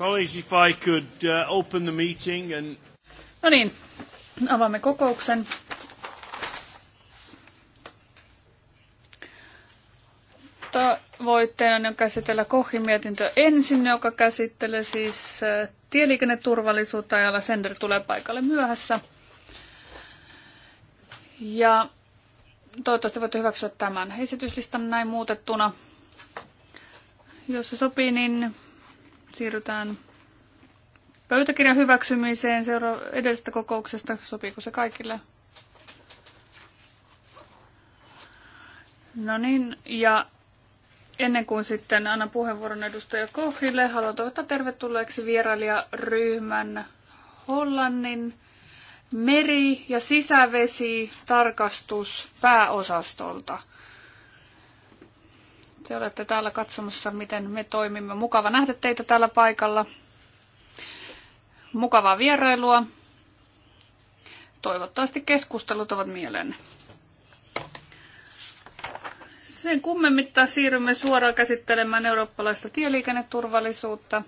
Colleagues, if I could uh, open the meeting and... No niin, avaamme kokouksen. Tavoitteena on käsitellä Kohin mietintö ensin, joka käsittelee siis äh, tieliikenneturvallisuutta ja Sender tulee paikalle myöhässä. Ja toivottavasti voitte hyväksyä tämän esityslistan näin muutettuna. Jos se sopii, niin siirrytään pöytäkirjan hyväksymiseen seura- edellisestä kokouksesta. Sopiiko se kaikille? No niin, ja ennen kuin sitten annan puheenvuoron edustaja Kohille, haluan toivottaa tervetulleeksi vierailijaryhmän Hollannin meri- ja sisävesi tarkastus pääosastolta. Te olette täällä katsomassa, miten me toimimme. Mukava nähdä teitä täällä paikalla. Mukavaa vierailua. Toivottavasti keskustelut ovat mielen. Sen kummemmitta siirrymme suoraan käsittelemään eurooppalaista tieliikenneturvallisuutta.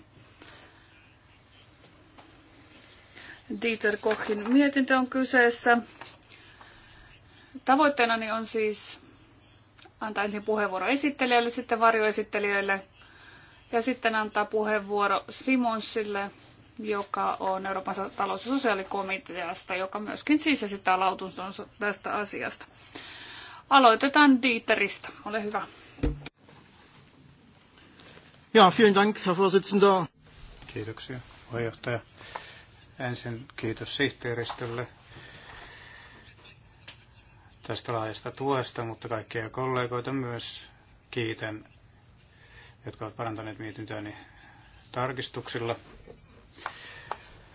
Dieter Kochin mietintö on kyseessä. Tavoitteenani on siis antaa ensin puheenvuoro esittelijöille, sitten varjoesittelijöille ja sitten antaa puheenvuoro Simonsille, joka on Euroopan talous- ja sosiaalikomiteasta, joka myöskin siis esittää lautuntonsa tästä asiasta. Aloitetaan Dieterista. Ole hyvä. Ja, vielen Dank, Herr Vorsitzender. Kiitoksia, puheenjohtaja. Ensin kiitos sihteeristölle tästä laajasta tuesta, mutta kaikkia kollegoita myös kiitän, jotka ovat parantaneet mietintöäni tarkistuksilla.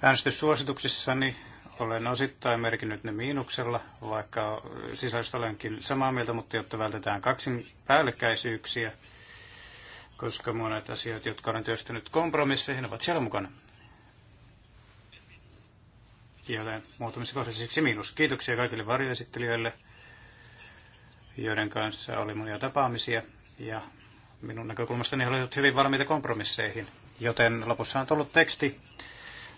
Äänestyssuosituksissani olen osittain merkinnyt ne miinuksella, vaikka sisällöstä olenkin samaa mieltä, mutta jotta vältetään kaksin päällekkäisyyksiä, koska monet asiat, jotka olen työstänyt kompromisseihin, ovat siellä mukana. Joten muutamissa kohdissa siksi miinus. Kiitoksia kaikille varjoesittelijöille joiden kanssa oli monia tapaamisia ja minun näkökulmastani he olivat hyvin valmiita kompromisseihin. Joten lopussa on tullut teksti,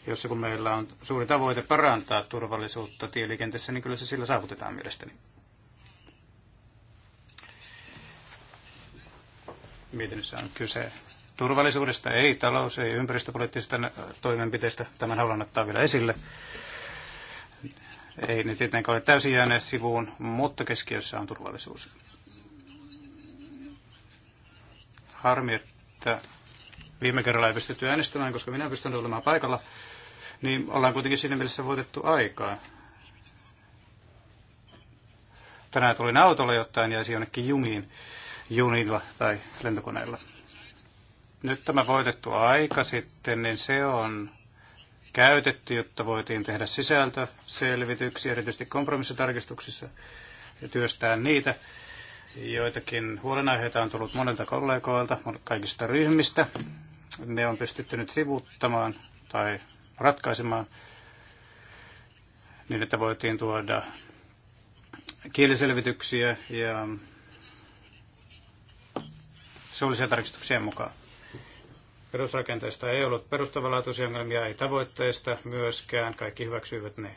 jossa kun meillä on suuri tavoite parantaa turvallisuutta tieliikenteessä, niin kyllä se sillä saavutetaan mielestäni. Mietinnössä on kyse turvallisuudesta, ei talous, ei ympäristöpoliittisista toimenpiteistä. Tämän haluan ottaa vielä esille. Ei ne tietenkään ole täysin jääneet sivuun, mutta keskiössä on turvallisuus. Harmi, että viime kerralla ei pystytty äänestämään, koska minä pystyn olemaan paikalla, niin ollaan kuitenkin siinä mielessä voitettu aikaa. Tänään tulin autolla, jotta en jäisi jonnekin jumiin, junilla tai lentokoneella. Nyt tämä voitettu aika sitten, niin se on käytetty, jotta voitiin tehdä sisältöselvityksiä, erityisesti kompromissitarkistuksissa, ja työstää niitä. Joitakin huolenaiheita on tullut monelta kollegoilta, kaikista ryhmistä. Ne on pystytty nyt sivuuttamaan tai ratkaisemaan niin, että voitiin tuoda kieliselvityksiä ja suullisia tarkistuksia mukaan perusrakenteesta ei ollut perustavanlaatuisia ongelmia, ei tavoitteista myöskään. Kaikki hyväksyivät ne.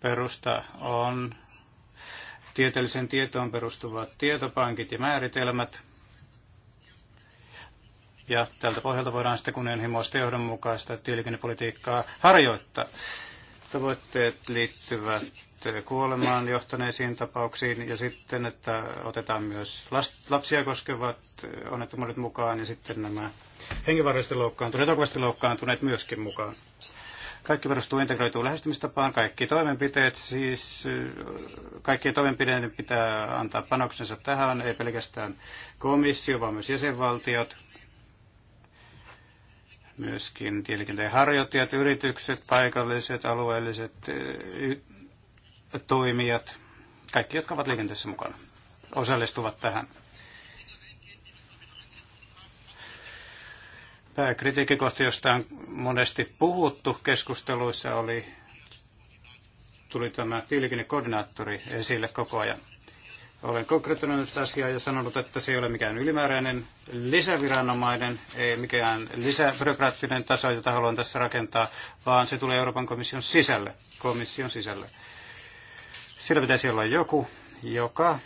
Perusta on tieteellisen tietoon perustuvat tietopankit ja määritelmät. Ja tältä pohjalta voidaan sitten kunnianhimoista johdonmukaista tieliikennepolitiikkaa harjoittaa. Tavoitteet liittyvät kuolemaan johtaneisiin tapauksiin ja sitten, että otetaan myös lapsia koskevat onnettomuudet mukaan ja sitten nämä henkivaarallisesti loukkaantuneet, vakavasti loukkaantuneet myöskin mukaan. Kaikki perustuu integroituun lähestymistapaan. Kaikki toimenpiteet, siis kaikkien toimenpiteiden pitää antaa panoksensa tähän, ei pelkästään komissio, vaan myös jäsenvaltiot, myöskin tieliikenteen harjoittajat, yritykset, paikalliset, alueelliset eh, toimijat, kaikki, jotka ovat liikenteessä mukana, osallistuvat tähän. Pääkritiikkikohta, josta on monesti puhuttu keskusteluissa, oli, tuli tämä tieliikennekoordinaattori esille koko ajan. Olen konkretisoinut asiaa ja sanonut, että se ei ole mikään ylimääräinen lisäviranomainen, ei mikään lisäbyrokraattinen taso, jota haluan tässä rakentaa, vaan se tulee Euroopan komission sisälle. Komission sisälle. Sillä pitäisi olla joku, joka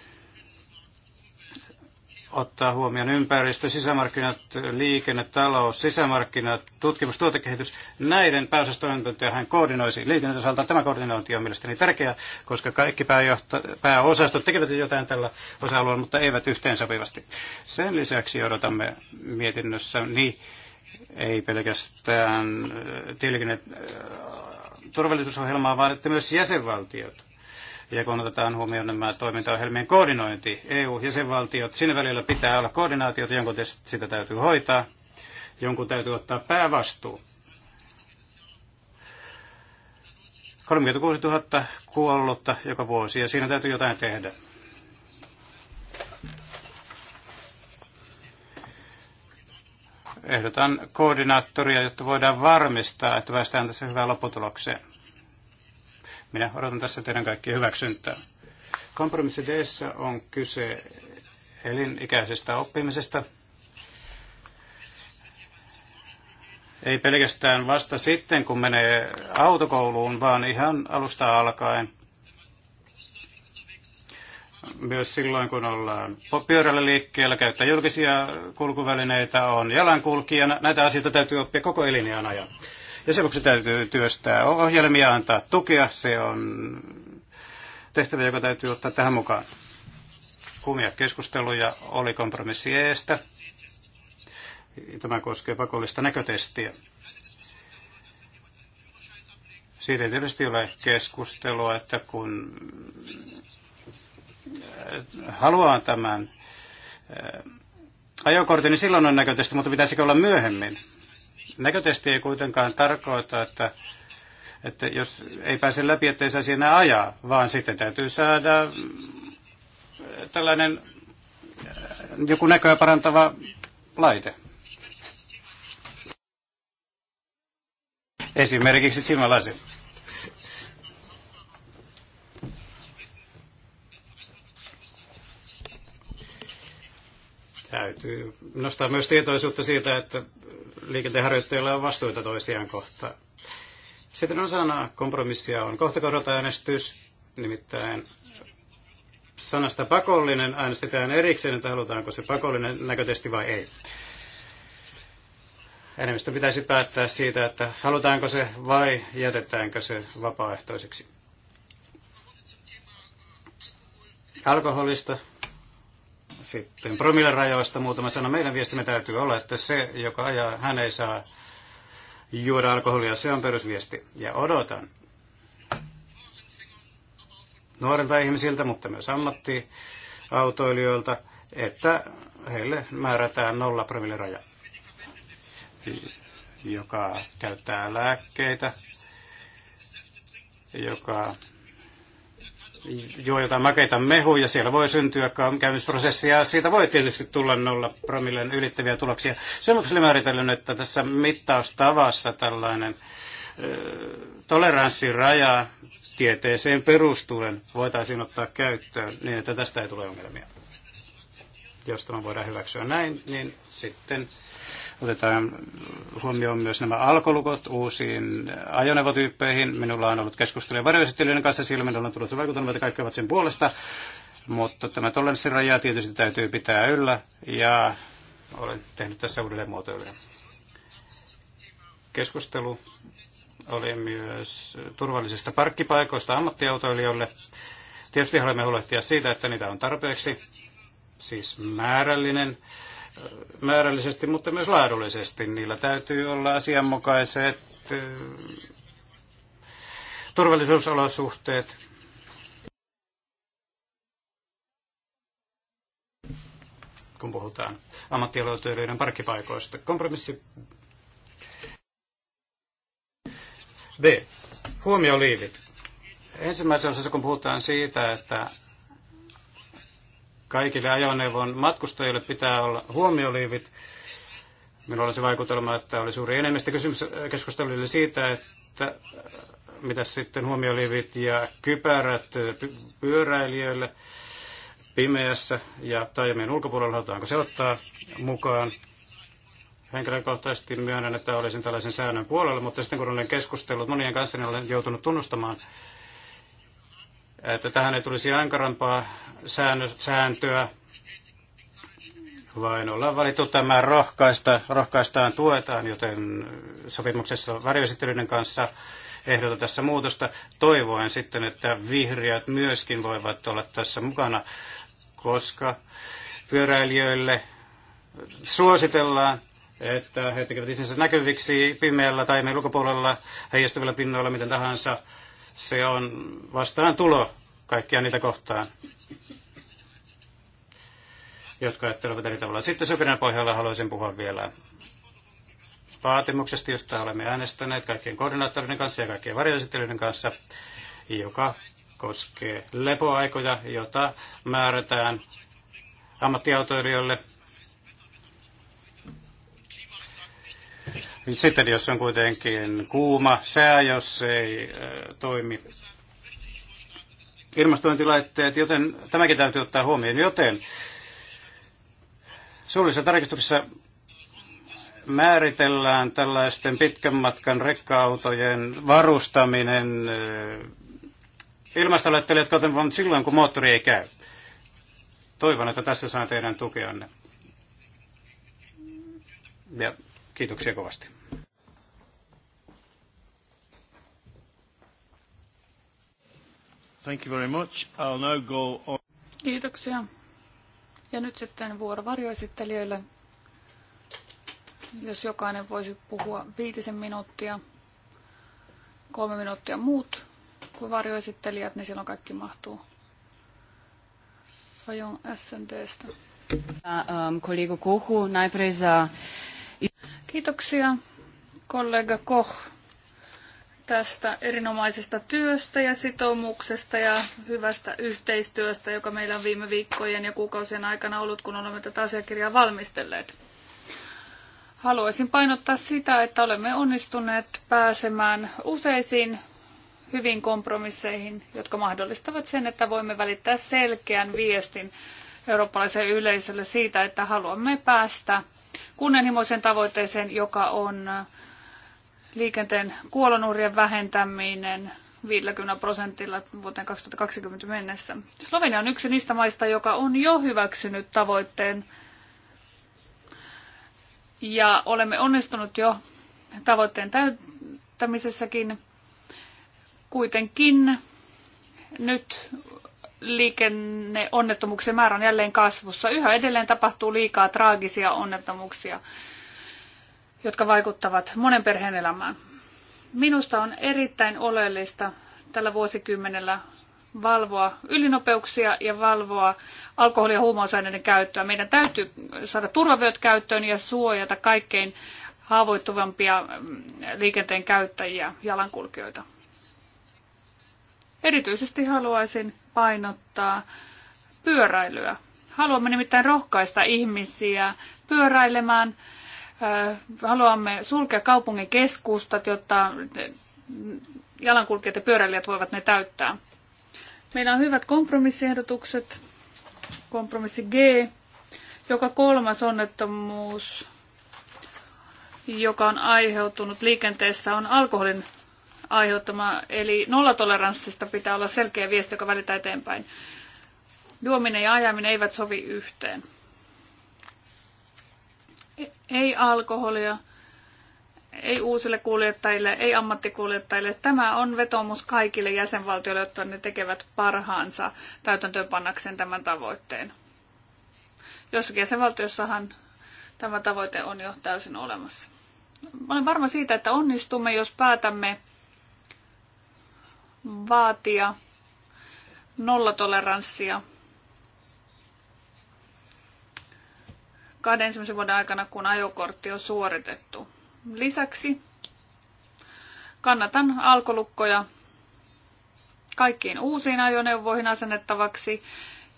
ottaa huomioon ympäristö, sisämarkkinat, liikenne, talous, sisämarkkinat, tutkimus, tuotekehitys. Näiden pääosastoimintoja hän koordinoisi liikenteen osalta. Tämä koordinointi on mielestäni tärkeää, koska kaikki pääjohta- pääosastot tekevät jotain tällä osa-alueella, mutta eivät yhteensopivasti. Sen lisäksi odotamme mietinnössä niin, ei pelkästään tilkine turvallisuusohjelmaa, vaan että myös jäsenvaltiot ja kun otetaan huomioon nämä toimintaohjelmien koordinointi, EU-jäsenvaltiot, siinä välillä pitää olla koordinaatiota, jonkun sitä täytyy hoitaa, jonkun täytyy ottaa päävastuu. 36 000 kuollutta joka vuosi ja siinä täytyy jotain tehdä. Ehdotan koordinaattoria, jotta voidaan varmistaa, että päästään tässä hyvään lopputulokseen. Minä odotan tässä teidän kaikkien hyväksyntää. Kompromissi d on kyse elinikäisestä oppimisesta. Ei pelkästään vasta sitten, kun menee autokouluun, vaan ihan alusta alkaen. Myös silloin, kun ollaan pyörällä liikkeellä, käyttää julkisia kulkuvälineitä, on jalankulkija. Näitä asioita täytyy oppia koko elinjään ajan. Ja sen vuoksi täytyy työstää ohjelmia, antaa tukea. Se on tehtävä, joka täytyy ottaa tähän mukaan. Kumia keskusteluja oli kompromissi eestä. Tämä koskee pakollista näkötestiä. Siitä ei tietysti ole keskustelua, että kun äh, haluaa tämän äh, ajokortin, niin silloin on näkötesti, mutta pitäisikö olla myöhemmin? Näkötesti ei kuitenkaan tarkoita, että, että jos ei pääse läpi, ettei saisi enää ajaa, vaan sitten täytyy saada mm, tällainen äh, joku näköä parantava laite. Esimerkiksi silmälasit. Täytyy nostaa myös tietoisuutta siitä, että liikenteenharjoittajilla on vastuuta toisiaan kohtaan. Sitten osana kompromissia on kohtakohdaltaäänestys, nimittäin sanasta pakollinen äänestetään erikseen, että halutaanko se pakollinen näkötesti vai ei. Enemmistö pitäisi päättää siitä, että halutaanko se vai jätetäänkö se vapaaehtoiseksi. Alkoholista sitten promillerajoista muutama sana. Meidän viestimme täytyy olla, että se, joka ajaa, hän ei saa juoda alkoholia. Se on perusviesti. Ja odotan nuorilta ihmisiltä, mutta myös ammattiautoilijoilta, että heille määrätään nolla promilleraja, joka käyttää lääkkeitä, joka juo jotain makeita mehuja, siellä voi syntyä käymisprosessi ja siitä voi tietysti tulla nolla promilleen ylittäviä tuloksia. Sen vuoksi määritellyt, että tässä mittaustavassa tällainen toleranssiraja tieteeseen perustuen voitaisiin ottaa käyttöön niin, että tästä ei tule ongelmia jos tämä voidaan hyväksyä näin, niin sitten otetaan huomioon myös nämä alkolukot uusiin ajoneuvotyyppeihin. Minulla on ollut keskustelua varjoesittelijöiden kanssa, sillä minulla on tullut vaikutelma, että kaikki ovat sen puolesta. Mutta tämä toleranssiraja tietysti täytyy pitää yllä ja olen tehnyt tässä uudelleen muotoiluja. Keskustelu oli myös turvallisista parkkipaikoista ammattiautoilijoille. Tietysti haluamme huolehtia siitä, että niitä on tarpeeksi siis määrällinen, määrällisesti, mutta myös laadullisesti. Niillä täytyy olla asianmukaiset turvallisuusolosuhteet. kun puhutaan ammattialoitteiden parkkipaikoista. Kompromissi B. Huomioliivit. Ensimmäisen osassa, kun puhutaan siitä, että kaikille ajoneuvon matkustajille pitää olla huomioliivit. Minulla oli se vaikutelma, että oli suuri enemmistö kysymys keskustelulle siitä, että äh, mitä sitten huomioliivit ja kypärät äh, pyöräilijöille pimeässä ja taajamien ulkopuolella halutaanko se ottaa mukaan. Henkilökohtaisesti myönnän, että olisin tällaisen säännön puolella, mutta sitten kun olen keskustellut monien kanssa, niin olen joutunut tunnustamaan, että tähän ei tulisi ankarampaa sääntöä, vain ollaan valittu tämä rohkaista, rohkaistaan tuetaan, joten sopimuksessa varjoesittelyiden kanssa ehdotan tässä muutosta. Toivoen sitten, että vihreät myöskin voivat olla tässä mukana, koska pyöräilijöille suositellaan, että he tekevät itsensä näkyviksi pimeällä tai meidän ulkopuolella heijastuvilla pinnoilla, miten tahansa se on vastaan tulo kaikkia niitä kohtaan, jotka ajattelevat eri tavalla. Sitten sopinnan pohjalla haluaisin puhua vielä vaatimuksesta, josta olemme äänestäneet kaikkien koordinaattorien kanssa ja kaikkien varjoesittelyiden kanssa, joka koskee lepoaikoja, jota määrätään ammattiautoilijoille – Sitten jos on kuitenkin kuuma sää, jos ei äh, toimi ilmastointilaitteet, joten tämäkin täytyy ottaa huomioon. Joten suullisessa tarkistuksessa määritellään tällaisten pitkän matkan rekka-autojen varustaminen äh, ilmastolaitteille, jotka otetaan silloin, kun moottori ei käy. Toivon, että tässä saan teidän tukeanne. Ja kiitoksia kovasti. Thank you very much. I'll now go on. Kiitoksia. Ja nyt sitten vuoro varjoesittelijöille. Jos jokainen voisi puhua viitisen minuuttia, kolme minuuttia muut kuin varjoesittelijät, niin silloin kaikki mahtuu. Fajon SNTstä. Ähm, Kollego Kohu, najprej Kiitoksia kollega Koch tästä erinomaisesta työstä ja sitoumuksesta ja hyvästä yhteistyöstä, joka meillä on viime viikkojen ja kuukausien aikana ollut, kun olemme tätä asiakirjaa valmistelleet. Haluaisin painottaa sitä, että olemme onnistuneet pääsemään useisiin hyvin kompromisseihin, jotka mahdollistavat sen, että voimme välittää selkeän viestin eurooppalaiselle yleisölle siitä, että haluamme päästä kunnianhimoiseen tavoitteeseen, joka on liikenteen kuolonuhrien vähentäminen 50 prosentilla vuoteen 2020 mennessä. Slovenia on yksi niistä maista, joka on jo hyväksynyt tavoitteen ja olemme onnistunut jo tavoitteen täyttämisessäkin. Kuitenkin nyt liikenneonnettomuuksien määrä on jälleen kasvussa. Yhä edelleen tapahtuu liikaa traagisia onnettomuuksia jotka vaikuttavat monen perheen elämään. Minusta on erittäin oleellista tällä vuosikymmenellä valvoa ylinopeuksia ja valvoa alkoholi- ja huumausaineiden käyttöä. Meidän täytyy saada turvavyöt käyttöön ja suojata kaikkein haavoittuvampia mm, liikenteen käyttäjiä, jalankulkijoita. Erityisesti haluaisin painottaa pyöräilyä. Haluamme nimittäin rohkaista ihmisiä pyöräilemään Haluamme sulkea kaupungin keskustat, jotta jalankulkijat ja pyöräilijät voivat ne täyttää. Meillä on hyvät kompromissiehdotukset. Kompromissi G, joka kolmas onnettomuus, joka on aiheutunut liikenteessä, on alkoholin aiheuttama. Eli nollatoleranssista pitää olla selkeä viesti, joka välitää eteenpäin. Juominen ja ajaminen eivät sovi yhteen ei alkoholia, ei uusille kuljettajille, ei ammattikuljettajille. Tämä on vetomus kaikille jäsenvaltioille, jotta ne tekevät parhaansa täytäntöönpannakseen tämän tavoitteen. Jossakin jäsenvaltiossahan tämä tavoite on jo täysin olemassa. Olen varma siitä, että onnistumme, jos päätämme vaatia nollatoleranssia kahden ensimmäisen vuoden aikana, kun ajokortti on suoritettu. Lisäksi kannatan alkolukkoja kaikkiin uusiin ajoneuvoihin asennettavaksi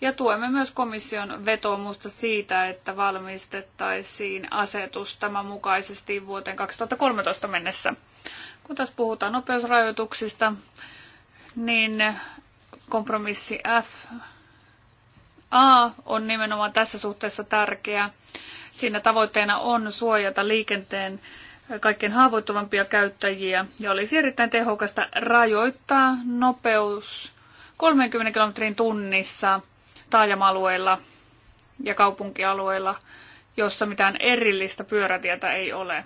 ja tuemme myös komission vetoomusta siitä, että valmistettaisiin asetus tämän mukaisesti vuoteen 2013 mennessä. Kun taas puhutaan nopeusrajoituksista, niin kompromissi F A on nimenomaan tässä suhteessa tärkeä. Siinä tavoitteena on suojata liikenteen kaikkein haavoittuvampia käyttäjiä ja olisi erittäin tehokasta rajoittaa nopeus 30 kilometrin tunnissa taajama-alueilla ja kaupunkialueilla, jossa mitään erillistä pyörätietä ei ole.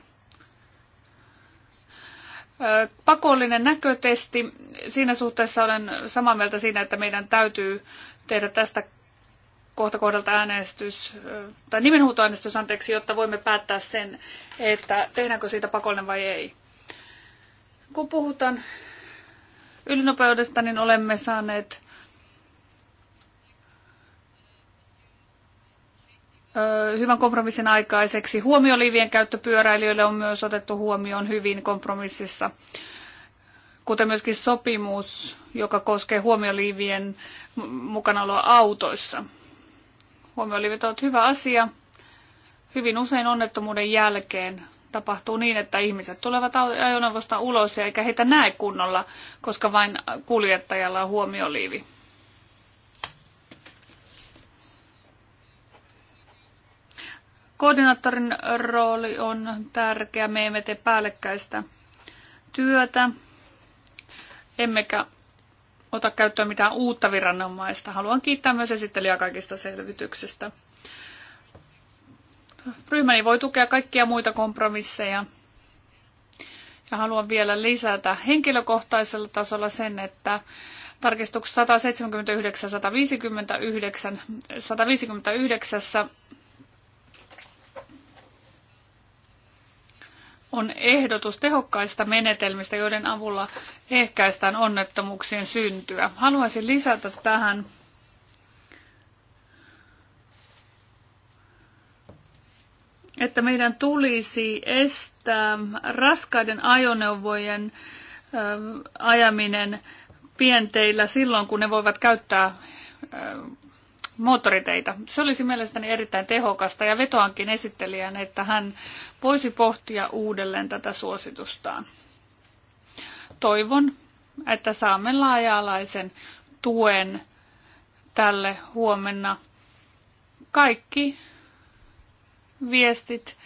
Pakollinen näkötesti. Siinä suhteessa olen samaa mieltä siinä, että meidän täytyy tehdä tästä kohta kohdalta äänestys, tai nimenhuutoäänestys, anteeksi, jotta voimme päättää sen, että tehdäänkö siitä pakollinen vai ei. Kun puhutaan ylinopeudesta, niin olemme saaneet hyvän kompromissin aikaiseksi. Huomioliivien käyttö pyöräilijöille on myös otettu huomioon hyvin kompromississa, kuten myöskin sopimus, joka koskee huomioliivien mukanaoloa autoissa. Huomioliivit ovat hyvä asia. Hyvin usein onnettomuuden jälkeen tapahtuu niin, että ihmiset tulevat ajoneuvosta ulos ja eikä heitä näe kunnolla, koska vain kuljettajalla on huomioliivi. Koordinaattorin rooli on tärkeä. Me emme tee päällekkäistä työtä, emmekä ota käyttöön mitään uutta viranomaista. Haluan kiittää myös esittelijää kaikista selvityksistä. Ryhmäni voi tukea kaikkia muita kompromisseja. Ja haluan vielä lisätä henkilökohtaisella tasolla sen, että tarkistuksessa 179-159 159 on ehdotus tehokkaista menetelmistä, joiden avulla ehkäistään onnettomuuksien syntyä. Haluaisin lisätä tähän että meidän tulisi estää raskaiden ajoneuvojen ajaminen pienteillä silloin, kun ne voivat käyttää moottoriteitä. Se olisi mielestäni erittäin tehokasta ja vetoankin esittelijän, että hän voisi pohtia uudelleen tätä suositustaan. Toivon, että saamme laaja-alaisen tuen tälle huomenna. Kaikki viestit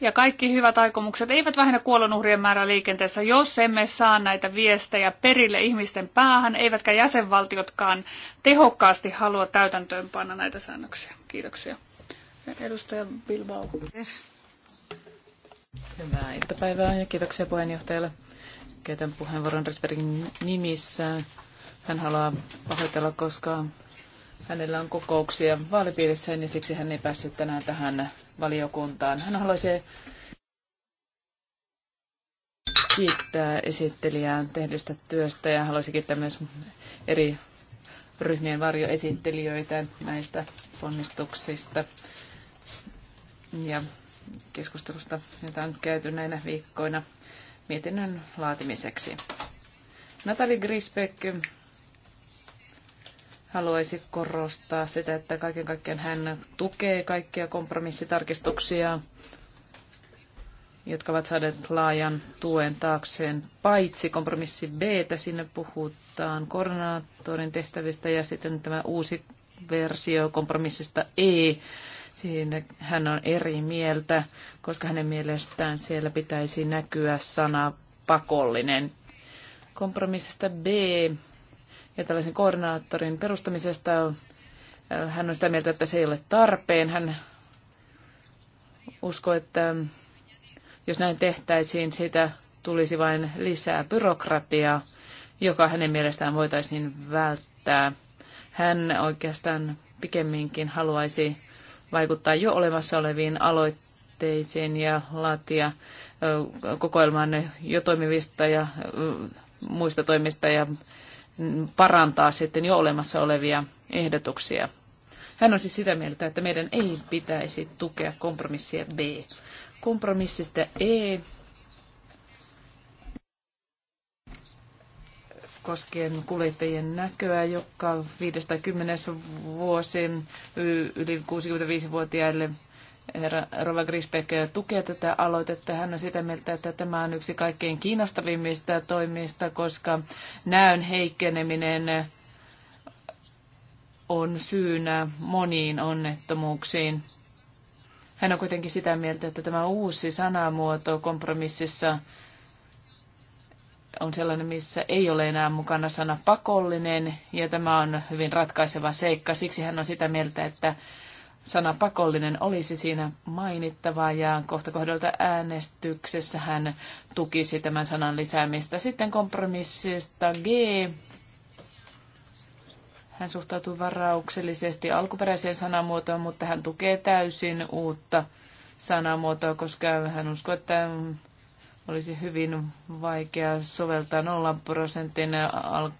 ja kaikki hyvät aikomukset eivät vähennä kuolonuhrien määrää liikenteessä, jos emme saa näitä viestejä perille ihmisten päähän, eivätkä jäsenvaltiotkaan tehokkaasti halua täytäntöönpanna näitä säännöksiä. Kiitoksia. Edustaja Bilbao. Hyvää iltapäivää ja kiitoksia puheenjohtajalle. Käytän puheenvuoron Resbergin nimissä. Hän haluaa pahoitella, koska hänellä on kokouksia vaalipiirissä, niin siksi hän ei päässyt tänään tähän valiokuntaan. Hän haluaisi kiittää esittelijää tehdystä työstä ja haluaisi kiittää myös eri ryhmien varjoesittelijöitä näistä ponnistuksista ja keskustelusta, jota on käyty näinä viikkoina mietinnön laatimiseksi. Natali Grisbeck haluaisi korostaa sitä, että kaiken kaikkiaan hän tukee kaikkia kompromissitarkistuksia, jotka ovat saaneet laajan tuen taakseen, paitsi kompromissi B, että sinne puhutaan koordinaattorin tehtävistä ja sitten tämä uusi versio kompromissista E, siinä hän on eri mieltä, koska hänen mielestään siellä pitäisi näkyä sana pakollinen. Kompromissista B ja tällaisen koordinaattorin perustamisesta. Äh, hän on sitä mieltä, että se ei ole tarpeen. Hän uskoo, että jos näin tehtäisiin, siitä tulisi vain lisää byrokratiaa, joka hänen mielestään voitaisiin välttää. Hän oikeastaan pikemminkin haluaisi vaikuttaa jo olemassa oleviin aloitteisiin ja laatia kokoelmaan jo toimivista ja muista toimista ja parantaa sitten jo olemassa olevia ehdotuksia. Hän on siis sitä mieltä, että meidän ei pitäisi tukea kompromissia B. Kompromissista E koskien kuljettajien näköä, joka 50 vuosi yli 65-vuotiaille herra Rova Grisbeck tukee tätä aloitetta. Hän on sitä mieltä, että tämä on yksi kaikkein kiinnostavimmista toimista, koska näön heikkeneminen on syynä moniin onnettomuuksiin. Hän on kuitenkin sitä mieltä, että tämä uusi sanamuoto kompromississa on sellainen, missä ei ole enää mukana sana pakollinen, ja tämä on hyvin ratkaiseva seikka. Siksi hän on sitä mieltä, että sana pakollinen olisi siinä mainittava ja kohta kohdalta äänestyksessä hän tukisi tämän sanan lisäämistä. Sitten kompromissista G. Hän suhtautuu varauksellisesti alkuperäiseen sanamuotoon, mutta hän tukee täysin uutta sanamuotoa, koska hän uskoo, että olisi hyvin vaikea soveltaa 0 prosentin al-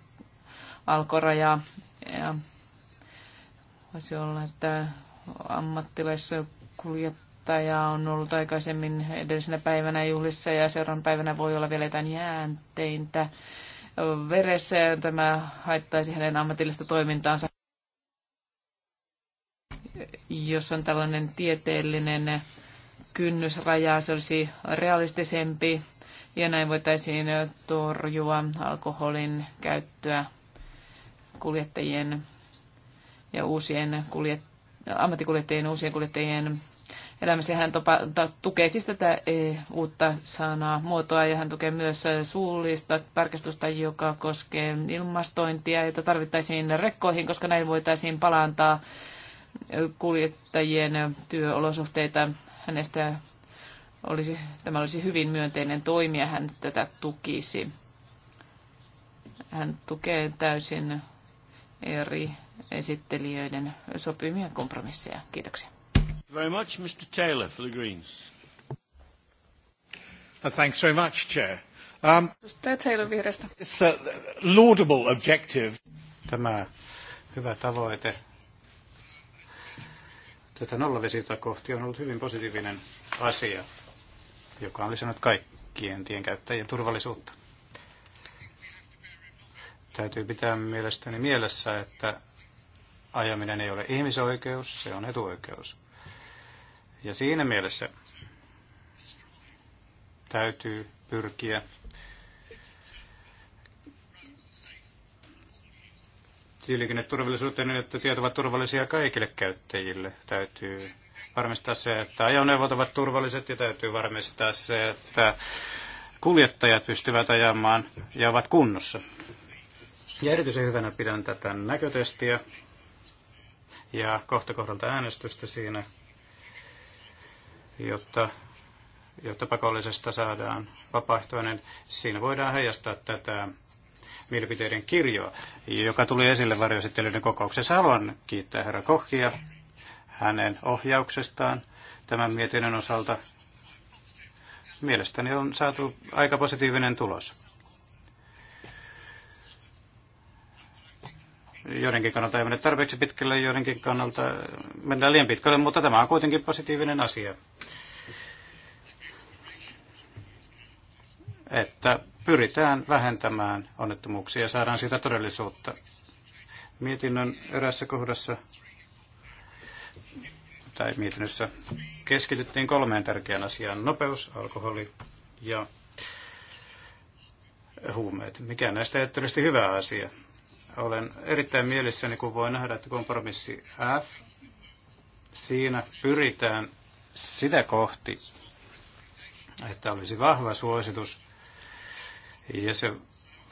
alkorajaa. Ja voisi olla, että ammattilaiskuljettaja on ollut aikaisemmin edellisenä päivänä juhlissa ja seuraavan päivänä voi olla vielä jotain jäänteintä veressä ja tämä haittaisi hänen ammatillista toimintaansa. Jos on tällainen tieteellinen kynnysraja, se olisi realistisempi ja näin voitaisiin torjua alkoholin käyttöä kuljettajien ja uusien kuljettajien ammattikuljettajien, uusien kuljettajien elämässä. Hän topa, ta, tukee siis tätä e, uutta sanaa muotoa ja hän tukee myös e, suullista tarkastusta, joka koskee ilmastointia, jota tarvittaisiin rekkoihin, koska näin voitaisiin palantaa e, kuljettajien työolosuhteita. Hänestä olisi, tämä olisi hyvin myönteinen toimi ja hän tätä tukisi. Hän tukee täysin eri esittelijöiden sopimia kompromisseja. Kiitoksia. Very much, Mr. Taylor for the Greens. Uh, thanks very much, Chair. Um, Taylor It's a laudable objective. Tämä hyvä tavoite tätä nollavesiota kohti on ollut hyvin positiivinen asia, joka on lisännyt kaikkien tienkäyttäjien turvallisuutta. Täytyy pitää mielestäni mielessä, että ajaminen ei ole ihmisoikeus, se on etuoikeus. Ja siinä mielessä täytyy pyrkiä tieliikenneturvallisuuteen niin, että tiet ovat turvallisia kaikille käyttäjille. Täytyy varmistaa se, että ajoneuvot ovat turvalliset ja täytyy varmistaa se, että kuljettajat pystyvät ajamaan ja ovat kunnossa. Ja erityisen hyvänä pidän tätä näkötestiä, ja kohta kohdalta äänestystä siinä, jotta, jotta pakollisesta saadaan vapaaehtoinen. Siinä voidaan heijastaa tätä mielipiteiden kirjoa, joka tuli esille varjoesittelyiden kokouksessa. Haluan kiittää herra Kohkia hänen ohjauksestaan tämän mietinnön osalta. Mielestäni on saatu aika positiivinen tulos. Joidenkin kannalta ei mene tarpeeksi pitkälle, joidenkin kannalta mennään liian pitkälle, mutta tämä on kuitenkin positiivinen asia. Että pyritään vähentämään onnettomuuksia ja saadaan siitä todellisuutta. Mietinnön erässä kohdassa tai mietinnössä keskityttiin kolmeen tärkeään asiaan. Nopeus, alkoholi ja huumeet. Mikä näistä ei ole hyvä asia. Olen erittäin mielissäni, kun voi nähdä, että kompromissi F, siinä pyritään sitä kohti, että olisi vahva suositus ja se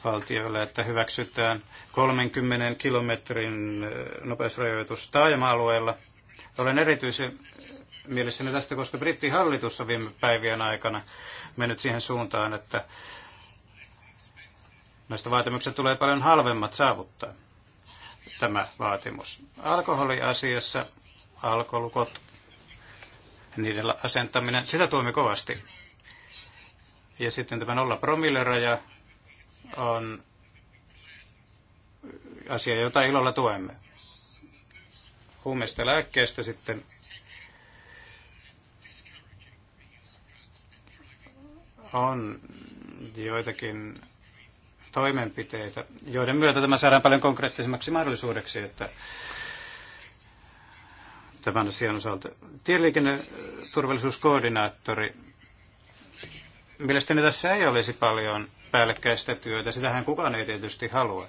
valtioille, että hyväksytään 30 kilometrin nopeusrajoitus taajama-alueella. Olen erityisen mielessäni tästä, koska brittihallitus on viime päivien aikana mennyt siihen suuntaan, että Näistä vaatimuksista tulee paljon halvemmat saavuttaa tämä vaatimus. Alkoholiasiassa alkolukot, niiden asentaminen, sitä tuomme kovasti. Ja sitten tämä nolla promilleraja on asia, jota ilolla tuemme. Huumeista lääkkeestä sitten on joitakin toimenpiteitä, joiden myötä tämä saadaan paljon konkreettisemmaksi mahdollisuudeksi, että tämän asian osalta. Tieliikenneturvallisuuskoordinaattori. Mielestäni tässä ei olisi paljon päällekkäistä työtä. Sitähän kukaan ei tietysti halua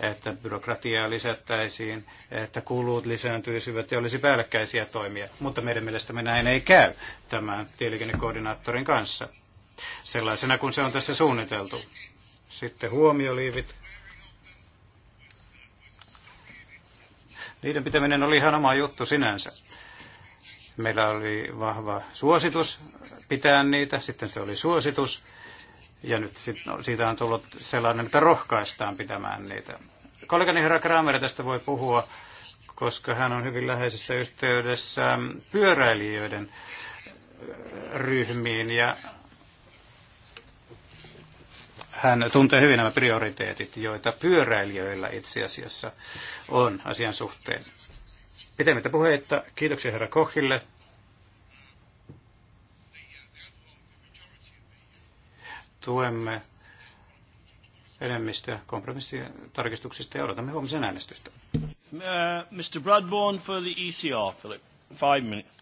että byrokratiaa lisättäisiin, että kulut lisääntyisivät ja olisi päällekkäisiä toimia. Mutta meidän mielestämme näin ei käy tämän tieliikennekoordinaattorin kanssa, sellaisena kuin se on tässä suunniteltu. Sitten huomioliivit. Niiden pitäminen oli ihan oma juttu sinänsä. Meillä oli vahva suositus pitää niitä, sitten se oli suositus. Ja nyt no, siitä on tullut sellainen, että rohkaistaan pitämään niitä. Kollegani herra Kramer tästä voi puhua, koska hän on hyvin läheisessä yhteydessä pyöräilijöiden ryhmiin ja hän tuntee hyvin nämä prioriteetit, joita pyöräilijöillä itse asiassa on asian suhteen. Pitemmittä puheita, kiitoksia herra Kohille. Tuemme enemmistö kompromissitarkistuksista ja odotamme huomisen äänestystä. Uh, Mr. Bradbourne for the ECR, Philip. Five minutes.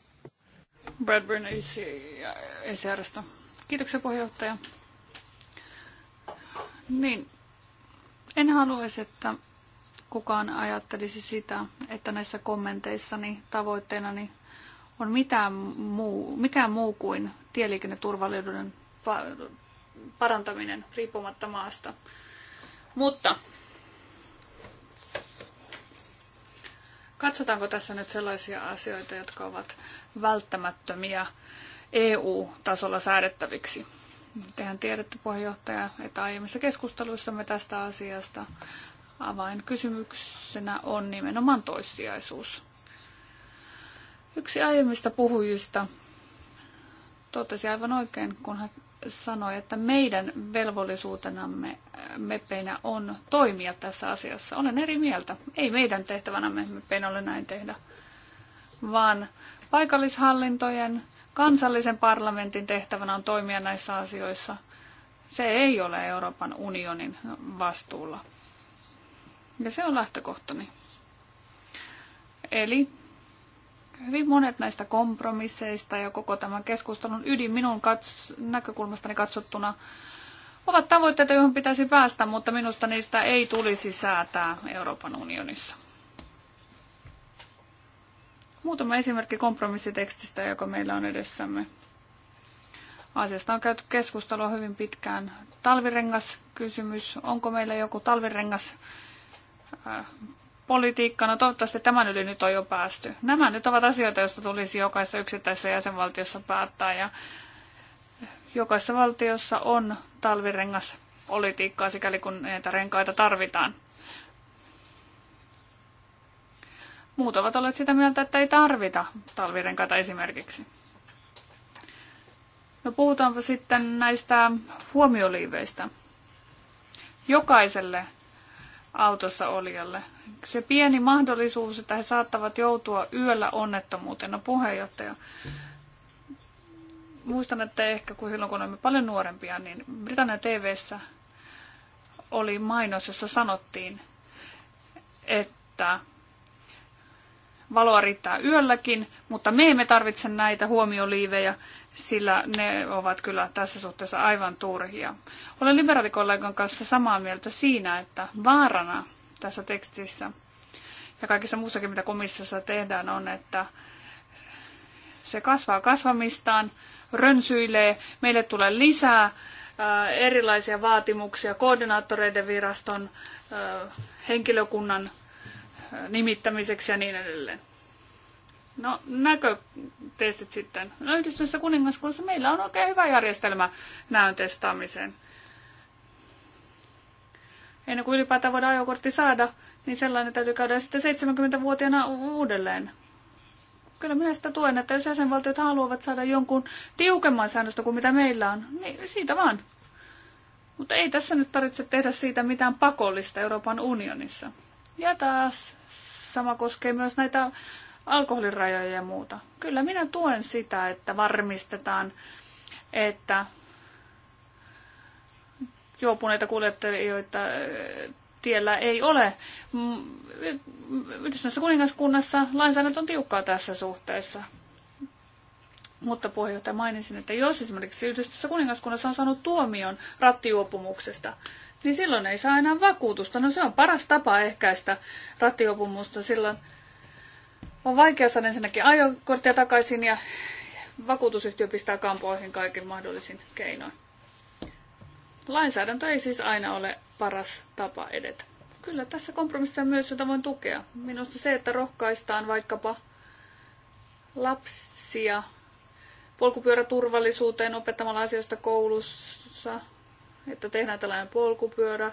Bradbourne ECR. Kiitoksia puheenjohtaja. Niin, en haluaisi, että kukaan ajattelisi sitä, että näissä kommenteissani tavoitteena on mitään muu, mikään muu kuin tieliikenneturvallisuuden parantaminen riippumatta maasta. Mutta katsotaanko tässä nyt sellaisia asioita, jotka ovat välttämättömiä EU-tasolla säädettäviksi. Tehän tiedätte puheenjohtaja, että aiemmissa keskusteluissamme tästä asiasta avainkysymyksenä on nimenomaan toissijaisuus. Yksi aiemmista puhujista totesi aivan oikein, kun hän sanoi, että meidän velvollisuutenamme äh, mepeinä on toimia tässä asiassa. Olen eri mieltä. Ei meidän tehtävänämme mepeinä ole näin tehdä, vaan paikallishallintojen Kansallisen parlamentin tehtävänä on toimia näissä asioissa. Se ei ole Euroopan unionin vastuulla. Ja se on lähtökohtani. Eli hyvin monet näistä kompromisseista ja koko tämän keskustelun ydin minun kats- näkökulmastani katsottuna ovat tavoitteita, joihin pitäisi päästä, mutta minusta niistä ei tulisi säätää Euroopan unionissa. Muutama esimerkki kompromissitekstistä, joka meillä on edessämme. Asiasta on käyty keskustelua hyvin pitkään. Talvirengaskysymys. Onko meillä joku talvirengas äh, politiikka? No toivottavasti tämän yli nyt on jo päästy. Nämä nyt ovat asioita, joista tulisi jokaisessa yksittäisessä jäsenvaltiossa päättää. Ja jokaisessa valtiossa on talvirengaspolitiikkaa, sikäli kun näitä renkaita tarvitaan. Muut ovat olleet sitä mieltä, että ei tarvita talvirenkaita esimerkiksi. No puhutaanpa sitten näistä huomioliiveistä. Jokaiselle autossa olijalle. Se pieni mahdollisuus, että he saattavat joutua yöllä onnettomuuteen. No puheenjohtaja, muistan, että ehkä kun silloin kun olimme paljon nuorempia, niin Britannia TVssä oli mainos, jossa sanottiin, että valoa riittää yölläkin, mutta me emme tarvitse näitä huomioliivejä, sillä ne ovat kyllä tässä suhteessa aivan turhia. Olen liberaalikollegan kanssa samaa mieltä siinä, että vaarana tässä tekstissä ja kaikessa muussakin, mitä komissiossa tehdään, on, että se kasvaa kasvamistaan, rönsyilee, meille tulee lisää äh, erilaisia vaatimuksia koordinaattoreiden viraston äh, henkilökunnan nimittämiseksi ja niin edelleen. No näkötestit sitten. No yhdistyneessä kuningaskunnassa meillä on oikein hyvä järjestelmä näön testaamiseen. Ennen kuin ylipäätään voidaan ajokortti saada, niin sellainen täytyy käydä sitten 70-vuotiaana uudelleen. Kyllä minä sitä tuen, että jos jäsenvaltiot haluavat saada jonkun tiukemman säännöstä kuin mitä meillä on, niin siitä vaan. Mutta ei tässä nyt tarvitse tehdä siitä mitään pakollista Euroopan unionissa. Ja taas Sama koskee myös näitä alkoholirajoja ja muuta. Kyllä minä tuen sitä, että varmistetaan, että juopuneita kuljettajia eh, tiellä ei ole. Mm, yhdistyneessä kuningaskunnassa lainsäädäntö on tiukkaa tässä suhteessa. Mutta puheenjohtaja mainitsin, että jos esimerkiksi yhdistyneessä kuningaskunnassa on saanut tuomion rattijuopumuksesta, niin silloin ei saa enää vakuutusta. No se on paras tapa ehkäistä rattiopumusta. Silloin on vaikea saada ensinnäkin ajokorttia takaisin ja vakuutusyhtiö pistää kampoihin kaiken mahdollisin keinoin. Lainsäädäntö ei siis aina ole paras tapa edetä. Kyllä tässä kompromississa myös jota voin tukea. Minusta se, että rohkaistaan vaikkapa lapsia polkupyöräturvallisuuteen opettamalla asioista koulussa, että tehdään tällainen polkupyörä,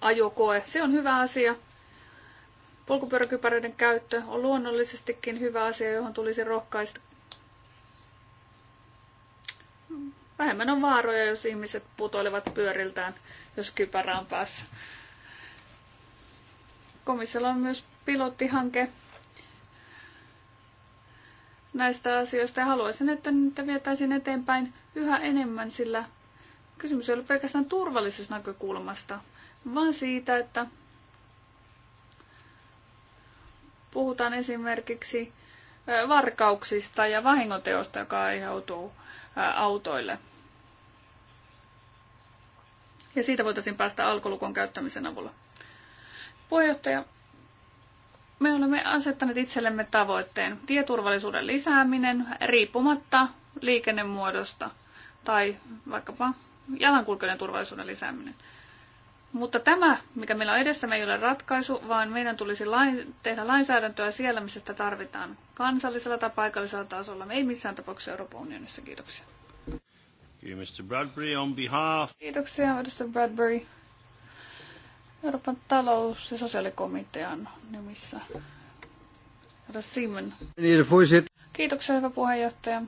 ajokoe. Se on hyvä asia. Polkupyöräkypäräiden käyttö on luonnollisestikin hyvä asia, johon tulisi rohkaista. Vähemmän on vaaroja, jos ihmiset putoilevat pyöriltään, jos kypärä on päässä. Komissiolla on myös pilottihanke näistä asioista ja haluaisin, että niitä vietäisiin eteenpäin yhä enemmän, sillä kysymys ei ole pelkästään turvallisuusnäkökulmasta, vaan siitä, että puhutaan esimerkiksi varkauksista ja vahingoteosta, joka aiheutuu autoille. Ja siitä voitaisiin päästä alkolukon käyttämisen avulla. Puheenjohtaja, me olemme asettaneet itsellemme tavoitteen tieturvallisuuden lisääminen riippumatta liikennemuodosta tai vaikkapa jalankulkijoiden turvallisuuden lisääminen. Mutta tämä, mikä meillä on edessä, me ei ole ratkaisu, vaan meidän tulisi lain, tehdä lainsäädäntöä siellä, missä sitä tarvitaan kansallisella tai paikallisella tasolla. Me ei missään tapauksessa Euroopan unionissa. Kiitoksia. Kiitoksia, Mr. Bradbury, on behalf... Kiitoksia, Mr. Bradbury. Euroopan talous- ja sosiaalikomitean nimissä. Simen. Kiitoksia, hyvä puheenjohtaja.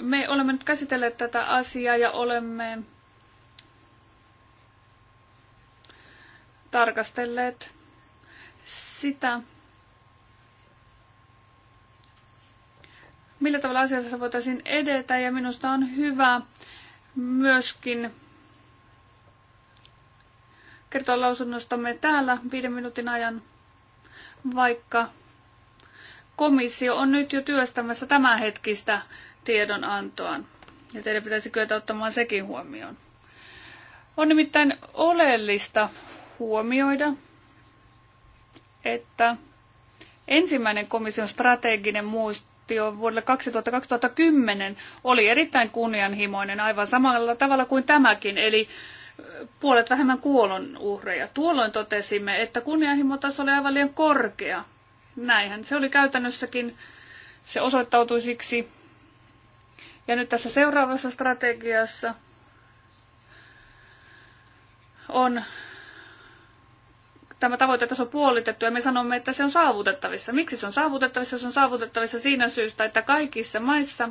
Me olemme nyt käsitelleet tätä asiaa ja olemme tarkastelleet sitä, millä tavalla asiassa voitaisiin edetä ja minusta on hyvä, myöskin kertoa lausunnostamme täällä viiden minuutin ajan, vaikka komissio on nyt jo työstämässä hetkistä tiedonantoaan. Ja teidän pitäisi kyetä ottamaan sekin huomioon. On nimittäin oleellista huomioida, että ensimmäinen komission strateginen muisto tavoiteasettio vuodelle 2000-2010 oli erittäin kunnianhimoinen aivan samalla tavalla kuin tämäkin, eli puolet vähemmän kuolonuhreja. Tuolloin totesimme, että kunnianhimotaso oli aivan liian korkea. Näinhän se oli käytännössäkin, se osoittautui siksi. Ja nyt tässä seuraavassa strategiassa on tämä tavoitetaso on puolitettu ja me sanomme, että se on saavutettavissa. Miksi se on saavutettavissa? Se on saavutettavissa siinä syystä, että kaikissa maissa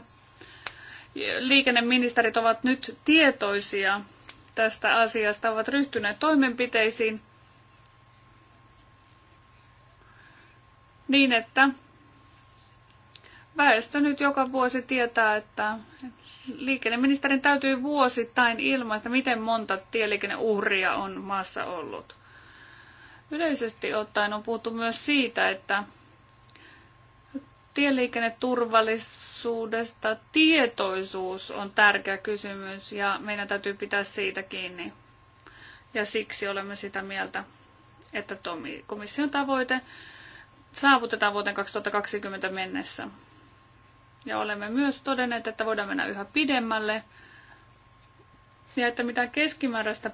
liikenneministerit ovat nyt tietoisia tästä asiasta, ovat ryhtyneet toimenpiteisiin niin, että väestö nyt joka vuosi tietää, että liikenneministerin täytyy vuosittain ilmaista, miten monta tieliikenneuhria on maassa ollut. Yleisesti ottaen on puhuttu myös siitä, että tieliikenneturvallisuudesta tietoisuus on tärkeä kysymys ja meidän täytyy pitää siitä kiinni. Ja siksi olemme sitä mieltä, että komission tavoite saavutetaan vuoteen 2020 mennessä. Ja olemme myös todenneet, että voidaan mennä yhä pidemmälle ja että mitään keskimääräistä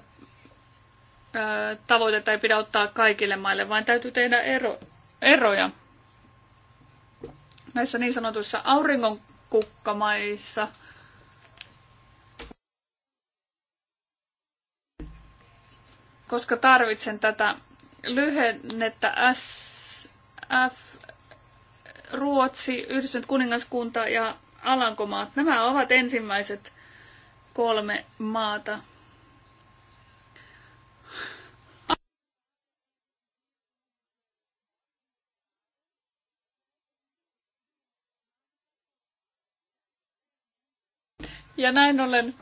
tavoitetta ei pidä ottaa kaikille maille, vaan täytyy tehdä ero, eroja. Näissä niin sanotuissa auringonkukkamaissa koska tarvitsen tätä lyhennettä SF, Ruotsi, Yhdistynyt kuningaskunta ja Alankomaat. Nämä ovat ensimmäiset kolme maata – Ja näin ollen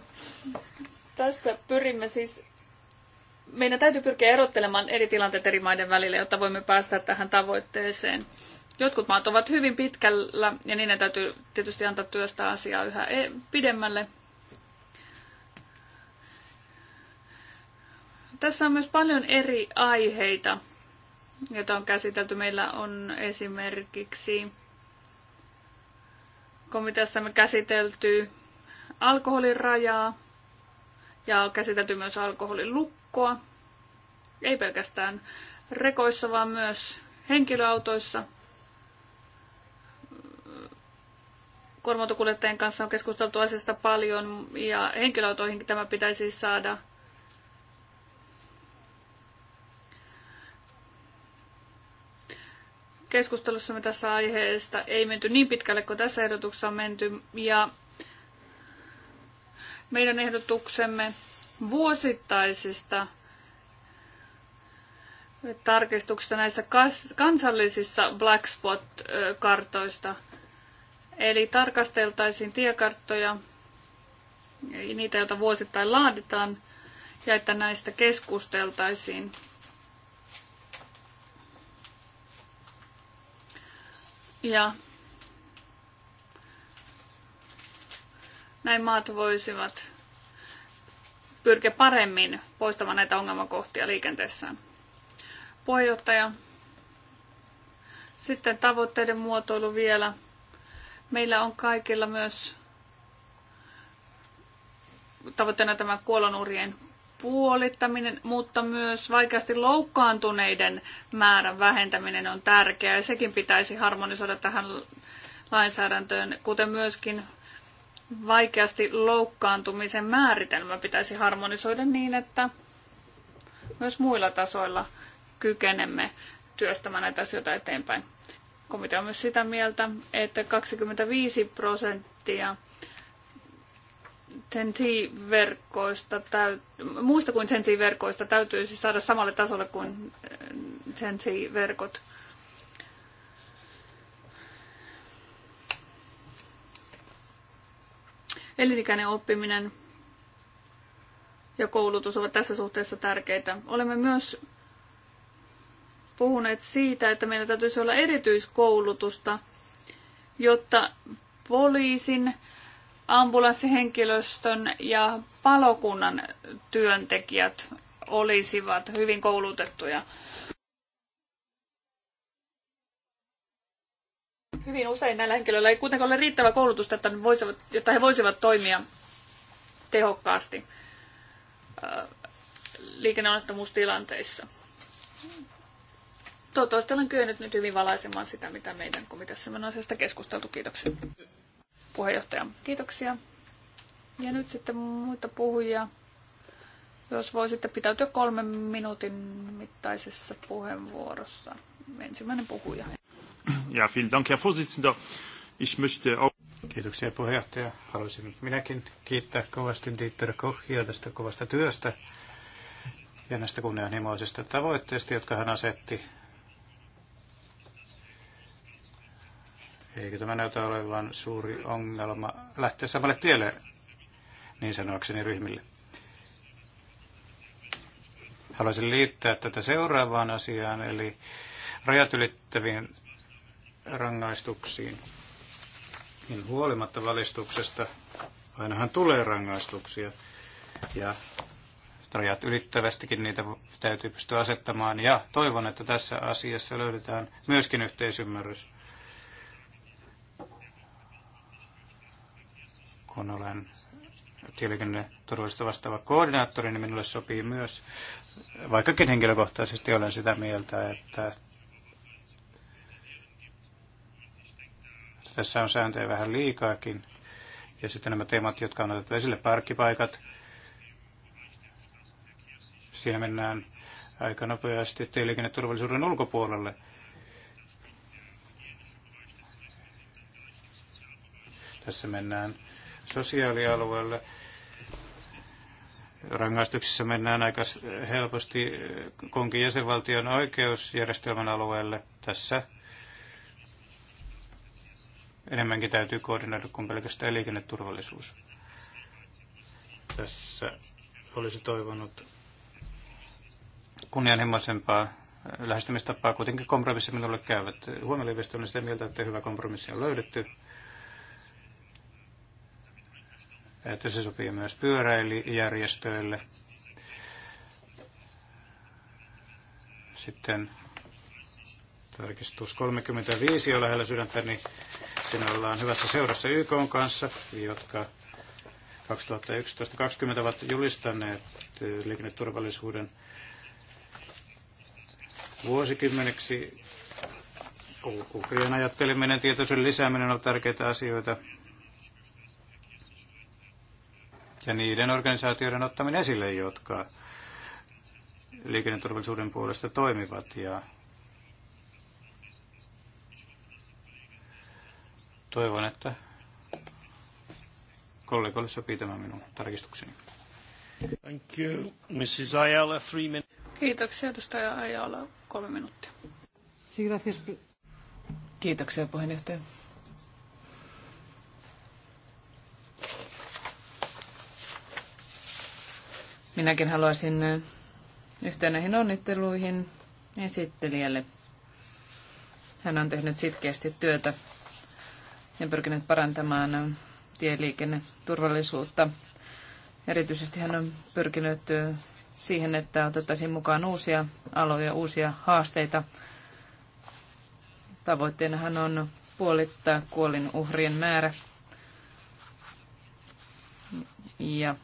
tässä pyrimme siis, meidän täytyy pyrkiä erottelemaan eri tilanteet eri maiden välillä, jotta voimme päästä tähän tavoitteeseen. Jotkut maat ovat hyvin pitkällä ja niin täytyy tietysti antaa työstä asiaa yhä e- pidemmälle. Tässä on myös paljon eri aiheita, joita on käsitelty. Meillä on esimerkiksi komiteassamme me käsitelty alkoholin rajaa ja on käsitelty myös alkoholin lukkoa. Ei pelkästään rekoissa, vaan myös henkilöautoissa. kuorma kanssa on keskusteltu asiasta paljon ja henkilöautoihin tämä pitäisi saada – Keskustelussa me tästä aiheesta ei menty niin pitkälle kuin tässä ehdotuksessa on menty. Ja meidän ehdotuksemme vuosittaisista tarkistuksista näissä kansallisissa black spot-kartoista. Eli tarkasteltaisiin tiekarttoja, niitä, joita vuosittain laaditaan, ja että näistä keskusteltaisiin. Ja Näin maat voisivat pyrkiä paremmin poistamaan näitä ongelmakohtia liikenteessään. Puheenjohtaja. Sitten tavoitteiden muotoilu vielä. Meillä on kaikilla myös tavoitteena tämä kuolonurien puolittaminen, mutta myös vaikeasti loukkaantuneiden määrän vähentäminen on tärkeää sekin pitäisi harmonisoida tähän lainsäädäntöön, kuten myöskin vaikeasti loukkaantumisen määritelmä pitäisi harmonisoida niin, että myös muilla tasoilla kykenemme työstämään näitä asioita eteenpäin. Komitea on myös sitä mieltä, että 25 prosenttia TENT-verkkoista, muista kuin TENT-verkoista täytyisi saada samalle tasolle kuin TENT-verkot – elinikäinen oppiminen ja koulutus ovat tässä suhteessa tärkeitä. Olemme myös puhuneet siitä, että meillä täytyisi olla erityiskoulutusta, jotta poliisin, ambulanssihenkilöstön ja palokunnan työntekijät olisivat hyvin koulutettuja. Hyvin usein näillä henkilöillä ei kuitenkaan ole riittävä koulutusta, että he voisivat, jotta he voisivat toimia tehokkaasti liikenneonnettomuustilanteissa. Toivottavasti olen kyennyt nyt hyvin valaisemaan sitä, mitä meidän komiteassa on asiasta keskusteltu. Kiitoksia. Puheenjohtaja, kiitoksia. Ja nyt sitten muita puhujia. Jos voisitte pitäytyä kolmen minuutin mittaisessa puheenvuorossa. Ensimmäinen puhuja. Ja, vielen Dank, Herr Vorsitzender. Ich möchte auch... Kiitoksia puheenjohtaja. Haluaisin minäkin kiittää kovasti Dieter Kochia tästä kovasta työstä ja näistä kunnianhimoisista tavoitteista, jotka hän asetti. Eikö tämä näytä olevan suuri ongelma lähteä samalle tielle, niin sanoakseni ryhmille? Haluaisin liittää tätä seuraavaan asiaan, eli rajat ylittäviin rangaistuksiin, niin huolimatta valistuksesta ainahan tulee rangaistuksia. Ja rajat ylittävästikin niitä täytyy pystyä asettamaan. Ja toivon, että tässä asiassa löydetään myöskin yhteisymmärrys. Kun olen tieliikenneturvallisuutta vastaava koordinaattori, niin minulle sopii myös, vaikkakin henkilökohtaisesti olen sitä mieltä, että Tässä on sääntöjä vähän liikaakin. Ja sitten nämä teemat, jotka on otettu esille, parkkipaikat. Siinä mennään aika nopeasti tieliikenneturvallisuuden ulkopuolelle. Tässä mennään sosiaalialueelle. Rangaistuksissa mennään aika helposti konkin jäsenvaltion oikeusjärjestelmän alueelle. Tässä enemmänkin täytyy koordinoida kuin pelkästään liikenneturvallisuus. Tässä olisi toivonut kunnianhimoisempaa lähestymistapaa. Kuitenkin kompromissi minulle käyvät. Huomioivista on sitä mieltä, että hyvä kompromissi on löydetty. Että se sopii myös pyöräilijärjestöille. Sitten Tarkistus 35 on lähellä sydäntäni. Siinä ollaan hyvässä seurassa YK kanssa, jotka 2011-2020 ovat julistaneet liikenneturvallisuuden vuosikymmeneksi. Uhrien ajatteleminen, tietoisuuden lisääminen on tärkeitä asioita. Ja niiden organisaatioiden ottaminen esille, jotka liikenneturvallisuuden puolesta toimivat. Ja Toivon, että kollegoille sopii tämä minun tarkistukseni. Thank you, Mrs. Ayala, three minutes. Kiitoksia, edustaja Ayala, kolme minuuttia. Kiitoksia, puheenjohtaja. Minäkin haluaisin yhtä näihin onnitteluihin esittelijälle. Hän on tehnyt sitkeästi työtä ja pyrkineet parantamaan tieliikenneturvallisuutta. Erityisesti hän on pyrkinyt siihen, että otettaisiin mukaan uusia aloja, uusia haasteita. Tavoitteenahan on puolittaa kuolin uhrien määrä ja,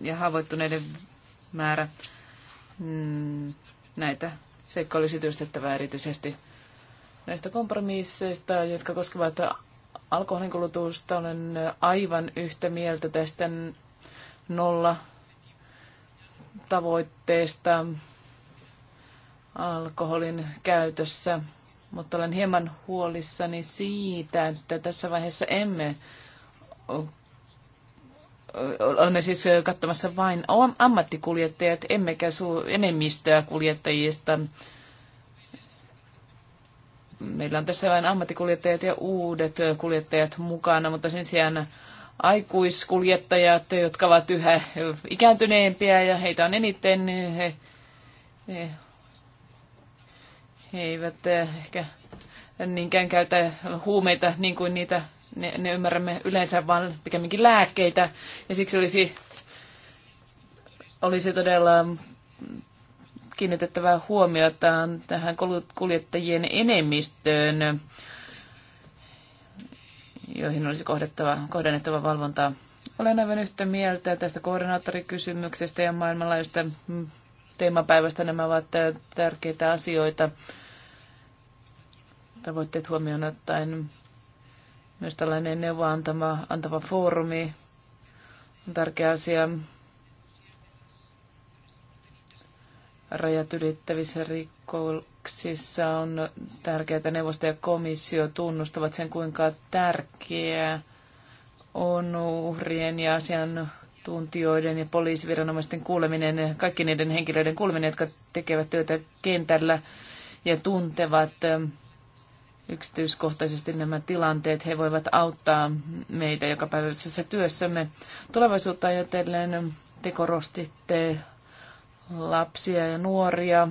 ja haavoittuneiden määrä. Mm, näitä seikkoja olisi työstettävä erityisesti näistä kompromisseista, jotka koskevat alkoholin kulutusta. Olen aivan yhtä mieltä tästä nolla tavoitteesta alkoholin käytössä, mutta olen hieman huolissani siitä, että tässä vaiheessa emme olemme siis katsomassa vain ammattikuljettajat, emmekä suu enemmistöä kuljettajista meillä on tässä vain ammattikuljettajat ja uudet kuljettajat mukana, mutta sen sijaan aikuiskuljettajat, jotka ovat yhä ikääntyneempiä ja heitä on eniten, niin he, he, he eivät ehkä niinkään käytä huumeita niin kuin niitä ne, ne ymmärrämme yleensä, vaan pikemminkin lääkkeitä. Ja siksi olisi, olisi todella kiinnitettävää huomiota tähän kuljettajien enemmistöön, joihin olisi kohdettava, kohdennettava valvontaa. Olen aivan yhtä mieltä tästä koordinaattorikysymyksestä ja maailmanlaajuista teemapäivästä. Nämä ovat tärkeitä asioita tavoitteet huomioon ottaen. Myös tällainen neuvoa antava, antava foorumi on tärkeä asia. rajat ylittävissä rikkouksissa on tärkeää, että neuvosto ja komissio tunnustavat sen, kuinka tärkeää on uhrien ja asiantuntijoiden ja poliisiviranomaisten kuuleminen, kaikki niiden henkilöiden kuuleminen, jotka tekevät työtä kentällä ja tuntevat ähm, yksityiskohtaisesti nämä tilanteet. He voivat auttaa meitä jokapäiväisessä työssämme. Tulevaisuutta ajatellen te korostitte lapsia ja nuoria.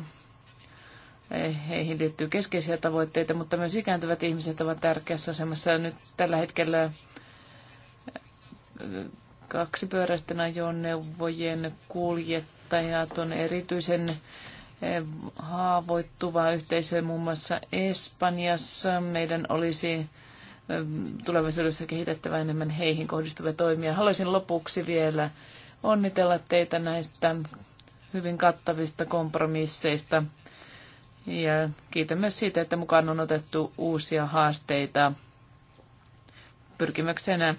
Heihin liittyy keskeisiä tavoitteita, mutta myös ikääntyvät ihmiset ovat tärkeässä asemassa. Nyt tällä hetkellä eh, kaksipyöräisten ajoneuvojen kuljettajat on erityisen eh, haavoittuva yhteisö muun muassa Espanjassa. Meidän olisi eh, tulevaisuudessa kehitettävä enemmän heihin kohdistuvia toimia. Haluaisin lopuksi vielä onnitella teitä näistä hyvin kattavista kompromisseista. Ja kiitän myös siitä, että mukaan on otettu uusia haasteita pyrkimyksenä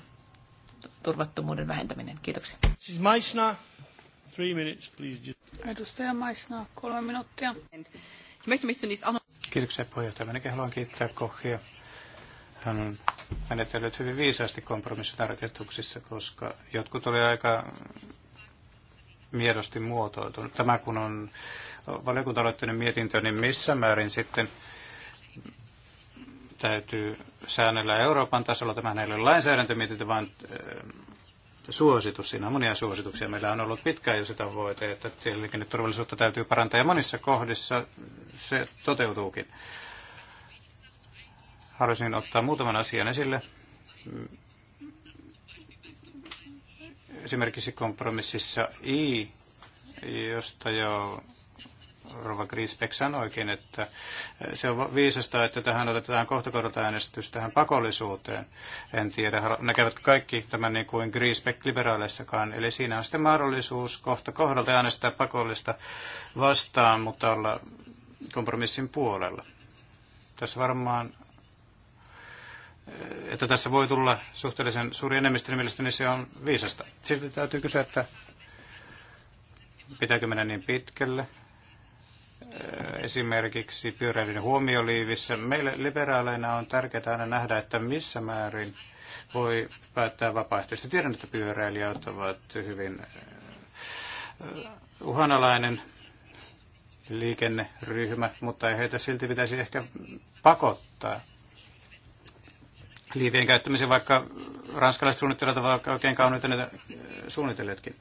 turvattomuuden vähentäminen. Kiitoksia. Siis Maisna, three minutes, please. Edustaja Maisna, kolme minuuttia. Kiitoksia puheenjohtaja. Minäkin haluan kiittää Kohia. Hän on menetellyt hyvin viisaasti kompromissitarkoituksissa, koska jotkut olivat aika miedosti muotoiltu. Tämä kun on valiokunta mietintö, niin missä määrin sitten täytyy säännellä Euroopan tasolla. Tämä ei ole lainsäädäntömietintö, vaan eh, suositus. Siinä on monia suosituksia. Meillä on ollut pitkään jo sitä tavoite, että turvallisuutta täytyy parantaa ja monissa kohdissa se toteutuukin. Haluaisin ottaa muutaman asian esille, esimerkiksi kompromississa I, josta jo Rova Grisbeck sanoikin, että se on viisasta, että tähän otetaan kohtakohdalta äänestys tähän pakollisuuteen. En tiedä, näkevätkö kaikki tämän niin kuin Grisbeck liberaaleissakaan. Eli siinä on sitten mahdollisuus kohta kohdalta äänestää pakollista vastaan, mutta olla kompromissin puolella. Tässä varmaan että tässä voi tulla suhteellisen suuri enemmistö, niin mielestäni se on viisasta. Silti täytyy kysyä, että pitääkö mennä niin pitkälle. Äh, esimerkiksi pyöräilyn huomioliivissä. Meille liberaaleina on tärkeää aina nähdä, että missä määrin voi päättää vapaaehtoisesti. Tiedän, että pyöräilijät ovat hyvin äh, uhanalainen liikenneryhmä, mutta ei heitä silti pitäisi ehkä pakottaa liivien käyttämisen, vaikka ranskalaiset suunnittelijat ovat oikein kauniita niitä eh, suunnitelleetkin.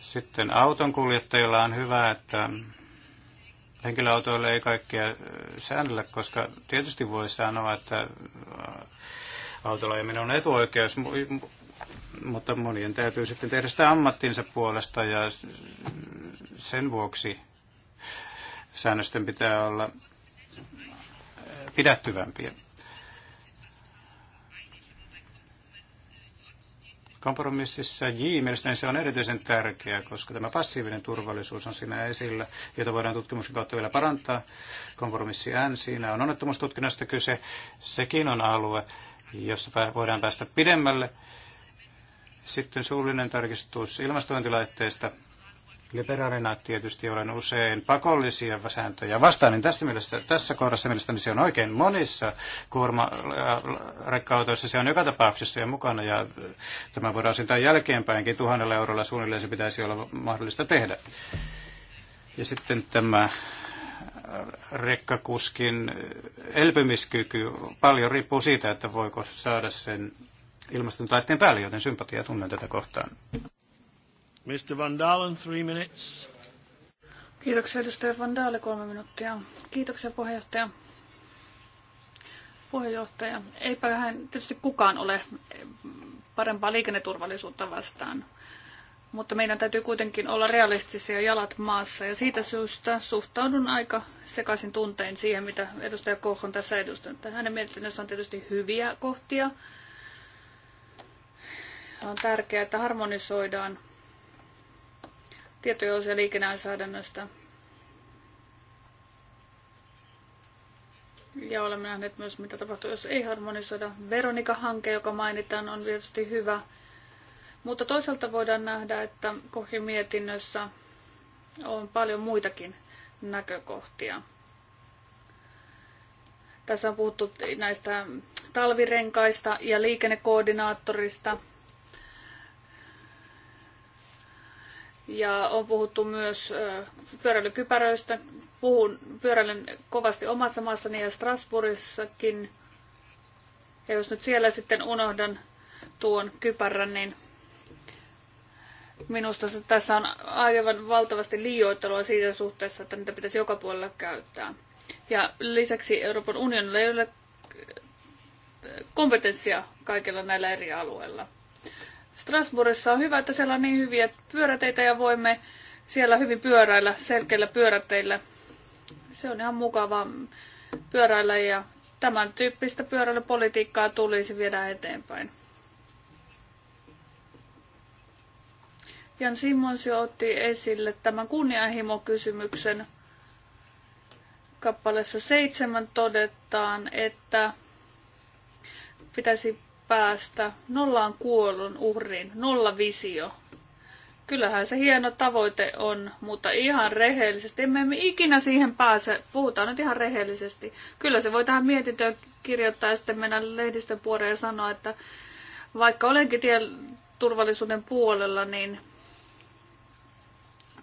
Sitten auton kuljettajilla on hyvä, että henkilöautoille ei kaikkea eh, säännellä, koska tietysti voi sanoa, että eh, autolla ei on etuoikeus, mutta monien täytyy sitten tehdä sitä ammattinsa puolesta ja sen vuoksi säännösten pitää olla pidättyvämpiä. Kompromississa J mielestäni se on erityisen tärkeää, koska tämä passiivinen turvallisuus on siinä esillä, jota voidaan tutkimuksen kautta vielä parantaa. Kompromissi N, siinä on onnettomuustutkinnasta kyse. Sekin on alue, jossa voidaan päästä pidemmälle. Sitten suullinen tarkistus ilmastointilaitteista liberaalina tietysti olen usein pakollisia sääntöjä vastaan, niin tässä, mielessä, tässä kohdassa mielestäni se on oikein monissa kuormarekkautoissa, se on joka tapauksessa jo mukana ja tämä voidaan sitä jälkeenpäinkin tuhannella eurolla suunnilleen se pitäisi olla mahdollista tehdä. Ja sitten tämä äh, rekkakuskin elpymiskyky paljon riippuu siitä, että voiko saada sen ilmaston taitteen päälle, joten sympatia tunnen tätä kohtaan. Mr. Van Dalen, three minutes. Kiitoksia edustaja Van kolme minuuttia. Kiitoksia puheenjohtaja. Puheenjohtaja, eipä hän tietysti kukaan ole parempaa liikenneturvallisuutta vastaan. Mutta meidän täytyy kuitenkin olla realistisia jalat maassa ja siitä syystä suhtaudun aika sekaisin tuntein siihen, mitä edustaja Koch on tässä edustanut. Hänen mietinnössä on tietysti hyviä kohtia. On tärkeää, että harmonisoidaan tietoja osia liikennäänsäädännöstä. Ja olemme nähneet myös, mitä tapahtuu, jos ei harmonisoida. Veronika-hanke, joka mainitaan, on tietysti hyvä. Mutta toisaalta voidaan nähdä, että kohin mietinnössä on paljon muitakin näkökohtia. Tässä on puhuttu näistä talvirenkaista ja liikennekoordinaattorista – ja on puhuttu myös pyöräilykypäröistä. Puhun, pyöräilen kovasti omassa maassani ja Strasbourgissakin. Ja jos nyt siellä sitten unohdan tuon kypärän, niin minusta tässä on aivan valtavasti liioittelua siitä suhteessa, että niitä pitäisi joka puolella käyttää. Ja lisäksi Euroopan unionilla ei ole kompetenssia kaikilla näillä eri alueilla. Strasbourgissa on hyvä, että siellä on niin hyviä pyöräteitä ja voimme siellä hyvin pyöräillä selkeillä pyöräteillä. Se on ihan mukava pyöräillä ja tämän tyyppistä pyöräilypolitiikkaa tulisi viedä eteenpäin. Jan Simons jo otti esille tämän kunnianhimokysymyksen. Kappaleessa seitsemän todetaan, että pitäisi päästä on kuollon uhrin, nolla visio. Kyllähän se hieno tavoite on, mutta ihan rehellisesti. Emme me ikinä siihen pääse. Puhutaan nyt ihan rehellisesti. Kyllä se voi tähän mietintöön kirjoittaa ja sitten mennä lehdistön puoleen ja sanoa, että vaikka olenkin tien turvallisuuden puolella, niin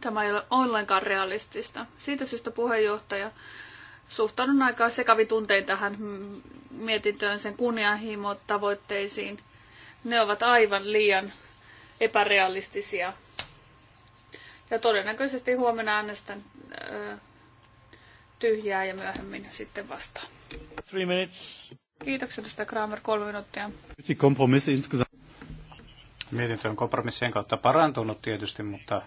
tämä ei ole ollenkaan realistista. Siitä syystä puheenjohtaja suhtaudun aika sekavin tuntein tähän mietintöön, sen kunnianhimot tavoitteisiin. Ne ovat aivan liian epärealistisia. Ja todennäköisesti huomenna äänestän ö, tyhjää ja myöhemmin sitten vastaan. Three minutes. Kiitoksia, edustaja Kramer, kolme minuuttia. Mietintö on kompromissien kautta parantunut tietysti, mutta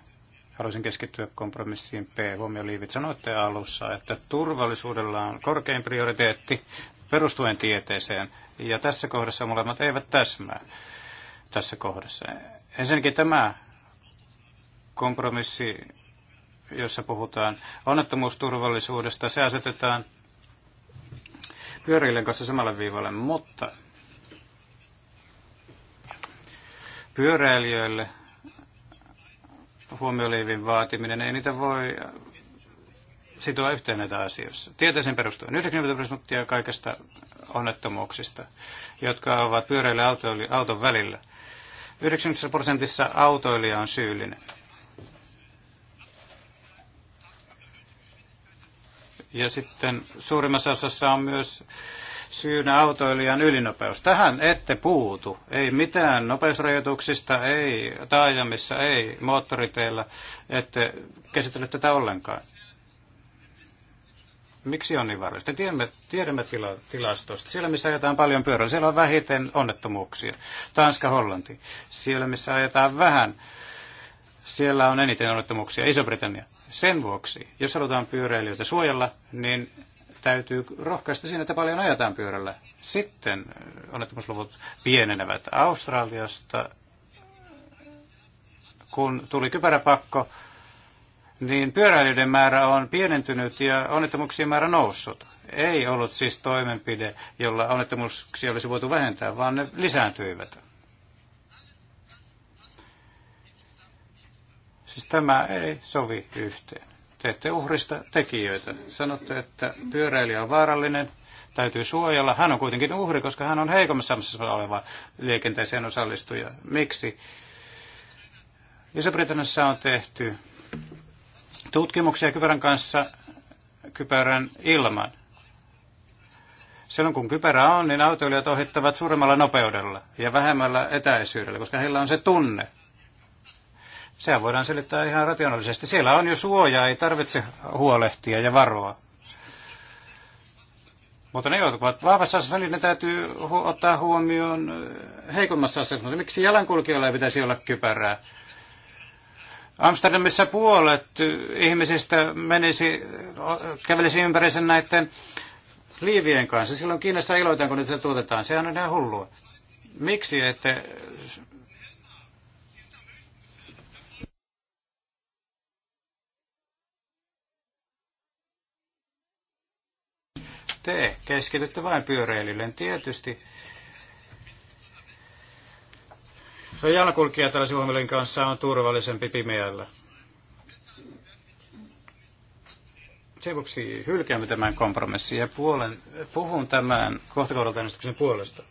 Haluaisin keskittyä kompromissiin P. Huomio Liivit, sanoitte alussa, että turvallisuudella on korkein prioriteetti perustuen tieteeseen, ja tässä kohdassa molemmat eivät täsmää tässä kohdassa. Ensinnäkin tämä kompromissi, jossa puhutaan onnettomuusturvallisuudesta, se asetetaan pyöräilijän kanssa samalle viivalle, mutta pyöräilijöille – huomioliivin vaatiminen, ei niitä voi sitoa yhteen näitä asioissa. Tieteeseen perustuu 90 prosenttia kaikesta onnettomuuksista, jotka ovat pyöreillä auton välillä. 90 prosentissa autoilija on syyllinen. Ja sitten suurimmassa osassa on myös syynä autoilijan ylinopeus. Tähän ette puutu. Ei mitään nopeusrajoituksista, ei taajamissa, ei moottoriteillä. Ette käsittele tätä ollenkaan. Miksi on niin varoista? Tiedämme, tiedämme tila, tilastosta. Siellä, missä ajetaan paljon pyörällä, siellä on vähiten onnettomuuksia. Tanska, Hollanti. Siellä, missä ajetaan vähän, siellä on eniten onnettomuuksia. Iso-Britannia. Sen vuoksi, jos halutaan pyöräilijöitä suojella, niin täytyy rohkaista siinä, että paljon ajetaan pyörällä. Sitten äh, onnettomuusluvut pienenevät Australiasta. Kun tuli kypäräpakko, niin pyöräilyiden määrä on pienentynyt ja onnettomuuksien määrä noussut. Ei ollut siis toimenpide, jolla onnettomuuksia olisi voitu vähentää, vaan ne lisääntyivät. Siis tämä ei sovi yhteen. Teette uhrista tekijöitä. Sanotte, että pyöräilijä on vaarallinen, täytyy suojella. Hän on kuitenkin uhri, koska hän on heikommassa asemassa oleva liikenteeseen osallistuja. Miksi? Iso-Britanniassa on tehty tutkimuksia kypärän kanssa kypärän ilman. Silloin kun kypärä on, niin autoilijat ohittavat suuremmalla nopeudella ja vähemmällä etäisyydellä, koska heillä on se tunne, Sehän voidaan selittää ihan rationaalisesti. Siellä on jo suojaa, ei tarvitse huolehtia ja varoa. Mutta ne, joutuvat ovat vahvassa asemassa, niin ne täytyy hu- ottaa huomioon heikommassa asemassa. Miksi jalankulkijoilla ei pitäisi olla kypärää? Amsterdamissa puolet ihmisistä menisi, kävelisi sen näiden liivien kanssa. Silloin Kiinassa iloitaan, kun niitä tuotetaan. Sehän on ihan hullua. Miksi ette te keskitytte vain pyöräilylle. Tietysti jalankulkija tällaisen huomioiden kanssa on turvallisempi pimeällä. Sen vuoksi hylkäämme tämän kompromissin ja puolen, puhun tämän kohtakohdalta puolesta.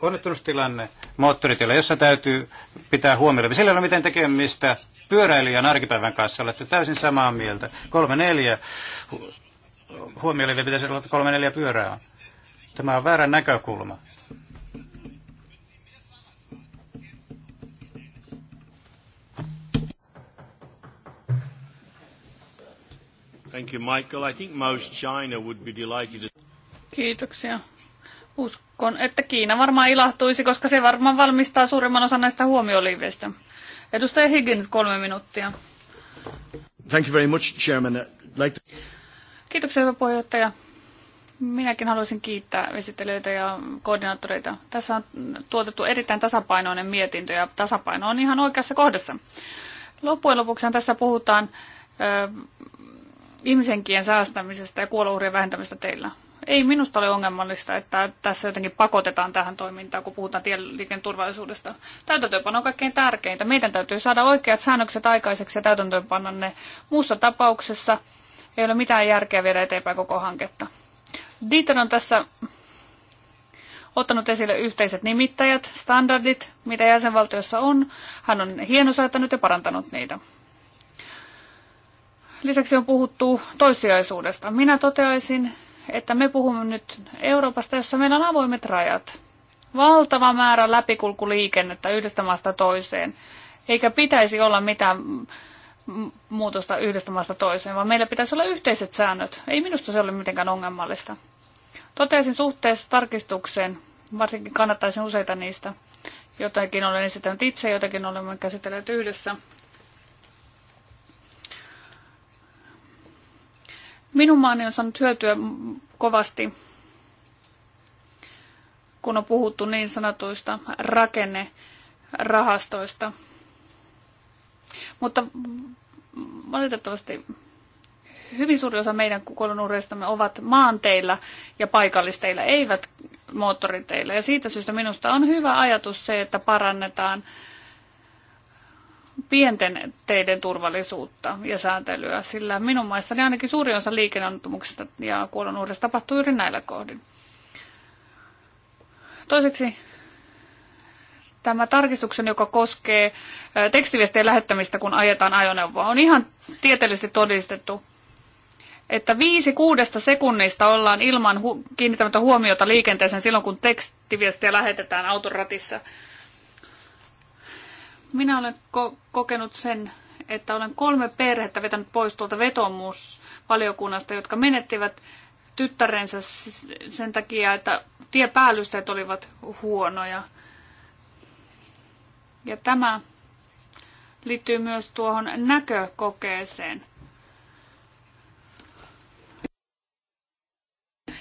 Onnettomuustilanne moottoritiellä, jossa täytyy pitää huomioida. Sillä ei ole mitään tekemistä pyöräilijän arkipäivän kanssa. Olette täysin samaa mieltä. Kolme neljä huomioille pitäisi olla kolme neljä pyörää Tämä on väärä näkökulma. Thank you, Michael. I think most China would be delighted. Kiitoksia. Uskon, että Kiina varmaan ilahtuisi, koska se varmaan valmistaa suurimman osan näistä huomioliiveistä. Edustaja Higgins, kolme minuuttia. Thank you very much, Chairman. Like to... Kiitoksia, hyvä puheenjohtaja. Minäkin haluaisin kiittää esittelijöitä ja koordinaattoreita. Tässä on tuotettu erittäin tasapainoinen mietintö ja tasapaino on ihan oikeassa kohdassa. Loppujen lopuksi tässä puhutaan ö, ihmisenkien säästämisestä ja kuolouhrien vähentämisestä teillä. Ei minusta ole ongelmallista, että tässä jotenkin pakotetaan tähän toimintaan, kun puhutaan tieliikenteen turvallisuudesta. Täytäntöönpano on kaikkein tärkeintä. Meidän täytyy saada oikeat säännökset aikaiseksi ja täytäntöönpanna ne. Muussa tapauksessa ei ole mitään järkeä viedä eteenpäin koko hanketta. Dieter on tässä ottanut esille yhteiset nimittäjät, standardit, mitä jäsenvaltioissa on. Hän on hienosäätänyt ja parantanut niitä. Lisäksi on puhuttu toissijaisuudesta. Minä toteaisin, että me puhumme nyt Euroopasta, jossa meillä on avoimet rajat. Valtava määrä läpikulkuliikennettä yhdestä maasta toiseen. Eikä pitäisi olla mitään muutosta yhdestä maasta toiseen, vaan meillä pitäisi olla yhteiset säännöt. Ei minusta se ole mitenkään ongelmallista. Totesin suhteessa tarkistukseen, varsinkin kannattaisin useita niistä. Jotakin olen esittänyt itse, jotakin olemme käsitelleet yhdessä. Minun maani on saanut hyötyä kovasti, kun on puhuttu niin sanotuista rakennerahastoista – mutta valitettavasti hyvin suuri osa meidän kuolonuhreistamme ovat maanteillä ja paikallisteillä, eivät moottoriteillä. Ja siitä syystä minusta on hyvä ajatus se, että parannetaan pienten teiden turvallisuutta ja sääntelyä, sillä minun maissani ainakin suuri osa liikenneonnettomuuksista ja kuolonuhreista tapahtuu juuri näillä kohdin. Toiseksi tämä tarkistuksen, joka koskee tekstiviestien lähettämistä, kun ajetaan ajoneuvoa. On ihan tieteellisesti todistettu, että viisi kuudesta sekunnista ollaan ilman hu- kiinnittämättä huomiota liikenteeseen silloin, kun tekstiviestiä lähetetään autoratissa. Minä olen ko- kokenut sen, että olen kolme perhettä vetänyt pois tuolta vetomusvaliokunnasta, jotka menettivät tyttärensä sen takia, että tiepäällysteet olivat huonoja. Ja tämä liittyy myös tuohon näkökokeeseen.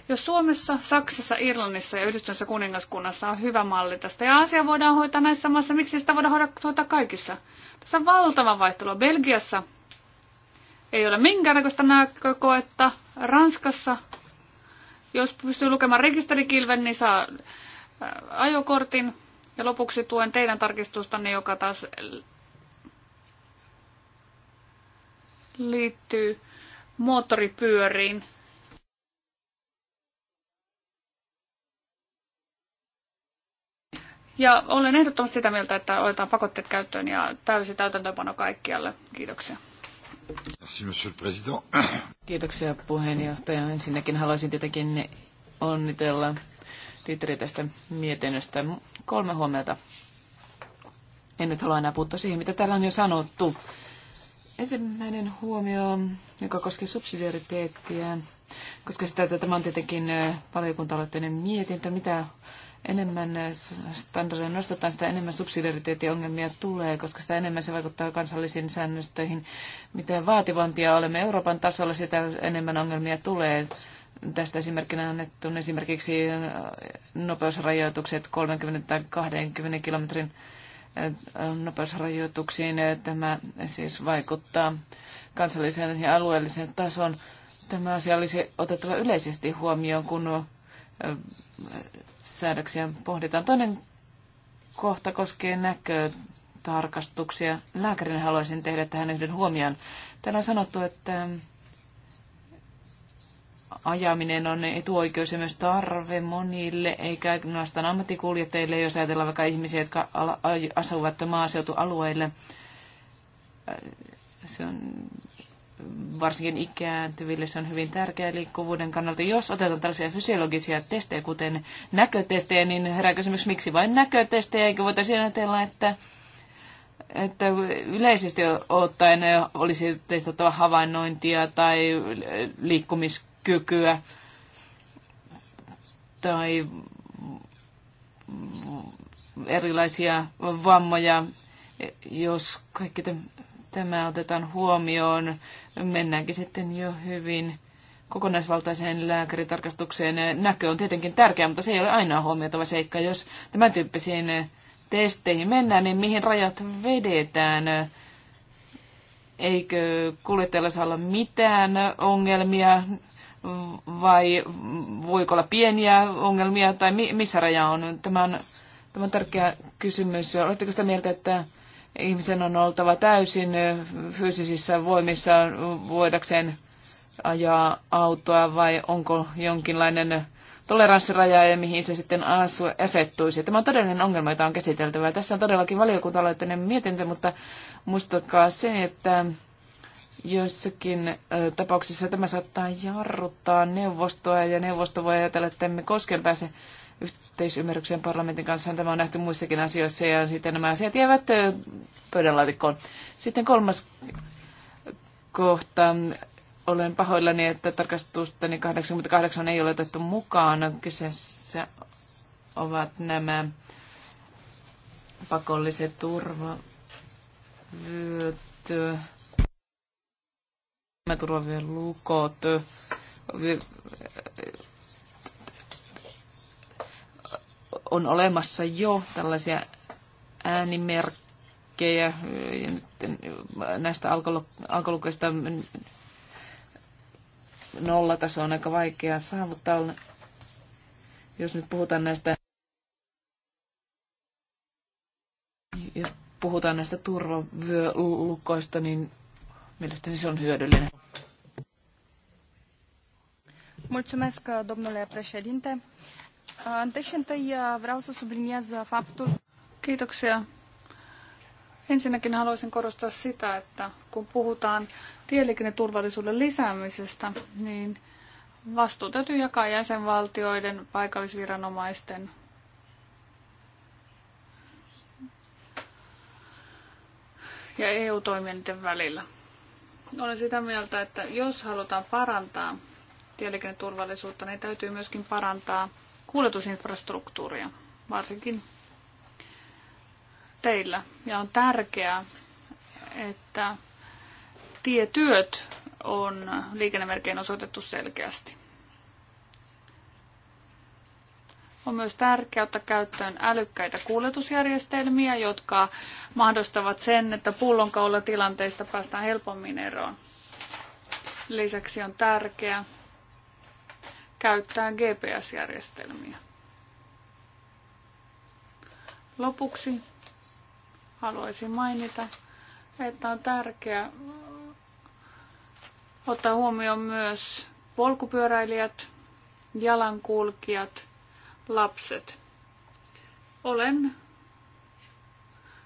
Jos Suomessa, Saksassa, Irlannissa ja Yhdistyneessä kuningaskunnassa on hyvä malli tästä ja asia voidaan hoitaa näissä maissa, miksi sitä voidaan hoitaa kaikissa? Tässä on valtava vaihtelu. Belgiassa ei ole minkäännäköistä näkökoetta. Ranskassa, jos pystyy lukemaan rekisterikilven, niin saa ajokortin. Ja lopuksi tuen teidän tarkistustanne, joka taas liittyy moottoripyöriin. Ja olen ehdottomasti sitä mieltä, että otetaan pakotteet käyttöön ja täysi täytäntöönpano kaikkialle. Kiitoksia. Kiitoksia puheenjohtaja. Ensinnäkin haluaisin tietenkin onnitella Liiteri tästä mietinnöstä. Kolme huomiota. En nyt halua enää puuttua siihen, mitä täällä on jo sanottu. Ensimmäinen huomio, joka koskee subsidiariteettia, koska sitä, että tämä on tietenkin valiokunta mietintö, mitä enemmän standardeja nostetaan, sitä enemmän subsidiariteettiongelmia tulee, koska sitä enemmän se vaikuttaa kansallisiin säännöstöihin. Mitä vaativampia olemme Euroopan tasolla, sitä enemmän ongelmia tulee. Tästä esimerkkinä annettu esimerkiksi äh, nopeusrajoitukset 30 tai 20 kilometrin äh, nopeusrajoituksiin. Tämä siis vaikuttaa kansallisen ja alueellisen tason. Tämä asia olisi otettava yleisesti huomioon, kun äh, säädöksiä pohditaan. Toinen kohta koskee näkötarkastuksia. Lääkärin haluaisin tehdä tähän yhden huomion. Täällä on sanottu, että ajaminen on etuoikeus ja myös tarve monille, eikä ainoastaan ammattikuljettajille, jos ajatellaan vaikka ihmisiä, jotka asuvat maaseutualueille. Äh, se on varsinkin ikääntyville se on hyvin tärkeä liikkuvuuden kannalta. Jos otetaan tällaisia fysiologisia testejä, kuten näkötestejä, niin herää kysymys, miksi vain näkötestejä, eikö voitaisiin ajatella, että, että yleisesti ottaen olisi testattava havainnointia tai liikkumis kykyä tai erilaisia vammoja, jos kaikki tämä otetaan huomioon, mennäänkin sitten jo hyvin kokonaisvaltaiseen lääkäritarkastukseen. Näkö on tietenkin tärkeä, mutta se ei ole aina huomioitava seikka. Jos tämän tyyppisiin testeihin mennään, niin mihin rajat vedetään? Eikö kuljettajalla saa olla mitään ongelmia vai voiko olla pieniä ongelmia tai missä raja on? Tämä on, tämä on tärkeä kysymys. Oletteko sitä mieltä, että ihmisen on oltava täysin fyysisissä voimissa voidakseen ajaa autoa vai onko jonkinlainen toleranssiraja ja mihin se sitten asu, asettuisi. Tämä on todellinen ongelma, jota on käsiteltävä. Tässä on todellakin valiokunta mietintö, mutta muistakaa se, että Joissakin tapauksissa tämä saattaa jarruttaa neuvostoa ja neuvosto voi ajatella, että emme kosken pääse yhteisymmärrykseen parlamentin kanssa. Tämä on nähty muissakin asioissa ja sitten nämä asiat jäävät pöydänlaatikkoon. Sitten kolmas kohta. Olen pahoillani, että tarkastustani 88 ei ole otettu mukaan. Kyseessä ovat nämä pakolliset turvavyöt lukot on olemassa jo tällaisia äänimerkkejä näistä alkolukoista nollataso on aika vaikea saavuttaa. Jos nyt puhutaan näistä jos puhutaan näistä turvavyölukoista, niin Mielestäni se on hyödyllinen. Mulțumesc, domnule președinte. Uh, întâi întâi uh, vreau să subliniez uh, faptul... Kiitoksia. Ensinnäkin haluaisin korostaa sitä, että kun puhutaan tieliikenneturvallisuuden lisäämisestä, niin vastuu täytyy jakaa jäsenvaltioiden, paikallisviranomaisten ja EU-toimijoiden välillä olen sitä mieltä, että jos halutaan parantaa tieliikenneturvallisuutta, niin täytyy myöskin parantaa kuljetusinfrastruktuuria, varsinkin teillä. Ja on tärkeää, että tietyöt on liikennemerkein osoitettu selkeästi. On myös tärkeää ottaa käyttöön älykkäitä kuljetusjärjestelmiä, jotka mahdollistavat sen, että pullonkaulatilanteista päästään helpommin eroon. Lisäksi on tärkeää käyttää GPS-järjestelmiä. Lopuksi haluaisin mainita, että on tärkeää ottaa huomioon myös polkupyöräilijät, jalankulkijat lapset. Olen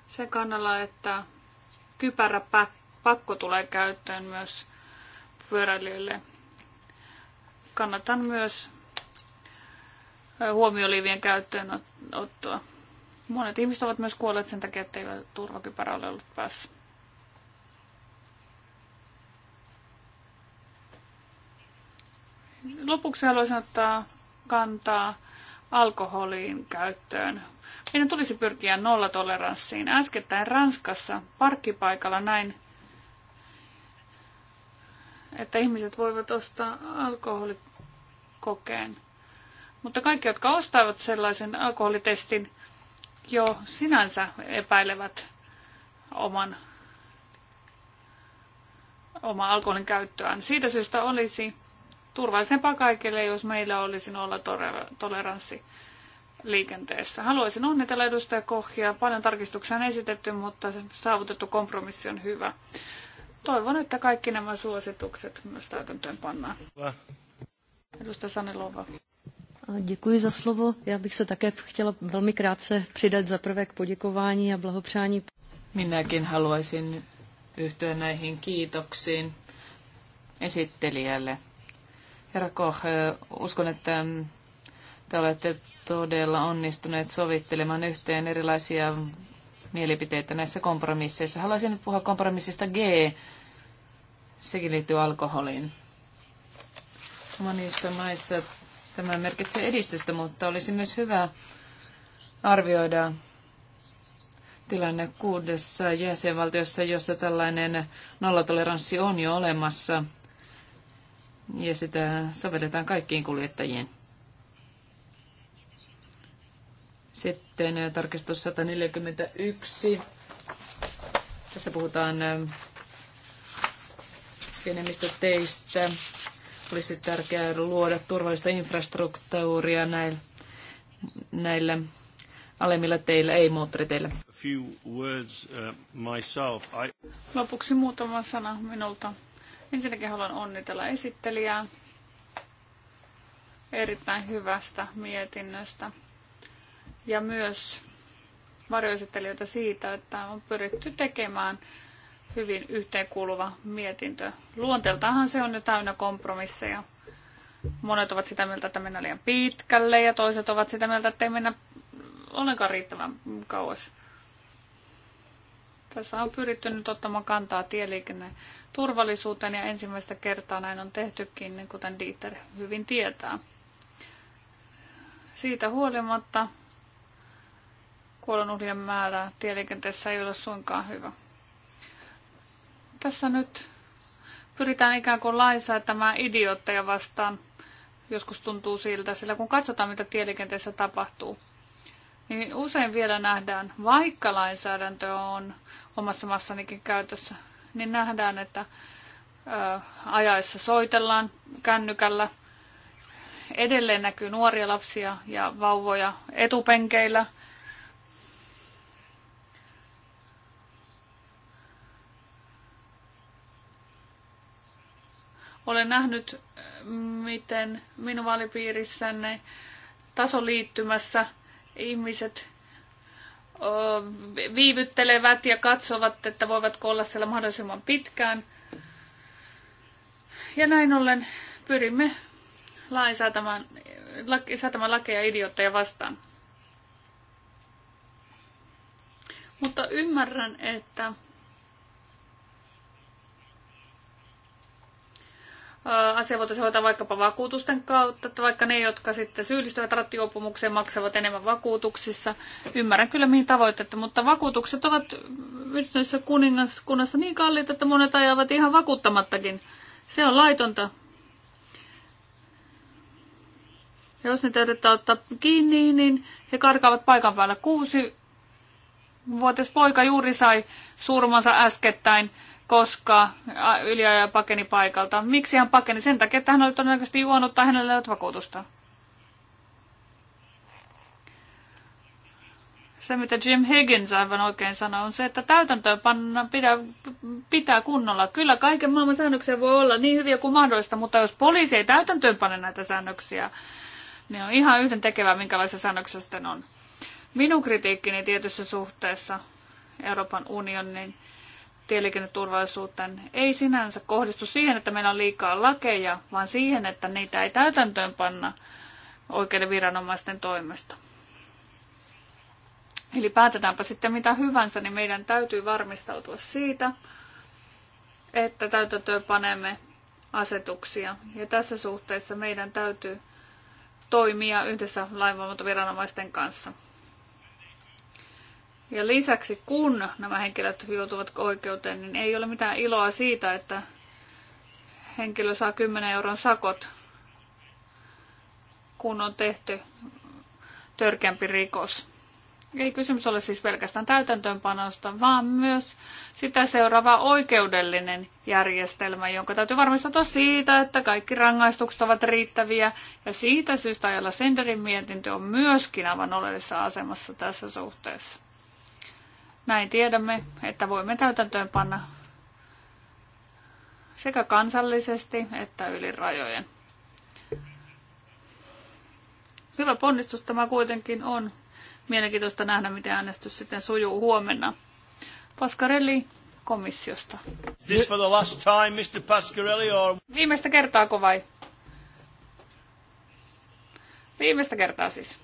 sen kannalla, että pakko tulee käyttöön myös pyöräilijöille. Kannatan myös huomioliivien käyttöönottoa. Monet ihmiset ovat myös kuolleet sen takia, ettei turvakypärä ole ollut päässä. Lopuksi haluaisin ottaa kantaa alkoholin käyttöön. Meidän tulisi pyrkiä nollatoleranssiin. Äskettäin Ranskassa parkkipaikalla näin, että ihmiset voivat ostaa alkoholikokeen. Mutta kaikki, jotka ostavat sellaisen alkoholitestin, jo sinänsä epäilevät oman, oman alkoholin käyttöään. Siitä syystä olisi turvallisempaa kaikille, jos meillä olisi nolla toleranssi liikenteessä. Haluaisin onnitella edustaja Kohia. Paljon tarkistuksia on esitetty, mutta saavutettu kompromissi on hyvä. Toivon, että kaikki nämä suositukset myös täytäntöön pannaan. Edustaja Sanelova. Děkuji za slovo. Já bych se také chtěla velmi krátce přidat za prvé k poděkování a blahopřání. Minäkin haluaisin yhtyä näihin kiitoksiin esittelijälle. Herra Koch, uskon, että mm, te olette todella onnistuneet sovittelemaan yhteen erilaisia mielipiteitä näissä kompromisseissa. Haluaisin nyt puhua kompromissista G. Sekin liittyy alkoholiin. Monissa maissa tämä merkitsee edistystä, mutta olisi myös hyvä arvioida tilanne kuudessa jäsenvaltiossa, jossa tällainen nollatoleranssi on jo olemassa – ja sitä sovelletaan kaikkiin kuljettajiin. Sitten äh, tarkistus 141. Tässä puhutaan pienemmistä äh, teistä. Olisi tärkeää luoda turvallista infrastruktuuria näillä, näillä alemmilla teillä, ei moottoriteillä. Few words, uh, myself. I... Lopuksi muutama sana minulta. Ensinnäkin haluan onnitella esittelijää erittäin hyvästä mietinnöstä ja myös varjoesittelijöitä siitä, että on pyritty tekemään hyvin yhteenkuuluva mietintö. Luonteeltahan se on jo täynnä kompromisseja. Monet ovat sitä mieltä, että mennään liian pitkälle ja toiset ovat sitä mieltä, että ei mennä ollenkaan riittävän kauas. Tässä on pyritty nyt ottamaan kantaa tieliikenneturvallisuuteen ja ensimmäistä kertaa näin on tehtykin, niin kuten Dieter hyvin tietää. Siitä huolimatta kuolonuhrien määrä tieliikenteessä ei ole suinkaan hyvä. Tässä nyt pyritään ikään kuin lainsäätämään idiootteja vastaan. Joskus tuntuu siltä, sillä kun katsotaan mitä tieliikenteessä tapahtuu, niin usein vielä nähdään, vaikka lainsäädäntö on omassa massanikin käytössä, niin nähdään, että ö, ajaessa soitellaan kännykällä. Edelleen näkyy nuoria lapsia ja vauvoja etupenkeillä. Olen nähnyt, miten minun vaalipiirissäni tasoliittymässä – ihmiset viivyttelevät ja katsovat, että voivat olla siellä mahdollisimman pitkään. Ja näin ollen pyrimme lainsäätämään laki, säätämään lakeja idiotteja vastaan. Mutta ymmärrän, että asia voitaisiin hoitaa vaikkapa vakuutusten kautta, että vaikka ne, jotka sitten syyllistyvät rattijuopumukseen, maksavat enemmän vakuutuksissa. Ymmärrän kyllä mihin tavoitteet, mutta vakuutukset ovat yhdessä kuningaskunnassa niin kalliita, että monet ajavat ihan vakuuttamattakin. Se on laitonta. jos niitä yrittää ottaa kiinni, niin he karkaavat paikan päällä. Kuusi vuotias poika juuri sai surmansa äskettäin koska yliaja pakeni paikalta. Miksi hän pakeni? Sen takia, että hän oli todennäköisesti juonut tai hänellä ei ollut vakuutusta. Se, mitä Jim Higgins aivan oikein sanoi, on se, että täytäntöönpanna pitää, pitää kunnolla. Kyllä kaiken maailman säännöksiä voi olla niin hyviä kuin mahdollista, mutta jos poliisi ei täytäntöönpane näitä säännöksiä, niin on ihan yhden tekevää, minkälaisia säännöksiä sitten on. Minun kritiikkini tietyssä suhteessa Euroopan unionin tieliikenneturvallisuuteen ei sinänsä kohdistu siihen, että meillä on liikaa lakeja, vaan siihen, että niitä ei täytäntöön panna oikeiden viranomaisten toimesta. Eli päätetäänpä sitten mitä hyvänsä, niin meidän täytyy varmistautua siitä, että täytäntöön panemme asetuksia. Ja tässä suhteessa meidän täytyy toimia yhdessä lainvalvontaviranomaisten kanssa. Ja lisäksi kun nämä henkilöt joutuvat oikeuteen, niin ei ole mitään iloa siitä, että henkilö saa 10 euron sakot, kun on tehty törkeämpi rikos. Ei kysymys ole siis pelkästään täytäntöönpanosta, vaan myös sitä seuraava oikeudellinen järjestelmä, jonka täytyy varmistua siitä, että kaikki rangaistukset ovat riittäviä. Ja siitä syystä ajalla Senderin mietintö on myöskin aivan oleellisessa asemassa tässä suhteessa. Näin tiedämme, että voimme täytäntöön panna sekä kansallisesti että yli rajojen. Hyvä ponnistus tämä kuitenkin on. Mielenkiintoista nähdä, miten äänestys sitten sujuu huomenna. Pascarelli komissiosta. This for the last time, Mr. Pascarelli, or... Viimeistä kertaako vai? Viimeistä kertaa siis.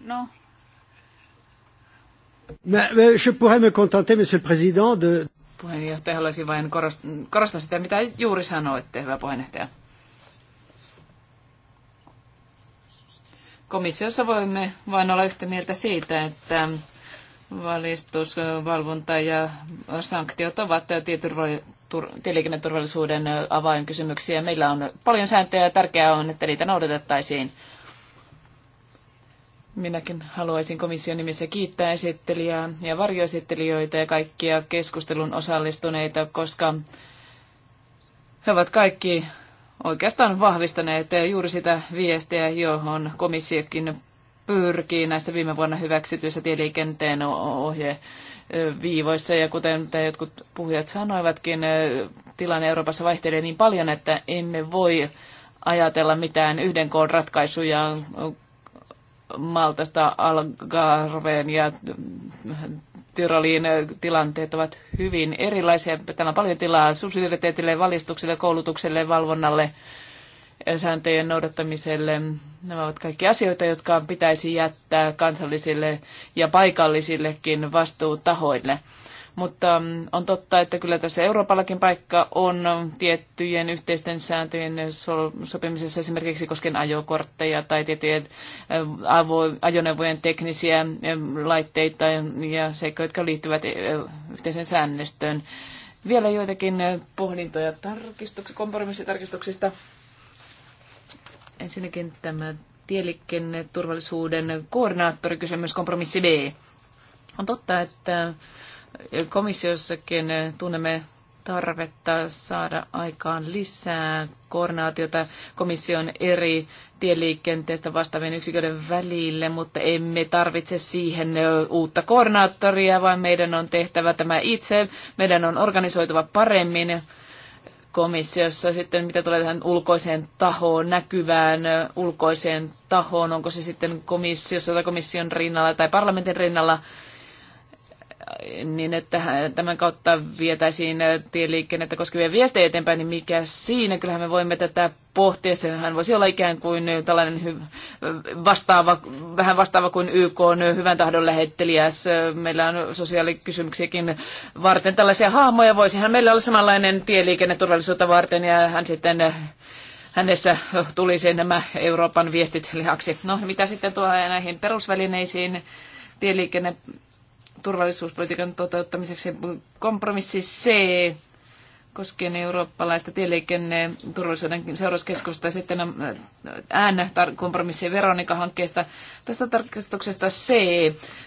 No, Je pourrais me contenter, monsieur le président, de... Puheenjohtaja, haluaisin vain korostaa, korostaa sitä, mitä juuri sanoitte, hyvä puheenjohtaja. Komissiossa voimme vain olla yhtä mieltä siitä, että valistus, valvonta ja sanktiot ovat tieliikenneturvallisuuden avainkysymyksiä. Meillä on paljon sääntöjä ja tärkeää on, että niitä noudatettaisiin. Minäkin haluaisin komission nimissä kiittää esittelijää ja varjoesittelijöitä ja kaikkia keskustelun osallistuneita, koska he ovat kaikki oikeastaan vahvistaneet juuri sitä viestiä, johon komissiokin pyrkii näissä viime vuonna hyväksytyissä tieliikenteen ohje viivoissa. Ja kuten jotkut puhujat sanoivatkin, tilanne Euroopassa vaihtelee niin paljon, että emme voi ajatella mitään yhden koon ratkaisuja Maltasta Algarveen ja Tyrolin tilanteet ovat hyvin erilaisia. Täällä on paljon tilaa subsidiariteetille, valistukselle, koulutukselle, valvonnalle, sääntöjen noudattamiselle. Nämä ovat kaikki asioita, jotka pitäisi jättää kansallisille ja paikallisillekin vastuutahoille. Mutta mm, on totta, että kyllä tässä Euroopallakin paikka on tiettyjen yhteisten sääntöjen sopimisessa esimerkiksi koskien ajokortteja tai tiettyjen ajoneuvojen teknisiä laitteita ja seikkoja, jotka liittyvät yhteisen säännöstöön. Vielä joitakin pohdintoja tarkistuksista, kompromissitarkistuksista. Ensinnäkin tämä turvallisuuden koordinaattorikysymys, kompromissi B. On totta, että Komissiossakin tunnemme tarvetta saada aikaan lisää koordinaatiota komission eri tieliikenteestä vastaavien yksiköiden välille, mutta emme tarvitse siihen uutta koordinaattoria, vaan meidän on tehtävä tämä itse. Meidän on organisoituva paremmin komissiossa sitten, mitä tulee tähän ulkoiseen tahoon, näkyvään ulkoiseen tahoon, onko se sitten komissiossa tai komission rinnalla tai parlamentin rinnalla, niin että tämän kautta vietäisiin tieliikennettä koskevia viestejä eteenpäin, niin mikä siinä? Kyllähän me voimme tätä pohtia. Sehän voisi olla ikään kuin tällainen hy- vastaava, vähän vastaava kuin YK on hyvän tahdon lähettelijäs. Meillä on sosiaalikysymyksiäkin varten tällaisia hahmoja. Voisihan meillä olla samanlainen tieliikenneturvallisuutta varten ja hän sitten hänessä tulisi nämä Euroopan viestit lihaksi. No mitä sitten tulee näihin perusvälineisiin? tieliikenne turvallisuuspolitiikan toteuttamiseksi. Kompromissi C koskien eurooppalaista tieliikenne turvallisuuden seurauskeskusta ja sitten äänä ähm, kompromissi Veronika-hankkeesta. Tästä tarkistuksesta C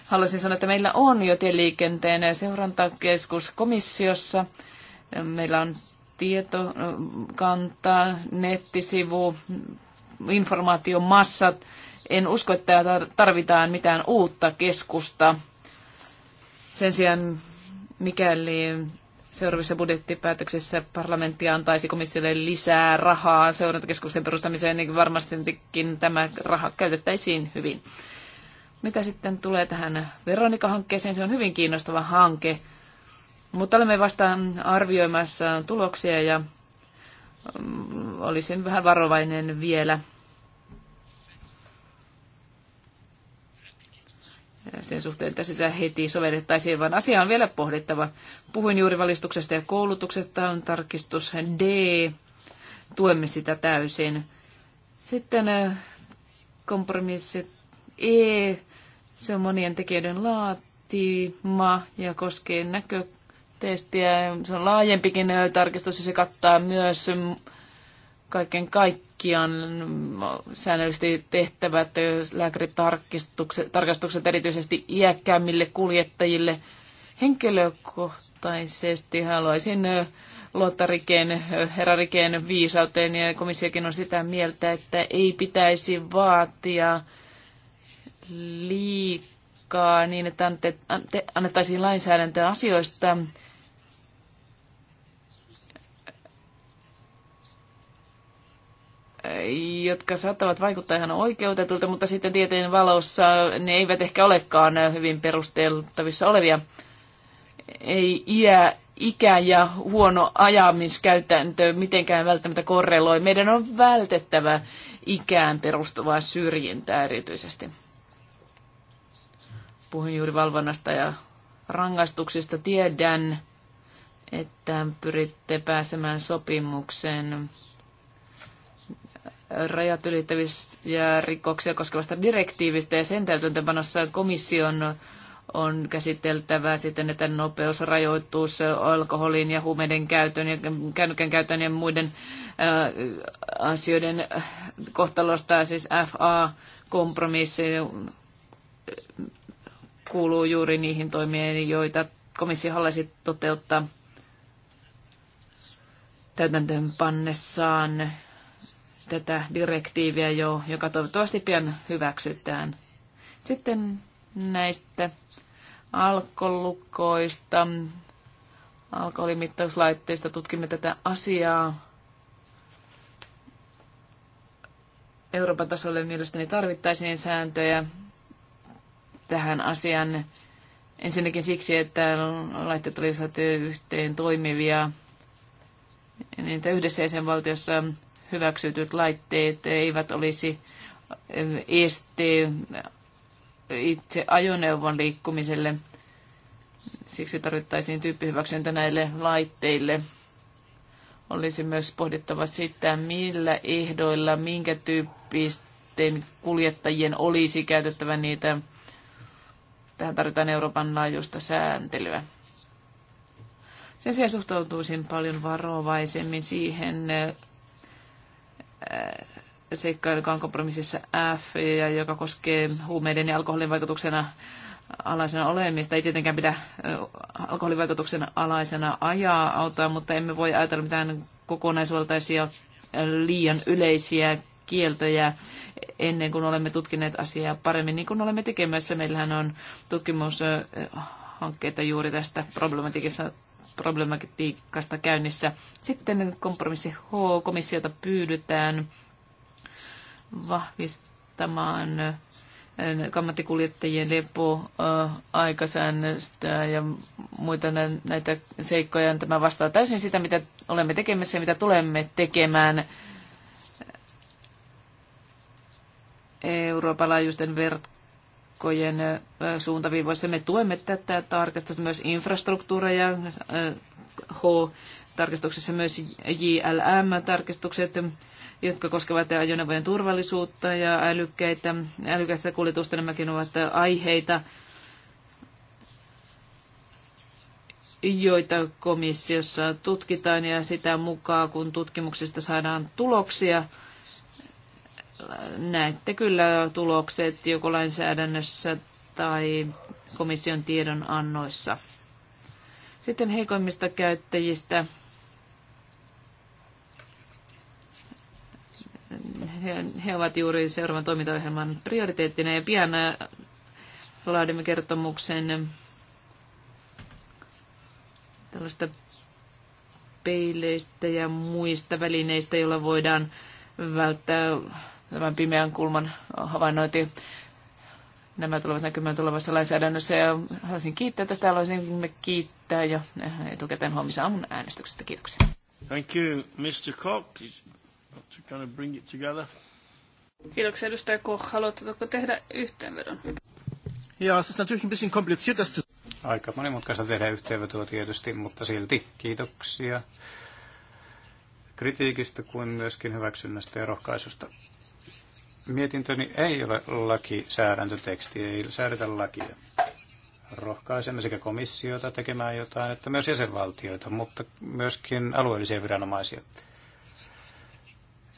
haluaisin sanoa, että meillä on jo tieliikenteen seurantakeskus komissiossa. Meillä on tietokanta, nettisivu, informaatiomassat. En usko, että tarvitaan mitään uutta keskusta sen sijaan, mikäli seuraavissa budjettipäätöksissä parlamentti antaisi komissiolle lisää rahaa seurantakeskuksen perustamiseen, niin varmastikin tämä raha käytettäisiin hyvin. Mitä sitten tulee tähän Veronika-hankkeeseen, se on hyvin kiinnostava hanke, mutta olemme vasta arvioimassa tuloksia ja mm, olisin vähän varovainen vielä sen suhteen, että sitä heti sovellettaisiin, vaan asia on vielä pohdittava. Puhuin juuri valistuksesta ja koulutuksesta, on tarkistus D. Tuemme sitä täysin. Sitten äh, kompromissi E. Se on monien tekijöiden laatima ja koskee näkötestiä. Se on laajempikin äh, tarkistus ja se kattaa myös kaiken kaikkiaan tutkijan säännöllisesti tehtävät lääkäritarkastukset erityisesti iäkkäämmille kuljettajille. Henkilökohtaisesti haluaisin luottarikeen, herrarikeen viisauteen ja komissiokin on sitä mieltä, että ei pitäisi vaatia liikaa niin, että annettaisiin lainsäädäntöä asioista, jotka saattavat vaikuttaa ihan oikeutetulta, mutta sitten tieteen valossa ne eivät ehkä olekaan hyvin perusteltavissa olevia. Ei iä, ikä ja huono ajamiskäytäntö mitenkään välttämättä korreloi. Meidän on vältettävä ikään perustuvaa syrjintää erityisesti. Puhun juuri valvonnasta ja rangaistuksista. Tiedän, että pyritte pääsemään sopimukseen rajat ylittävistä rikoksia koskevasta direktiivistä ja sen täytäntöpanossa komission on käsiteltävä sitten, että rajoittuu alkoholin ja huumeiden käytön ja kännykän käytön ja muiden ää, äh, asioiden kohtalosta, siis FA-kompromissi äh, kuuluu juuri niihin toimiin, joita komissio haluaisi toteuttaa täytäntöönpannessaan tätä direktiiviä jo, joka toivottavasti pian hyväksytään. Sitten näistä alkolukkoista, alkoholimittauslaitteista tutkimme tätä asiaa. Euroopan tasolle mielestäni tarvittaisiin sääntöjä tähän asiaan. Ensinnäkin siksi, että laitteet olisivat yhteen toimivia. Niitä yhdessä jäsenvaltiossa hyväksytyt laitteet eivät olisi eh, este itse ajoneuvon liikkumiselle. Siksi tarvittaisiin tyyppihyväksyntä näille laitteille. Olisi myös pohdittava sitä, millä ehdoilla, minkä tyyppisten kuljettajien olisi käytettävä niitä. Tähän tarvitaan Euroopan laajuista sääntelyä. Sen sijaan suhtautuisin paljon varovaisemmin siihen seikka, joka on kompromississa F, ja joka koskee huumeiden ja alkoholin vaikutuksena alaisena olemista. Ei tietenkään pidä alkoholin vaikutuksen alaisena ajaa autoa, mutta emme voi ajatella mitään kokonaisvaltaisia liian yleisiä kieltoja ennen kuin olemme tutkineet asiaa paremmin, niin kuin olemme tekemässä. Meillähän on tutkimushankkeita juuri tästä problematiikassa problematiikasta käynnissä. Sitten kompromissi H, komissiota pyydetään vahvistamaan äh, kammattikuljettajien lepoaikasäännöstä äh, ja muita näitä seikkoja. Tämä vastaa täysin sitä, mitä olemme tekemässä ja mitä tulemme tekemään. Euroopan laajuisten verkkojen suuntaviivoissa. Me tuemme tätä tarkastusta myös infrastruktuureja, H-tarkistuksessa myös JLM-tarkistukset, jotka koskevat ajoneuvojen turvallisuutta ja älykkäitä, älykkäistä kuljetusta. Nämäkin ovat aiheita, joita komissiossa tutkitaan ja sitä mukaan, kun tutkimuksista saadaan tuloksia – näette kyllä tulokset joko lainsäädännössä tai komission tiedon annoissa. Sitten heikoimmista käyttäjistä. He, he ovat juuri seuraavan toimintaohjelman prioriteettina ja pian äh, laadimme kertomuksen tällaista peileistä ja muista välineistä, joilla voidaan välttää tämän pimeän kulman havainnointi. Nämä tulevat näkymään tulevassa lainsäädännössä ja haluaisin kiittää tästä, me kiittää ja eh, etukäteen huomisen aamun äänestyksestä. Kiitoksia. Thank you, Mr. Koch. To kind of bring it together. Kiitoksia, edustaja Koch. Haluatteko tehdä yhteenvedon? Ja, se on tietysti vähän bisschen Aika monimutkaista tehdä yhteenvetoa tietysti, mutta silti kiitoksia kritiikistä kuin myöskin hyväksynnästä ja rohkaisusta. Mietintöni ei ole lakisäädäntöteksti, ei säädetä lakia. Rohkaisemme sekä komissiota tekemään jotain, että myös jäsenvaltioita, mutta myöskin alueellisia viranomaisia.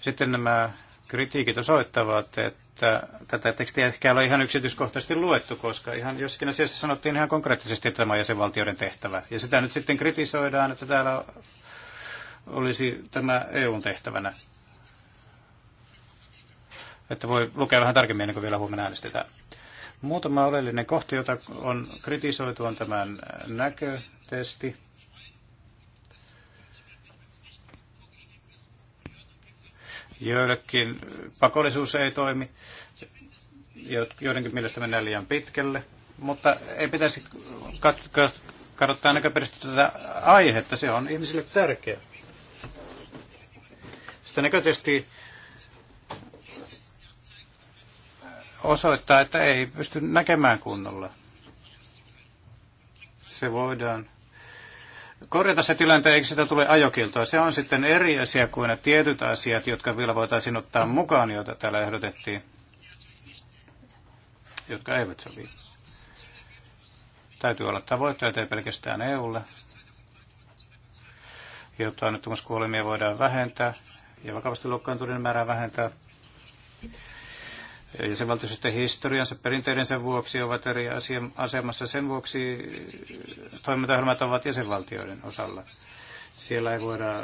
Sitten nämä kritiikit osoittavat, että tätä tekstiä ehkä ole ihan yksityiskohtaisesti luettu, koska ihan jossakin asiassa sanottiin ihan konkreettisesti, että tämä on jäsenvaltioiden tehtävä. Ja sitä nyt sitten kritisoidaan, että täällä olisi tämä EUn tehtävänä että voi lukea vähän tarkemmin ennen kuin vielä huomenna äänestetään. Muutama oleellinen kohta, jota on kritisoitu, on tämän näkötesti. Joillekin pakollisuus ei toimi, joidenkin mielestä mennään liian pitkälle, mutta ei pitäisi katsoa näköperäisesti tätä aihetta, se on ihmisille tärkeä. Sitä näkötesti osoittaa, että ei pysty näkemään kunnolla. Se voidaan korjata se tilanteen, eikä sitä tule ajokiltoa. Se on sitten eri asia kuin ne tietyt asiat, jotka vielä voitaisiin ottaa mukaan, joita täällä ehdotettiin, jotka eivät sovi. Täytyy olla tavoitteet, ei pelkästään EUlle, jotta annettomuuskuolemia voidaan vähentää ja vakavasti loukkaantuneiden määrää vähentää jäsenvaltiosuhteen historiansa perinteidensä vuoksi ovat eri asemassa. Sen vuoksi eh, toimintaohjelmat ovat jäsenvaltioiden osalla. Siellä ei voida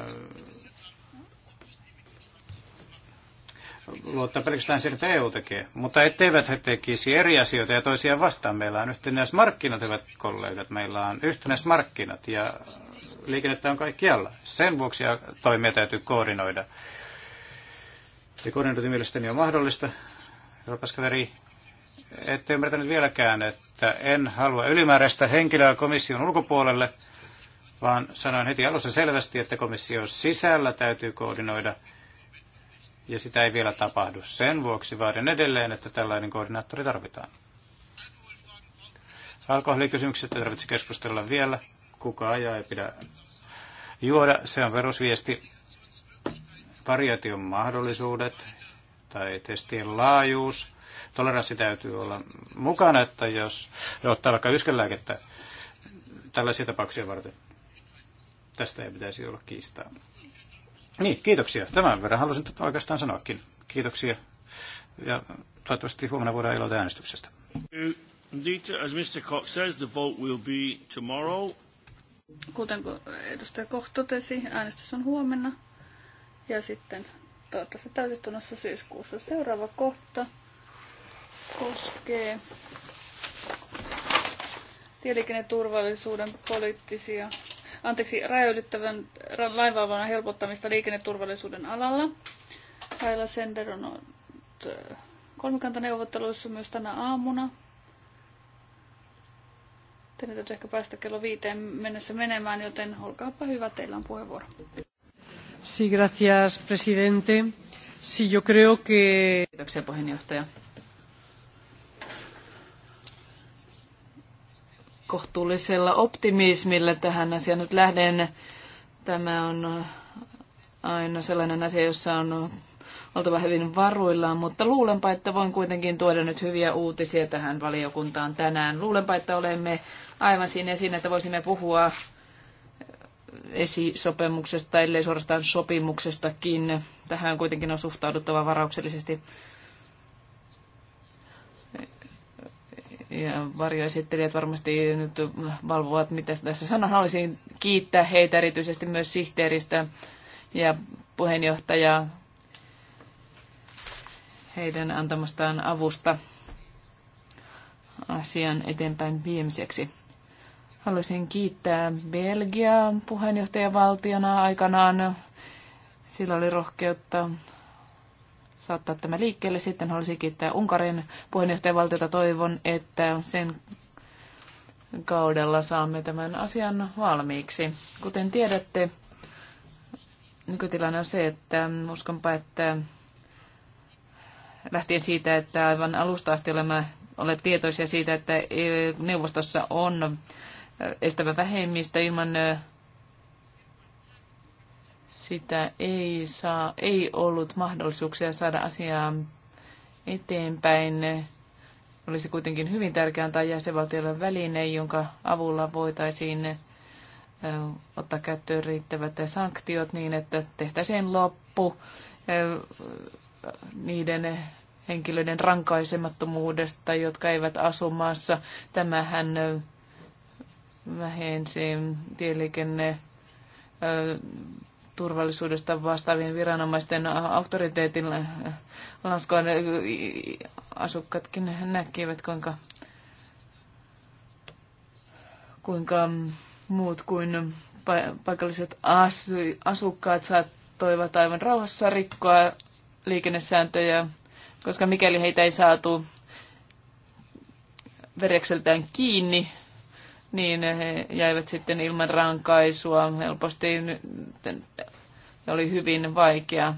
luottaa pelkästään siihen, että EU tekee. Mutta etteivät he tekisi eri asioita ja toisiaan vastaan. Meillä on markkinat, hyvät kollegat. Meillä on markkinat ja liikennettä on kaikkialla. Sen vuoksi toimia täytyy koordinoida. Ja koordinointi mielestäni on mahdollista Europaskaveri, ette ymmärtänyt vieläkään, että en halua ylimääräistä henkilöä komission ulkopuolelle, vaan sanoin heti alussa selvästi, että komission sisällä täytyy koordinoida, ja sitä ei vielä tapahdu. Sen vuoksi vaadin edelleen, että tällainen koordinaattori tarvitaan. Alkoholikysymyksestä tarvitse keskustella vielä. Kuka ajaa ei pidä juoda, se on perusviesti. Variation mahdollisuudet, tai testien laajuus. Toleranssi täytyy olla mukana, että jos ottaa vaikka yskelääkettä tällaisia tapauksia varten. Tästä ei pitäisi olla kiistaa. Niin, kiitoksia. Tämän verran halusin oikeastaan sanoakin. Kiitoksia. Ja toivottavasti huomenna voidaan iloita äänestyksestä. As Mr. Cox says, the vote will be tomorrow. Kuten edustaja Koch totesi, äänestys on huomenna. Ja sitten toivottavasti täytetunnossa syyskuussa. Seuraava kohta koskee tieliikenneturvallisuuden poliittisia, anteeksi, rajoittavan lainvalvonnan helpottamista liikenneturvallisuuden alalla. Kaila Sender on äh, kolmikantaneuvotteluissa myös tänä aamuna. Teidän täytyy ehkä päästä kello viiteen mennessä menemään, joten olkaapa hyvä, teillä on puheenvuoro. Sí, gracias, presidente. yo creo que... Kohtuullisella optimismilla tähän asiaan nyt lähden. Tämä on aina sellainen asia, jossa on oltava hyvin varuillaan, mutta luulenpa, että voin kuitenkin tuoda nyt hyviä uutisia tähän valiokuntaan tänään. Luulenpa, että olemme aivan siinä siinä, että voisimme puhua esisopimuksesta, ellei suorastaan sopimuksestakin. Tähän kuitenkin on suhtauduttava varauksellisesti. ja varjoesittelijät varmasti nyt valvovat, mitä tässä sanan. Haluaisin kiittää heitä erityisesti myös sihteeristä ja puheenjohtajaa heidän antamastaan avusta asian eteenpäin viemiseksi. Haluaisin kiittää Belgiaa puheenjohtajavaltiona aikanaan. Sillä oli rohkeutta saattaa tämä liikkeelle. Sitten haluaisin kiittää Unkarin puheenjohtajavaltiota. Toivon, että sen kaudella saamme tämän asian valmiiksi. Kuten tiedätte, nykytilanne on se, että uskonpa, että lähtien siitä, että aivan alusta asti olemme olleet tietoisia siitä, että e, neuvostossa on estävä vähemmistö ilman sitä ei, saa, ei ollut mahdollisuuksia saada asiaa eteenpäin. Olisi kuitenkin hyvin tärkeää antaa jäsenvaltiolle väline, jonka avulla voitaisiin ottaa käyttöön riittävät sanktiot niin, että tehtäisiin loppu niiden henkilöiden rankaisemattomuudesta, jotka eivät asu maassa. Tämähän vähensi tieliikenne turvallisuudesta vastaavien viranomaisten auktoriteetin lanskoon asukkaatkin näkivät, kuinka, kuinka muut kuin paikalliset asukkaat saattoivat aivan rauhassa rikkoa liikennesääntöjä, koska mikäli heitä ei saatu verekseltään kiinni, niin he jäivät sitten ilman rankaisua helposti ja oli hyvin vaikea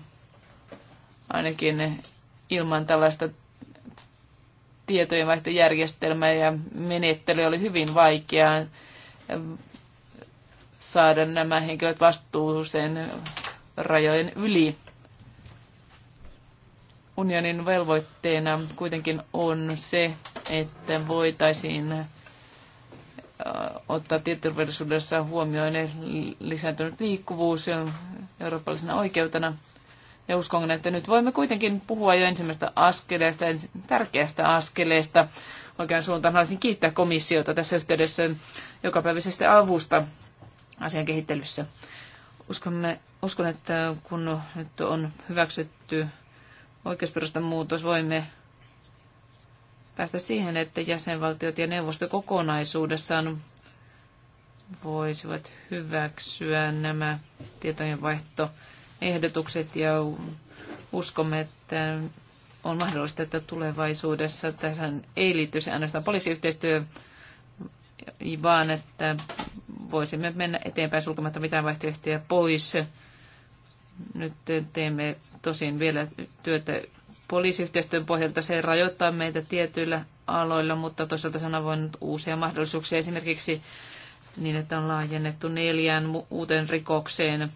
ainakin ilman tällaista tietojenvaihtojärjestelmää ja menettely oli hyvin vaikeaa saada nämä henkilöt vastuuseen rajojen yli. Unionin velvoitteena kuitenkin on se, että voitaisiin Äh, ottaa tietoturvallisuudessa huomioon lisääntynyt liikkuvuus eurooppalaisena oikeutena. Ja uskon, että nyt voimme kuitenkin puhua jo ensimmäistä askeleesta, tärkeästä askeleesta. Oikean suuntaan haluaisin kiittää komissiota tässä yhteydessä jokapäiväisestä avusta asian kehittelyssä. Uskomme, uskon, että kun nyt on hyväksytty oikeusperustan muutos, voimme päästä siihen, että jäsenvaltiot ja neuvosto kokonaisuudessaan voisivat hyväksyä nämä tietojenvaihtoehdotukset ja uskomme, että on mahdollista, että tulevaisuudessa tähän ei liittyisi ainoastaan poliisiyhteistyö, vaan että voisimme mennä eteenpäin sulkematta mitään vaihtoehtoja pois. Nyt teemme tosin vielä työtä poliisiyhteistyön pohjalta se rajoittaa meitä tietyillä aloilla, mutta toisaalta se on avoinut uusia mahdollisuuksia esimerkiksi niin, että on laajennettu neljään uuteen rikokseen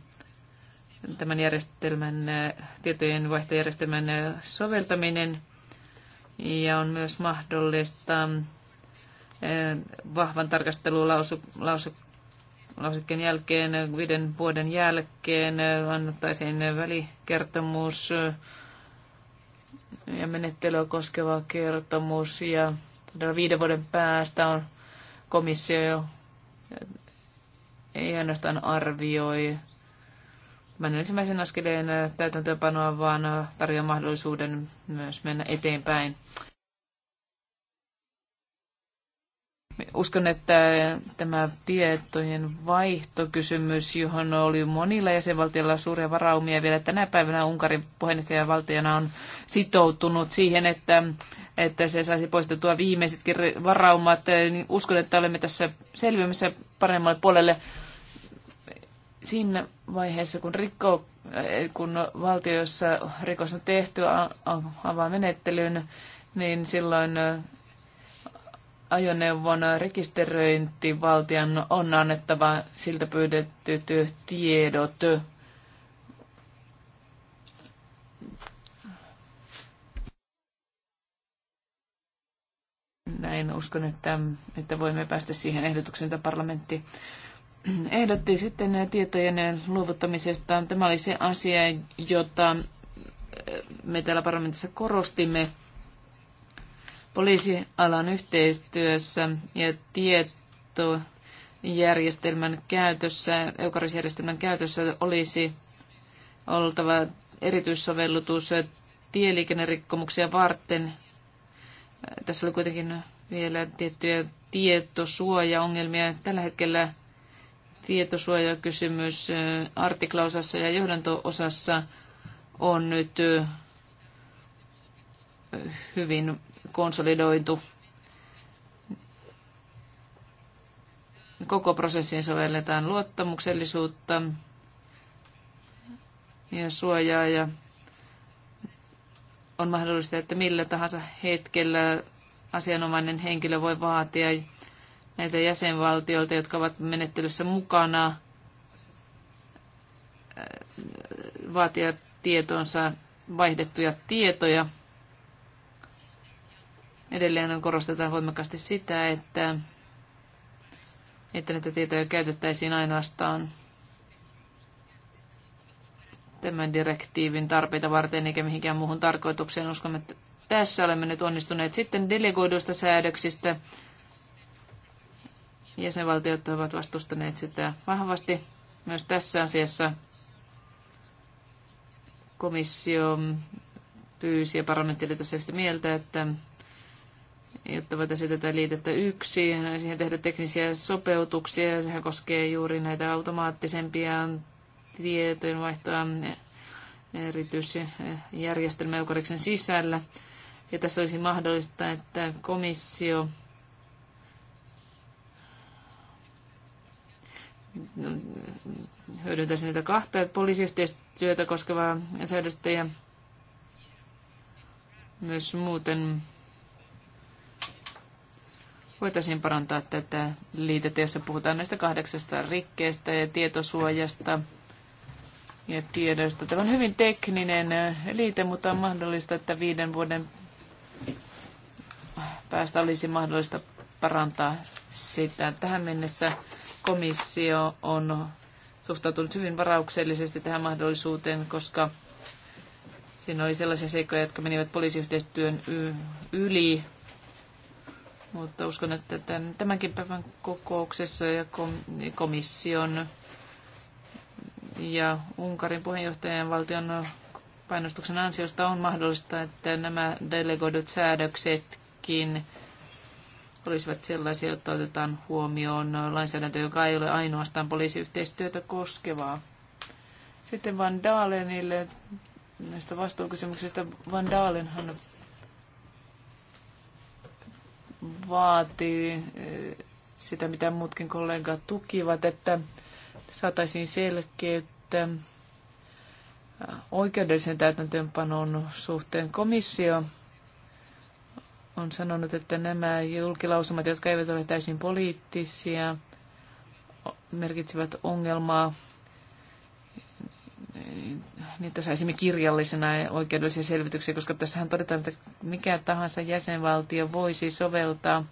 tämän järjestelmän, tietojen vaihtojärjestelmän soveltaminen ja on myös mahdollista eh, vahvan tarkastelulausekkeen jälkeen, viiden vuoden jälkeen eh, annettaisiin välikertomus ja menettelyä koskeva kertomus ja viiden vuoden päästä on komissio jo ei ainoastaan arvioi tämän ensimmäisen askeleen täytäntöönpanoa, vaan tarjoaa mahdollisuuden myös mennä eteenpäin Uskon, että äh, tämä tietojen vaihtokysymys, johon oli monilla jäsenvaltioilla suuria varaumia vielä tänä päivänä Unkarin puheenjohtajavaltiona on sitoutunut siihen, että, että se saisi poistettua viimeisetkin varaumat, äh, niin uskon, että olemme tässä selviämässä paremmalle puolelle siinä vaiheessa, kun, rikko, äh, kun valtioissa rikos on tehty, avaa menettelyyn, niin silloin ajoneuvon rekisteröintivaltion on annettava siltä pyydettyt tiedot. Näin uskon, että, että voimme päästä siihen ehdotukseen, että parlamentti ehdotti sitten tietojen luovuttamisesta. Tämä oli se asia, jota me täällä parlamentissa korostimme poliisialan yhteistyössä ja tietojärjestelmän käytössä, eukarisjärjestelmän käytössä olisi oltava erityissovellutus tieliikennerikkomuksia varten. Tässä oli kuitenkin vielä tiettyjä tietosuojaongelmia. Tällä hetkellä tietosuojakysymys artiklaosassa ja johdanto-osassa on nyt hyvin konsolidoitu koko prosessiin sovelletaan luottamuksellisuutta ja suojaa ja on mahdollista, että millä tahansa hetkellä asianomainen henkilö voi vaatia näitä jäsenvaltioilta, jotka ovat menettelyssä mukana, vaatia tietonsa vaihdettuja tietoja – Edelleen korostetaan voimakkaasti sitä, että, että näitä tietoja käytettäisiin ainoastaan tämän direktiivin tarpeita varten eikä mihinkään muuhun tarkoitukseen. Uskomme, että tässä olemme nyt onnistuneet sitten delegoiduista säädöksistä. Jäsenvaltiot ovat vastustaneet sitä vahvasti myös tässä asiassa. Komissio pyysi ja parlamentti oli tässä yhtä mieltä, että jotta voitaisiin tätä liitettä yksi, siihen tehdä teknisiä sopeutuksia. Sehän koskee juuri näitä automaattisempia tietojenvaihtoja erityisjärjestelmä Eukariksen sisällä. Ja tässä olisi mahdollista, että komissio hyödyntäisi niitä kahta poliisiyhteistyötä koskevaa säädöstä ja myös muuten voitaisiin parantaa tätä liitettä, jossa puhutaan näistä kahdeksasta rikkeestä ja tietosuojasta ja tiedoista. Tämä on hyvin tekninen liite, mutta on mahdollista, että viiden vuoden päästä olisi mahdollista parantaa sitä. Tähän mennessä komissio on suhtautunut hyvin varauksellisesti tähän mahdollisuuteen, koska siinä oli sellaisia seikkoja, jotka menivät poliisiyhteistyön yli mutta uskon, että tämänkin päivän kokouksessa ja komission ja Unkarin puheenjohtajan valtion painostuksen ansiosta on mahdollista, että nämä delegoidut säädöksetkin olisivat sellaisia, joita otetaan huomioon lainsäädäntö, joka ei ole ainoastaan poliisiyhteistyötä koskevaa. Sitten Van Dalenille näistä vastuukysymyksistä. Van Dalenhan vaati eh, sitä, mitä muutkin kollegat tukivat, että saataisiin selkeyttä eh, oikeudellisen täytäntöönpanon suhteen komissio on sanonut, että nämä julkilausumat, jotka eivät ole täysin poliittisia, merkitsevät ongelmaa niin että saisimme kirjallisena oikeudellisia selvityksiä, koska tässähän todetaan, että mikä tahansa jäsenvaltio voisi soveltaa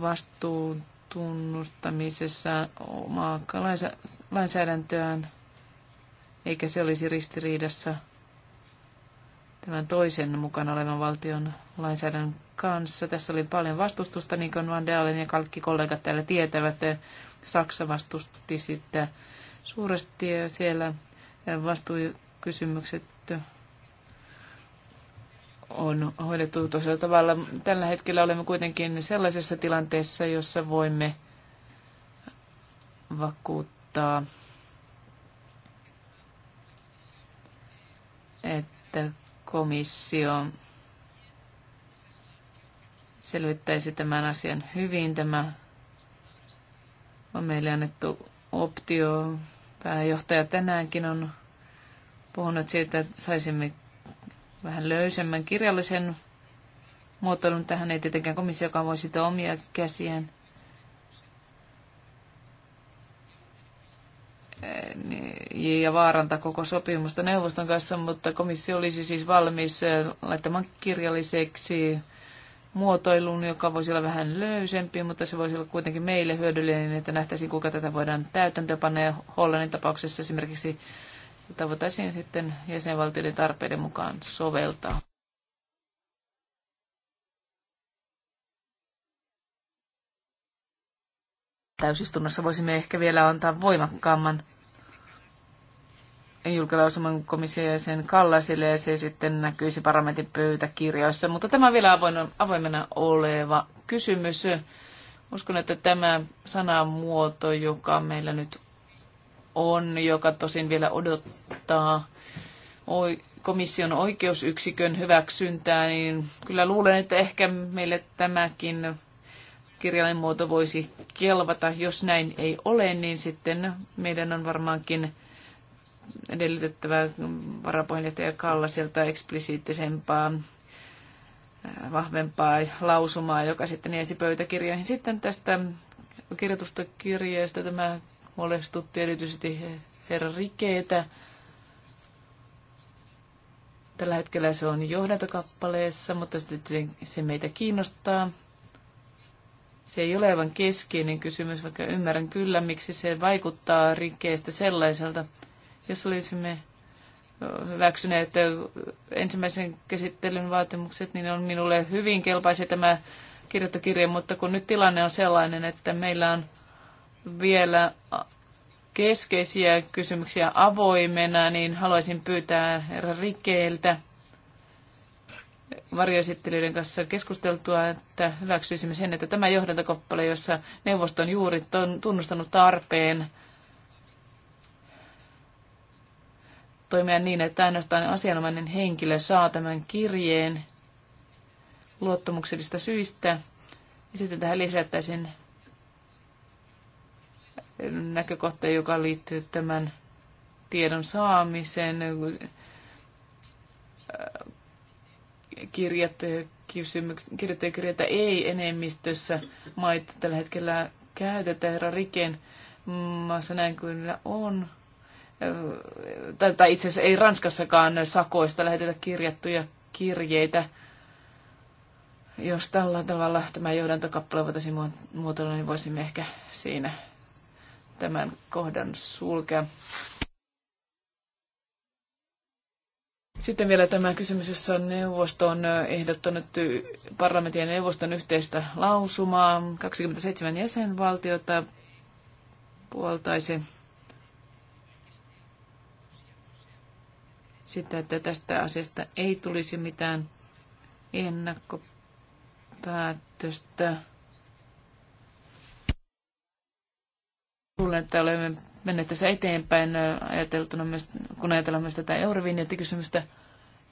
vastuun tunnustamisessa omaa lainsäädäntöään, eikä se olisi ristiriidassa tämän toisen mukana olevan valtion lainsäädännön kanssa. Tässä oli paljon vastustusta, niin kuin Van Dalen ja kaikki kollegat täällä tietävät. Saksa vastusti sitä suuresti ja siellä vastuukysymykset on hoidettu toisella tavalla. Tällä hetkellä olemme kuitenkin sellaisessa tilanteessa, jossa voimme vakuuttaa, että komissio selvittäisi tämän asian hyvin. Tämä on meille annettu optio Pääjohtaja tänäänkin on puhunut siitä, että saisimme vähän löysemmän kirjallisen muotoilun. Tähän ei tietenkään komissiokaan voi sitä omia käsiään. Niin, ja vaarantaa koko sopimusta neuvoston kanssa, mutta komissio olisi siis valmis laittamaan kirjalliseksi Muotoiluun, joka voisi olla vähän löysempi, mutta se voisi olla kuitenkin meille hyödyllinen, että nähtäisiin, kuinka tätä voidaan täytäntöpanna. Ja Hollannin tapauksessa esimerkiksi että voitaisiin sitten jäsenvaltioiden tarpeiden mukaan soveltaa. Täysistunnossa voisimme ehkä vielä antaa voimakkaamman julkilausuman komission jäsen Kallasille ja se sitten näkyisi parlamentin pöytäkirjoissa. Mutta tämä on vielä avoimena oleva kysymys. Uskon, että tämä sanamuoto, joka meillä nyt on, joka tosin vielä odottaa komission oikeusyksikön hyväksyntää, niin kyllä luulen, että ehkä meille tämäkin kirjallinen muoto voisi kelvata. Jos näin ei ole, niin sitten meidän on varmaankin edellytettävää varapuheenjohtaja Kallasilta eksplisiittisempaa, äh, vahvempaa lausumaa, joka sitten jäisi pöytäkirjoihin. Sitten tästä kirjoitusta kirjeestä tämä huolestutti erityisesti herra Rikeetä. Tällä hetkellä se on johdantokappaleessa, mutta sitten se meitä kiinnostaa. Se ei ole aivan keskeinen kysymys, vaikka ymmärrän kyllä, miksi se vaikuttaa rikkeestä sellaiselta. Jos olisimme hyväksyneet ensimmäisen käsittelyn vaatimukset, niin on minulle hyvin kelpaisi tämä kirjoittokirja, mutta kun nyt tilanne on sellainen, että meillä on vielä keskeisiä kysymyksiä avoimena, niin haluaisin pyytää herra Rikeeltä varjoesittelyiden kanssa keskusteltua, että hyväksyisimme sen, että tämä johdantokoppale, jossa neuvosto on juuri tunnustanut tarpeen toimia niin, että ainoastaan asianomainen henkilö saa tämän kirjeen luottamuksellista syistä. Ja sitten tähän lisättäisiin näkökohta, joka liittyy tämän tiedon saamiseen, kirjoittajia kirjoita ei enemmistössä maita tällä hetkellä käytetä. Herra Riken maassa näin kuin on tai, tai itse asiassa ei Ranskassakaan sakoista lähetetä kirjattuja kirjeitä. Jos tällä tavalla tämä johdantokappale voitaisiin muotoilla, niin voisimme ehkä siinä tämän kohdan sulkea. Sitten vielä tämä kysymys, jossa neuvosto on ehdottanut parlamentin ja neuvoston yhteistä lausumaa. 27 jäsenvaltiota puoltaisi sitä, että tästä asiasta ei tulisi mitään ennakkopäätöstä. Luulen, että olemme menneet tässä eteenpäin ajateltuna myös, kun ajatellaan myös tätä eurovinjettikysymystä.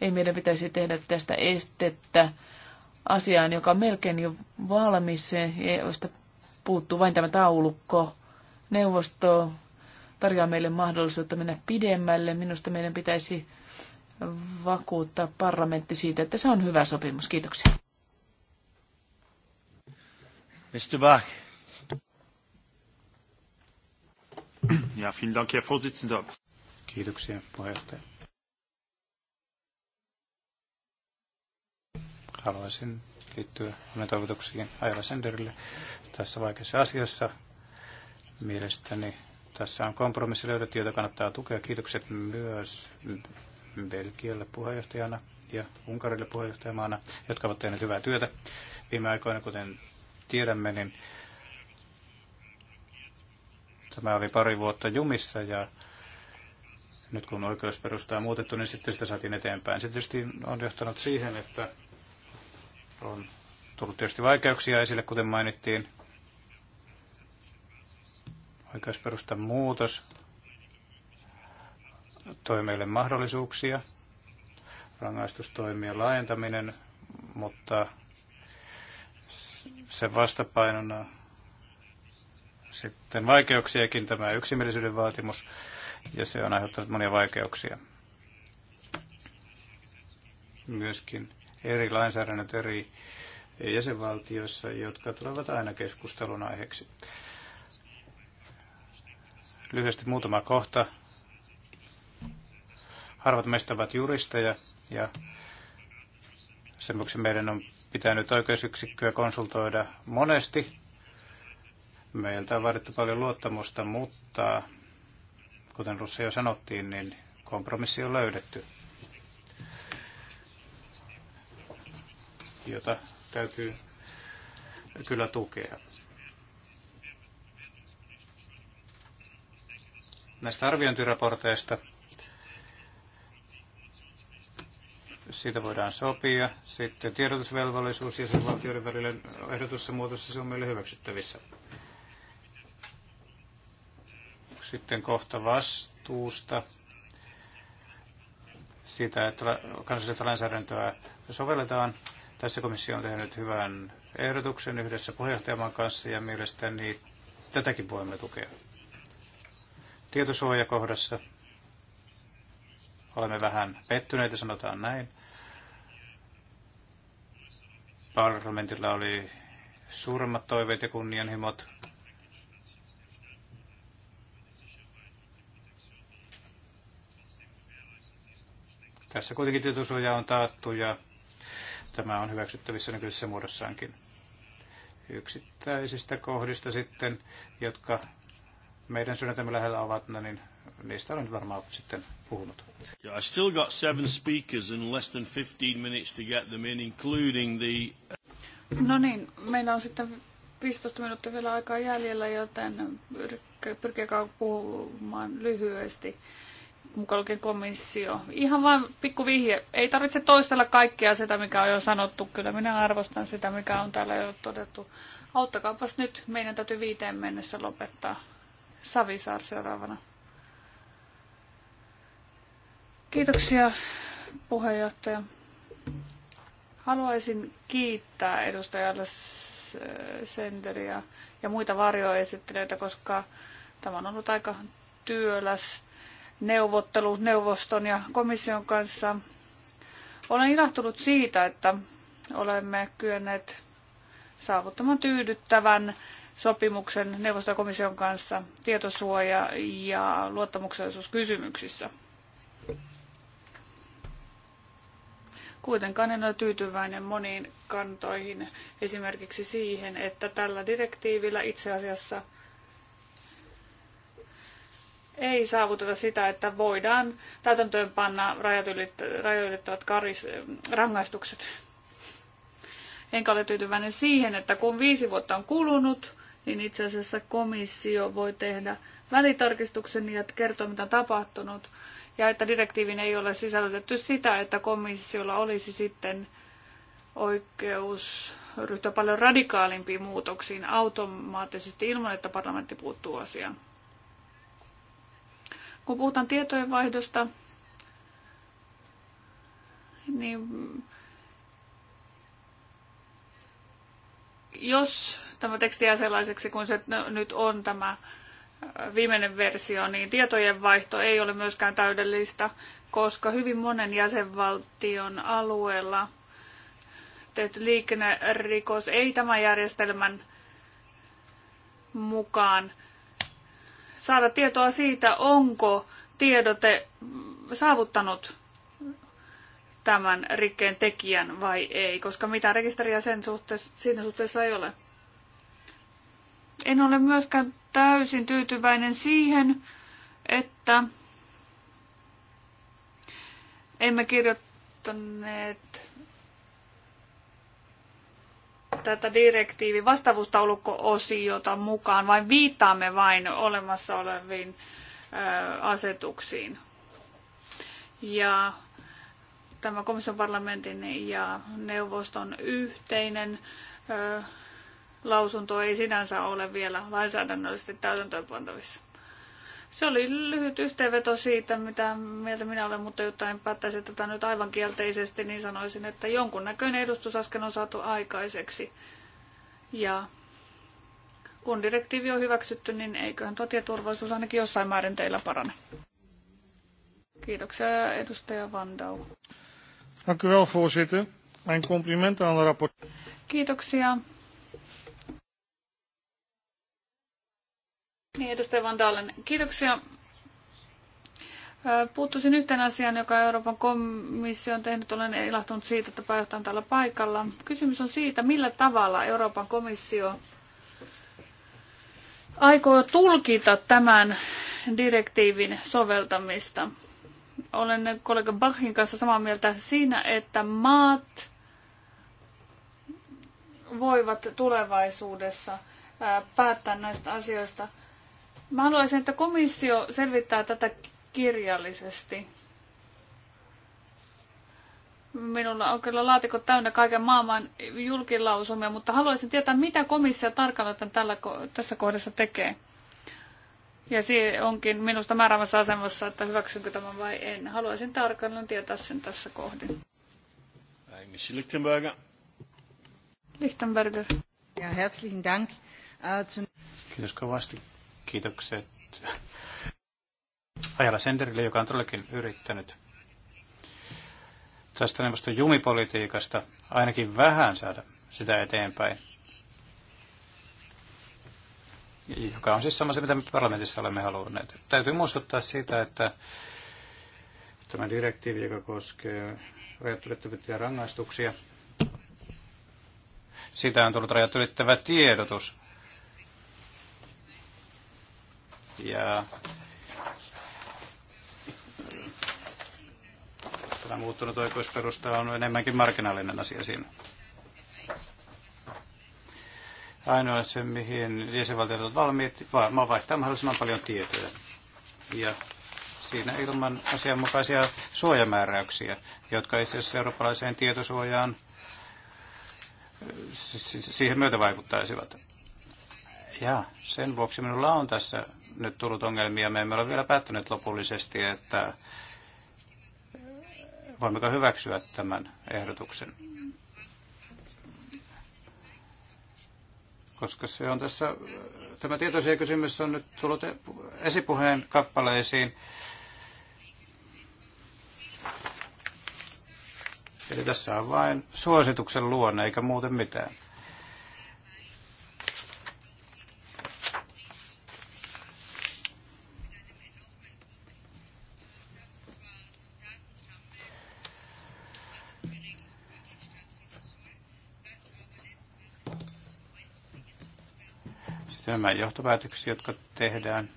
Ei meidän pitäisi tehdä tästä estettä asiaan, joka on melkein jo valmis, josta puuttuu vain tämä taulukko. Neuvosto tarjoaa meille mahdollisuutta mennä pidemmälle. Minusta meidän pitäisi vakuuttaa parlamentti siitä, että se on hyvä sopimus. Kiitoksia. Mr. Bach. Ja, vielen Dank, Herr Vorsitzender. Kiitoksia, puheenjohtaja. Haluaisin liittyä omien toivotuksiin Aila Senderille tässä vaikeassa asiassa. Mielestäni tässä on kompromissi löydetty, jota kannattaa tukea. Kiitokset myös Belgialle puheenjohtajana ja Unkarille puheenjohtajamaana, jotka ovat tehneet hyvää työtä viime aikoina, kuten tiedämme, niin tämä oli pari vuotta jumissa ja nyt kun oikeusperusta on muutettu, niin sitten sitä saatiin eteenpäin. Se tietysti on johtanut siihen, että on tullut tietysti vaikeuksia esille, kuten mainittiin. Oikeusperustan muutos toi meille mahdollisuuksia, rangaistustoimien laajentaminen, mutta sen vastapainona sitten vaikeuksiakin tämä yksimielisyyden vaatimus, ja se on aiheuttanut monia vaikeuksia. Myöskin eri lainsäädännöt eri jäsenvaltioissa, jotka tulevat aina keskustelun aiheeksi. Lyhyesti muutama kohta Harvat meistä ovat juristeja ja sen vuoksi meidän on pitänyt oikeusyksikköä konsultoida monesti. Meiltä on vaadittu paljon luottamusta, mutta kuten Russi jo sanottiin, niin kompromissi on löydetty, jota täytyy kyllä tukea. Näistä arviointiraporteista siitä voidaan sopia. Sitten tiedotusvelvollisuus ja sen valtioiden välillä ehdotussa muodossa se on meille hyväksyttävissä. Sitten kohta vastuusta siitä, että kansallista lainsäädäntöä sovelletaan. Tässä komissio on tehnyt hyvän ehdotuksen yhdessä puheenjohtajamaan kanssa ja mielestäni tätäkin voimme tukea. Tietosuojakohdassa olemme vähän pettyneitä, sanotaan näin. Parlamentilla oli suuremmat toiveet ja kunnianhimot. Tässä kuitenkin tietosuoja on taattu ja tämä on hyväksyttävissä nykyisessä muodossaankin. Yksittäisistä kohdista sitten, jotka meidän sydäntämme lähellä ovat, no niin niistä on varmaan sitten puhunut. Yeah, I still got seven speakers in less than 15 minutes to get them in, including the... Uh, no niin, meillä on sitten 15 minuuttia vielä aikaa jäljellä, joten pyrkikää puhumaan lyhyesti mukaan lukien komissio. Ihan vain pikku vihje. Ei tarvitse toistella kaikkea sitä, mikä on jo sanottu. Kyllä minä arvostan sitä, mikä on täällä jo todettu. Auttakaapas nyt. Meidän täytyy viiteen mennessä lopettaa. Savisaar seuraavana. Kiitoksia puheenjohtaja. Haluaisin kiittää edustajalle Senderiä ja muita varjoesittelijöitä, koska tämä on ollut aika työläs neuvottelu neuvoston ja komission kanssa. Olen ilahtunut siitä, että olemme kyenneet saavuttamaan tyydyttävän sopimuksen neuvoston ja komission kanssa tietosuoja- ja luottamuksellisuuskysymyksissä. Kuitenkaan en ole tyytyväinen moniin kantoihin, esimerkiksi siihen, että tällä direktiivillä itse asiassa ei saavuteta sitä, että voidaan täytäntöön panna rajat ylittävät karis, rangaistukset. Enkä ole tyytyväinen siihen, että kun viisi vuotta on kulunut, niin itse asiassa komissio voi tehdä välitarkistuksen ja kertoa, mitä on tapahtunut ja että direktiivin ei ole sisällytetty sitä, että komissiolla olisi sitten oikeus ryhtyä paljon radikaalimpiin muutoksiin automaattisesti ilman, että parlamentti puuttuu asiaan. Kun puhutaan tietojenvaihdosta, niin jos tämä teksti jää sellaiseksi kuin se nyt on tämä viimeinen versio, niin tietojen vaihto ei ole myöskään täydellistä, koska hyvin monen jäsenvaltion alueella tehty liikennerikos ei tämän järjestelmän mukaan saada tietoa siitä, onko tiedote saavuttanut tämän rikkeen tekijän vai ei, koska mitään rekisteriä sen suhteessa, siinä suhteessa ei ole. En ole myöskään täysin tyytyväinen siihen, että emme kirjoittaneet tätä direktiivin vastaavuustaulukko-osiota mukaan, vaan viittaamme vain olemassa oleviin asetuksiin. Ja tämä komission parlamentin ja neuvoston yhteinen lausunto ei sinänsä ole vielä lainsäädännöllisesti täytäntöönpantavissa. Se oli lyhyt yhteenveto siitä, mitä mieltä minä olen, mutta jotta en päättäisi tätä nyt aivan kielteisesti, niin sanoisin, että jonkunnäköinen edustusasken on saatu aikaiseksi. Ja kun direktiivi on hyväksytty, niin eiköhän tuo tieturvallisuus ainakin jossain määrin teillä parane. Kiitoksia edustaja Vandau. Dank u wel, voorzitter. Mijn complimenten aan de rapport. Kiitoksia Niin, edustaja Van Dalen. Kiitoksia. Puuttuisin yhteen asiaan, joka Euroopan komissio on tehnyt. Olen ilahtunut siitä, että pääjohtaja on täällä paikalla. Kysymys on siitä, millä tavalla Euroopan komissio aikoo tulkita tämän direktiivin soveltamista. Olen kollega Bachin kanssa samaa mieltä siinä, että maat voivat tulevaisuudessa päättää näistä asioista – Mä haluaisin, että komissio selvittää tätä kirjallisesti. Minulla on kyllä laatikot täynnä kaiken maailman julkilausumia, mutta haluaisin tietää, mitä komissio tarkalleen tällä, tässä kohdassa tekee. Ja se onkin minusta määräämässä asemassa, että hyväksynkö tämän vai en. Haluaisin tarkalleen tietää sen tässä kohdin. Äh, Michel Lichtenberger. Lichtenberger. Ja herzlichen Dank. Äh, Kiitos kovasti Kiitokset Ajala Senderille, joka on todellakin yrittänyt tästä neuvoston jumipolitiikasta ainakin vähän saada sitä eteenpäin. Joka on siis sama se, mitä me parlamentissa olemme halunneet. Täytyy muistuttaa siitä, että tämä direktiivi, joka koskee rajat rangaistuksia, siitä on tullut rajat ylittävä tiedotus Ja tämä muuttunut oikeusperusta on enemmänkin marginaalinen asia siinä. Ainoa se, mihin jäsenvaltiot ovat valmiit, vaan vaihtaa mahdollisimman paljon tietoja. Ja siinä ilman asianmukaisia suojamääräyksiä, jotka itse asiassa eurooppalaiseen tietosuojaan siihen myötä vaikuttaisivat. Ja sen vuoksi minulla on tässä nyt tullut ongelmia. Me emme ole vielä päättäneet lopullisesti, että voimmeko hyväksyä tämän ehdotuksen. Koska se on tässä, tämä tietoisia kysymys on nyt tullut esipuheen kappaleisiin. Eli tässä on vain suosituksen luonne eikä muuten mitään. joitain johtopäätöksiä, jotka tehdään.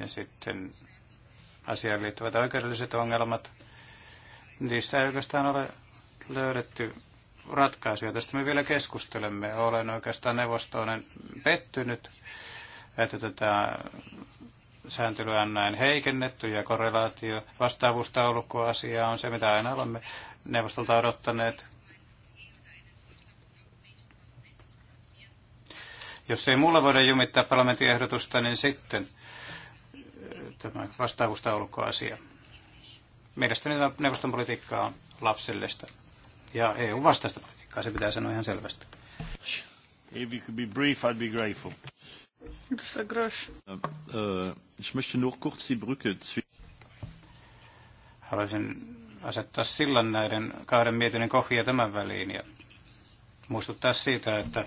Ja sitten asiaan liittyvät oikeudelliset ongelmat. Niistä ei oikeastaan ole löydetty ratkaisuja. Tästä me vielä keskustelemme. Olen oikeastaan neuvostoinen pettynyt, että tätä sääntelyä on näin heikennetty ja korrelaatio vastaavuustaulukkoasia on se, mitä aina olemme neuvostolta odottaneet. Jos ei mulla voida jumittaa parlamentin ehdotusta, niin sitten eh, tämä asia. Mielestäni neuvoston politiikka on lapsellista ja EU-vastaista politiikkaa, se pitää sanoa ihan selvästi. If you could be brief, I'd be grateful. Äh, äh, Haluaisin asettaa sillan näiden kahden mietinnön kohdia tämän väliin ja muistuttaa siitä, että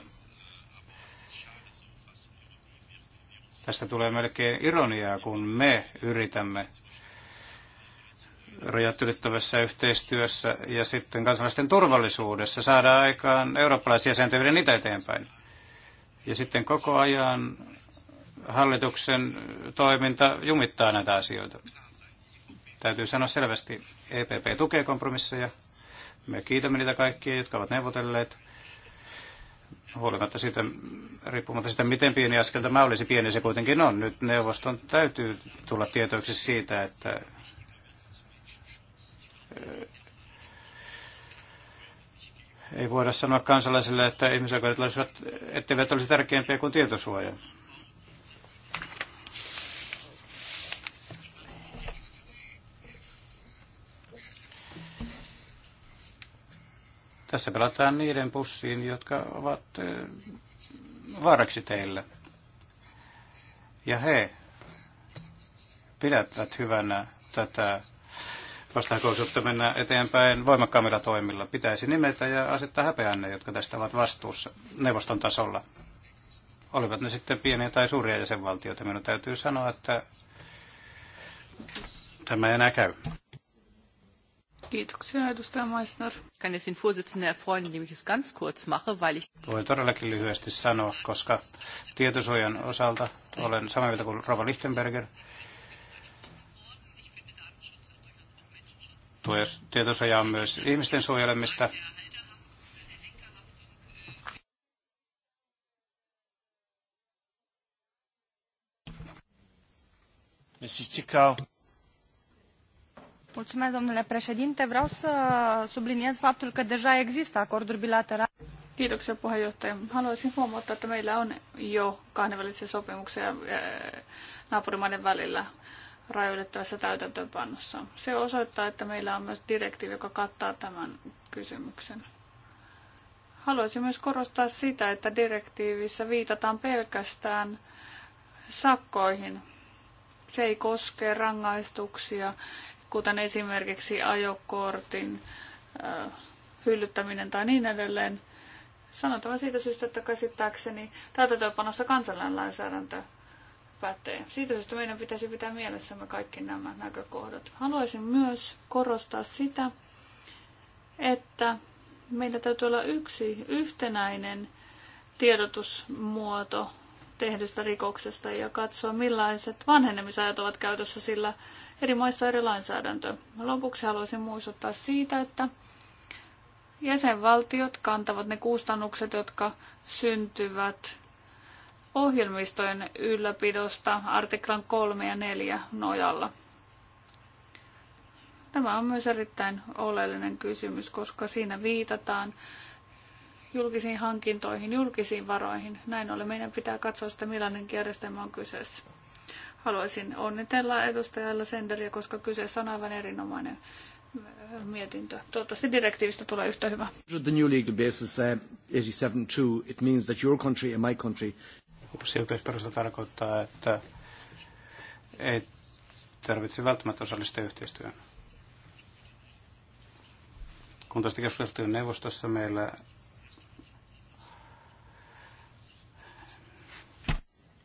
Tästä tulee melkein ironiaa, kun me yritämme rajat ylittävässä yhteistyössä ja sitten kansalaisten turvallisuudessa saada aikaan eurooppalaisia sääntöjä niitä eteenpäin. Ja sitten koko ajan hallituksen toiminta jumittaa näitä asioita. Täytyy sanoa selvästi, EPP tukee kompromisseja. Me kiitämme niitä kaikkia, jotka ovat neuvotelleet huolimatta siitä, riippumatta siitä, miten pieni askel tämä olisi, pieni se kuitenkin on. Nyt neuvoston täytyy tulla tietoiksi siitä, että eh, ei voida sanoa kansalaisille, että ihmisoikeudet olisivat, etteivät olisi tärkeämpiä kuin tietosuoja. Tässä pelataan niiden pussiin, jotka ovat vaaraksi teille. Ja he pidättävät hyvänä tätä vastahakoisuutta mennä eteenpäin voimakkaammilla toimilla. Pitäisi nimetä ja asettaa häpeänne, jotka tästä ovat vastuussa neuvoston tasolla. Olivat ne sitten pieniä tai suuria jäsenvaltioita, minun täytyy sanoa, että tämä ei enää käy. Kiitoksia, edustaja Meissner. Kann jetzt den Vorsitzenden erfreuen, indem ich es ganz kurz mache, weil ich... Voin todellakin lyhyesti sanoa, koska tietosuojan osalta olen samaa mieltä kuin Rova Lichtenberger. Tuo tietosuoja on myös ihmisten suojelemista. Mrs. Chikau. Mulțumesc, domnule președinte. Vreau să subliniez faptul că deja există acorduri bilaterale. Kiitoksia puheenjohtaja. Haluaisin huomauttaa, että meillä on jo kahdenvälisiä sopimuksia eh, naapurimaiden välillä rajoitettavassa täytäntöönpannossa. Se osoittaa, että meillä on myös direktiivi, joka kattaa tämän kysymyksen. Haluaisin myös korostaa sitä, että direktiivissä viitataan pelkästään sakkoihin. Se ei koske rangaistuksia kuten esimerkiksi ajokortin hyllyttäminen tai niin edelleen. Sanotaan siitä syystä, että käsittääkseni täytäntöönpanossa kansallinen lainsäädäntö pätee. Siitä syystä meidän pitäisi pitää mielessämme kaikki nämä näkökohdat. Haluaisin myös korostaa sitä, että meillä täytyy olla yksi yhtenäinen tiedotusmuoto tehdystä rikoksesta ja katsoa, millaiset vanhenemisajat ovat käytössä sillä eri maissa eri lainsäädäntö. Lopuksi haluaisin muistuttaa siitä, että jäsenvaltiot kantavat ne kustannukset, jotka syntyvät ohjelmistojen ylläpidosta artiklan 3 ja 4 nojalla. Tämä on myös erittäin oleellinen kysymys, koska siinä viitataan julkisiin hankintoihin, julkisiin varoihin. Näin ollen meidän pitää katsoa sitä, millainen järjestelmä on kyseessä. Haluaisin onnitella edustajalla Senderiä, koska kyseessä on aivan erinomainen äh, mietintö. Toivottavasti direktiivistä tulee yhtä hyvä. The new legal basis uh, 872, it means that your country and my country... tarkoittaa, että ei tarvitse välttämättä osallistua yhteistyöhön. Kun tästä keskusteltiin neuvostossa, meillä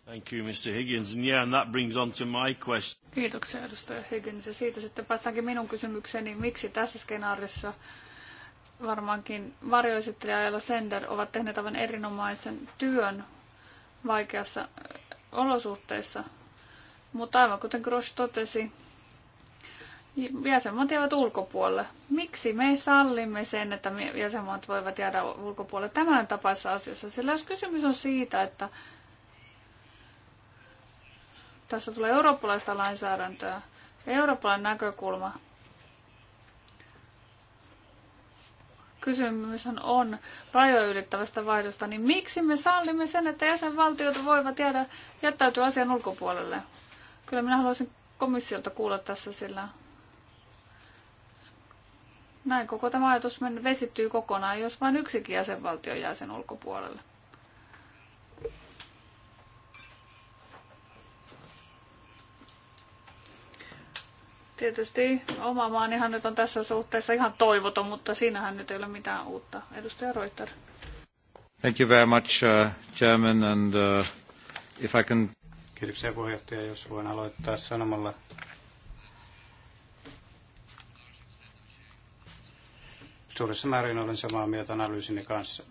Thank you, Mr. Higgins. And yeah, and that brings on to my question. Kiitoksia, edustaja Higgins. Ja siitä sitten päästäänkin minun kysymykseni, miksi tässä skenaarissa varmaankin varjoesittelijä ja Sender ovat tehneet aivan erinomaisen työn vaikeassa äh, olosuhteissa. Mutta aivan kuten Grosch totesi, jäsenmaat jäävät ulkopuolelle. Miksi me sallimme sen, että jäsenmaat voivat jäädä ulkopuolelle tämän tapaisessa asiassa? Sillä jos kysymys on siitä, että tässä tulee eurooppalaista lainsäädäntöä, eurooppalainen näkökulma. Kysymys on rajoja ylittävästä vaihdosta, niin miksi me sallimme sen, että jäsenvaltiot voivat jäädä, jättäytyä asian ulkopuolelle? Kyllä minä haluaisin komissiolta kuulla tässä, sillä näin koko tämä ajatus vesittyy kokonaan, jos vain yksikin jäsenvaltio jää sen ulkopuolelle. Tietysti oma maanihan nyt on tässä suhteessa ihan toivoton, mutta siinähän nyt ei ole mitään uutta. Edustaja Reuter. Thank you very much, uh, Chairman, and uh, if I can... Kiitoksia puheenjohtaja, jos voin aloittaa sanomalla suuressa määrin olen samaa mieltä analyysini kanssa.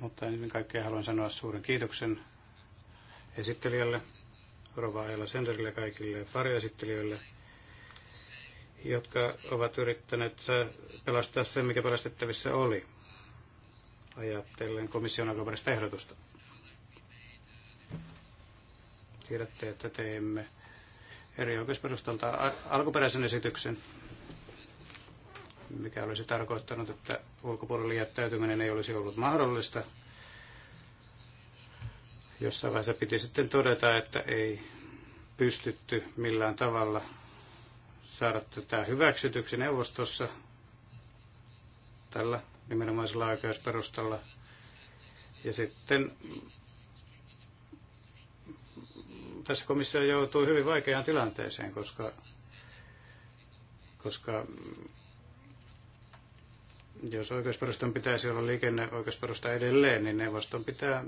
Mutta ennen kaikkea haluan sanoa suuren kiitoksen esittelijälle, Rova Eila Senderille kaikille ja pariesittelijöille jotka ovat yrittäneet pelastaa sen, mikä pelastettavissa oli, ajattelen komission alkuperäistä ehdotusta. Tiedätte, että teemme eri oikeusperustalta alkuperäisen esityksen, mikä olisi tarkoittanut, että ulkopuolelle jättäytyminen ei olisi ollut mahdollista. Jossain vaiheessa piti sitten todeta, että ei pystytty millään tavalla saada tätä hyväksytyksi neuvostossa tällä nimenomaisella oikeusperustalla. Ja sitten tässä komissio joutuu hyvin vaikeaan tilanteeseen, koska, koska jos oikeusperustan pitäisi olla liikenneoikeusperusta edelleen, niin neuvoston pitää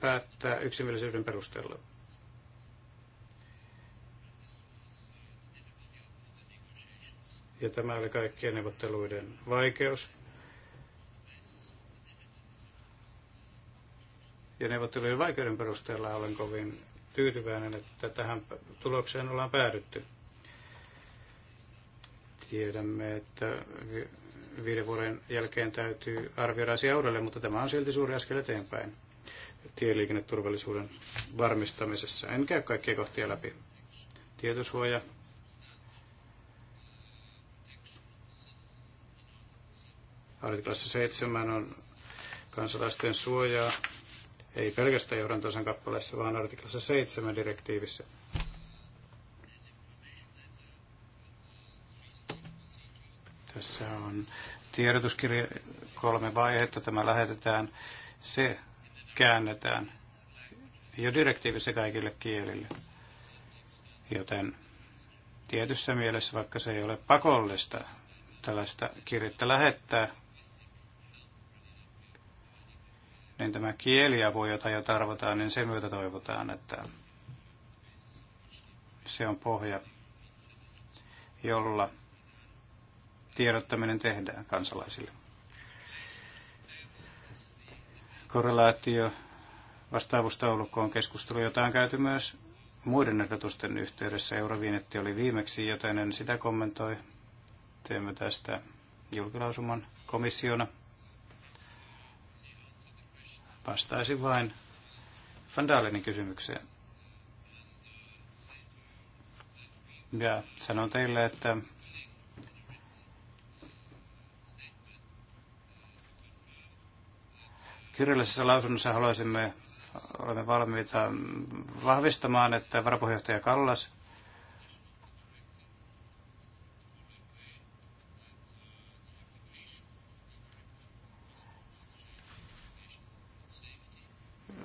päättää yksimielisyyden perusteella. ja tämä oli kaikkien neuvotteluiden vaikeus. Ja neuvottelujen vaikeuden perusteella olen kovin tyytyväinen, että tähän tulokseen ollaan päädytty. Tiedämme, että viiden vuoden jälkeen täytyy arvioida asia uudelleen, mutta tämä on silti suuri askel eteenpäin tieliikenneturvallisuuden varmistamisessa. En käy kaikkia kohtia läpi. Tietosuoja, Artiklassa 7 on kansalaisten suojaa, ei pelkästään johdantosan kappaleessa, vaan artiklassa 7 direktiivissä. Tässä on tiedotuskirja kolme vaihetta. Tämä lähetetään, se käännetään jo direktiivissä kaikille kielille. Joten tietyssä mielessä, vaikka se ei ole pakollista tällaista kirjettä lähettää, niin tämä kieliapu, jota jo tarvitaan, niin sen myötä toivotaan, että se on pohja, jolla tiedottaminen tehdään kansalaisille. Korrelaatio vastaavustaulukkoon keskustelu, jota on käyty myös muiden ehdotusten yhteydessä. Euroviinetti oli viimeksi, joten en sitä kommentoi. Teemme tästä julkilausuman komissiona. Vastaisin vain Van kysymykseen. Ja sanon teille, että kirjallisessa lausunnossa haluaisimme, olemme valmiita vahvistamaan, että varapuheenjohtaja Kallas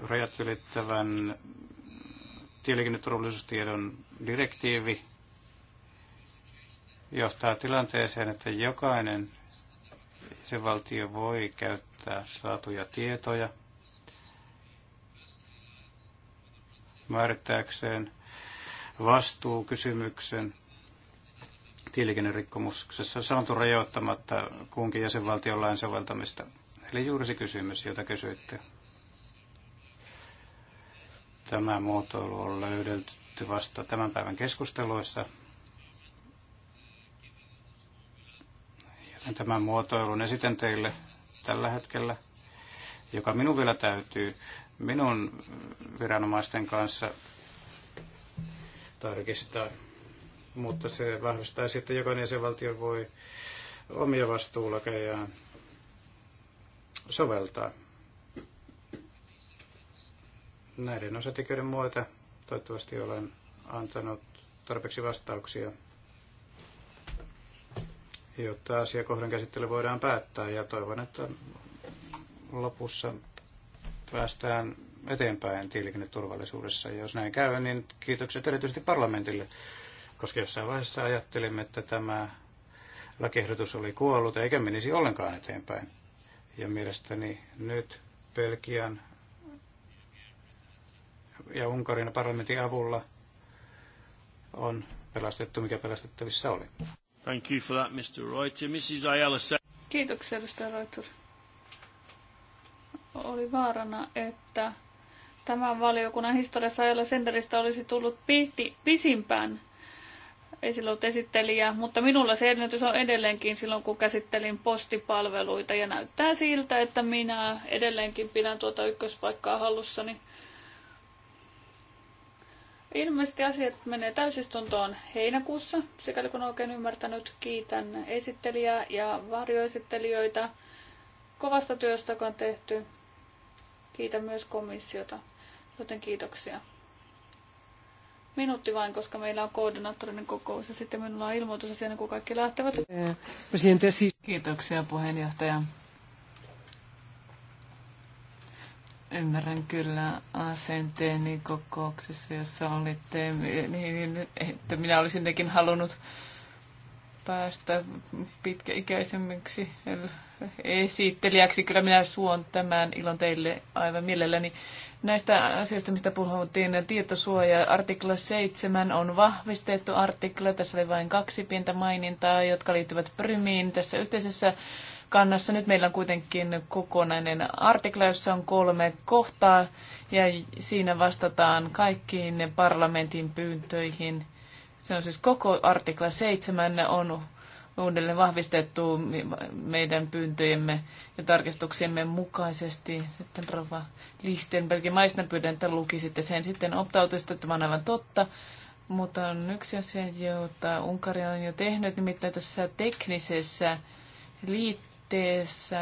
rajat ylittävän tieliikenneturvallisuustiedon direktiivi johtaa tilanteeseen, että jokainen se valtio voi käyttää saatuja tietoja määrittääkseen vastuukysymyksen tieliikennerikkomuksessa sanottu rajoittamatta kunkin jäsenvaltion lain soveltamista. Eli juuri se kysymys, jota kysyitte. Tämä muotoilu on löydetty vasta tämän päivän keskusteluissa. Joten tämän muotoilun esitän teille tällä hetkellä, joka minun vielä täytyy minun viranomaisten kanssa tarkistaa. Mutta se vahvistaa sitten, jokainen jäsenvaltio voi omia vastuulakejaan soveltaa näiden osatekijöiden muuta toivottavasti olen antanut tarpeeksi vastauksia, jotta asiakohdan käsittely voidaan päättää ja toivon, että lopussa päästään eteenpäin tieliikenneturvallisuudessa. Ja jos näin käy, niin kiitokset erityisesti parlamentille, koska jossain vaiheessa ajattelimme, että tämä lakiehdotus oli kuollut eikä menisi ollenkaan eteenpäin. Ja mielestäni nyt Belgian ja Unkarin parlamentin avulla on pelastettu, mikä pelastettavissa oli. Thank you for that, Mr. Reuter. Mrs. Ayala Kiitoksia, edustaja Reuter. Oli vaarana, että tämän valiokunnan historiassa Ayala Senderistä olisi tullut piti, pisimpään ei silloin ollut esittelijä, mutta minulla se ennätys on edelleenkin silloin, kun käsittelin postipalveluita ja näyttää siltä, että minä edelleenkin pidän tuota ykköspaikkaa hallussani. Ilmeisesti asiat menee täysistuntoon heinäkuussa, sikäli kun oikein ymmärtänyt. Kiitän esittelijää ja varjoesittelijöitä kovasta työstä, joka on tehty. Kiitän myös komissiota, joten kiitoksia. Minuutti vain, koska meillä on koordinaattorinen kokous ja sitten minulla on ilmoitus siinä, kun kaikki lähtevät. Kiitoksia puheenjohtaja. Ymmärrän kyllä asenteeni kokouksessa, jossa olitte, niin, niin että minä olisin tekin halunnut päästä pitkäikäisemmiksi esittelijäksi. Kyllä minä suon tämän ilon teille aivan mielelläni. Näistä asioista, mistä puhuttiin, tietosuoja, artikla 7 on vahvistettu artikla. Tässä oli vain kaksi pientä mainintaa, jotka liittyvät Prymiin tässä yhteisessä kannassa. Nyt meillä on kuitenkin kokonainen artikla, jossa on kolme kohtaa ja siinä vastataan kaikkiin parlamentin pyyntöihin. Se on siis koko artikla 7 on uudelleen vahvistettu meidän pyyntöjemme ja tarkistuksiemme mukaisesti. Sitten Rova Lichtenbergin maisna pyydän, että lukisitte sen sitten optautista, tämä on aivan totta. Mutta on yksi asia, jota Unkari on jo tehnyt, nimittäin tässä teknisessä liittyessä teessä,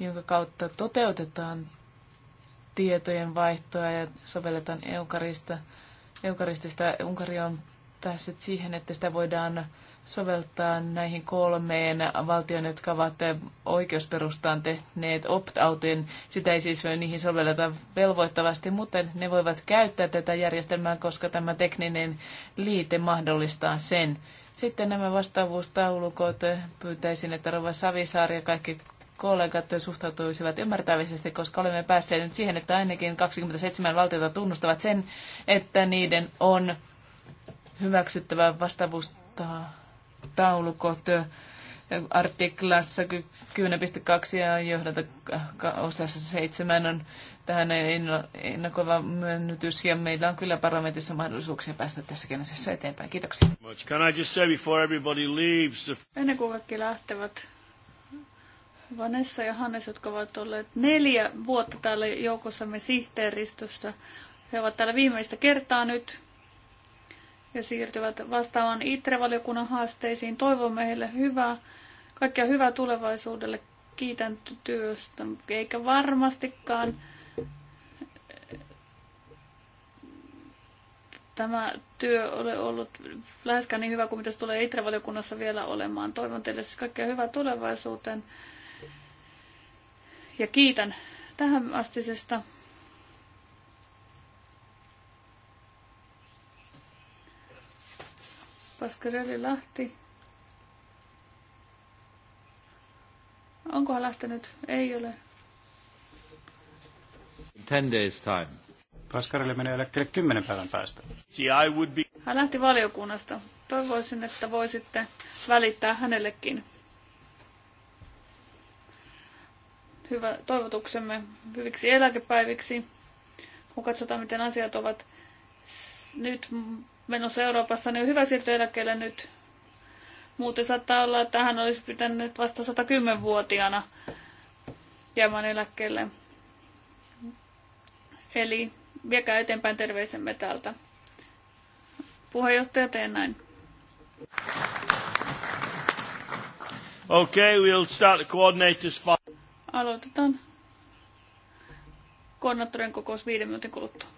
jonka kautta toteutetaan tietojen vaihtoa ja sovelletaan eukarista. Eukaristista Unkari on päässyt siihen, että sitä voidaan soveltaa näihin kolmeen valtioon, jotka ovat oikeusperustaan tehneet opt-outin. Sitä ei siis niihin sovelleta velvoittavasti, mutta ne voivat käyttää tätä järjestelmää, koska tämä tekninen liite mahdollistaa sen. Sitten nämä vastaavuustaulukot. Pyytäisin, että Rova Savisaari ja kaikki kollegat suhtautuisivat ymmärtävisesti, koska olemme päässeet nyt siihen, että ainakin 27 valtiota tunnustavat sen, että niiden on hyväksyttävä vastaavuustaulukot artiklassa 10.2 ja johdata osassa 7 on tähän ennakoiva myönnytys ja meillä on kyllä parlamentissa mahdollisuuksia päästä tässä kenässä eteenpäin. Kiitoksia. Can I just say before everybody leaves the... Ennen kuin kaikki lähtevät, Vanessa ja Hannes, jotka ovat olleet neljä vuotta täällä joukossamme sihteeristöstä, he ovat täällä viimeistä kertaa nyt ja siirtyvät vastaamaan ITRE-valiokunnan haasteisiin. Toivomme heille hyvää, kaikkea hyvää tulevaisuudelle. Kiitän työstä, eikä varmastikaan tämä työ ole ollut läheskään niin hyvä kuin mitä se tulee Itre-valiokunnassa vielä olemaan. Toivon teille siis kaikkea hyvää tulevaisuuteen ja kiitän tähän astisesta. Paskarelli Lahti. Onkohan lähtenyt? Ei ole. Ten days time. Kaskarille menee eläkkeelle kymmenen päivän päästä. Hän lähti valiokunnasta. Toivoisin, että voisitte välittää hänellekin hyvä toivotuksemme hyviksi eläkepäiviksi, kun katsotaan, miten asiat ovat nyt menossa Euroopassa, niin on hyvä siirtyä eläkkeelle nyt. Muuten saattaa olla, että hän olisi pitänyt vasta 110-vuotiaana jäämään eläkkeelle. Eli viekää eteenpäin terveisemme täältä. Puheenjohtaja, teen näin. Okay, we'll start the coordinators. Aloitetaan koordinaattorien kokous viiden minuutin kuluttua.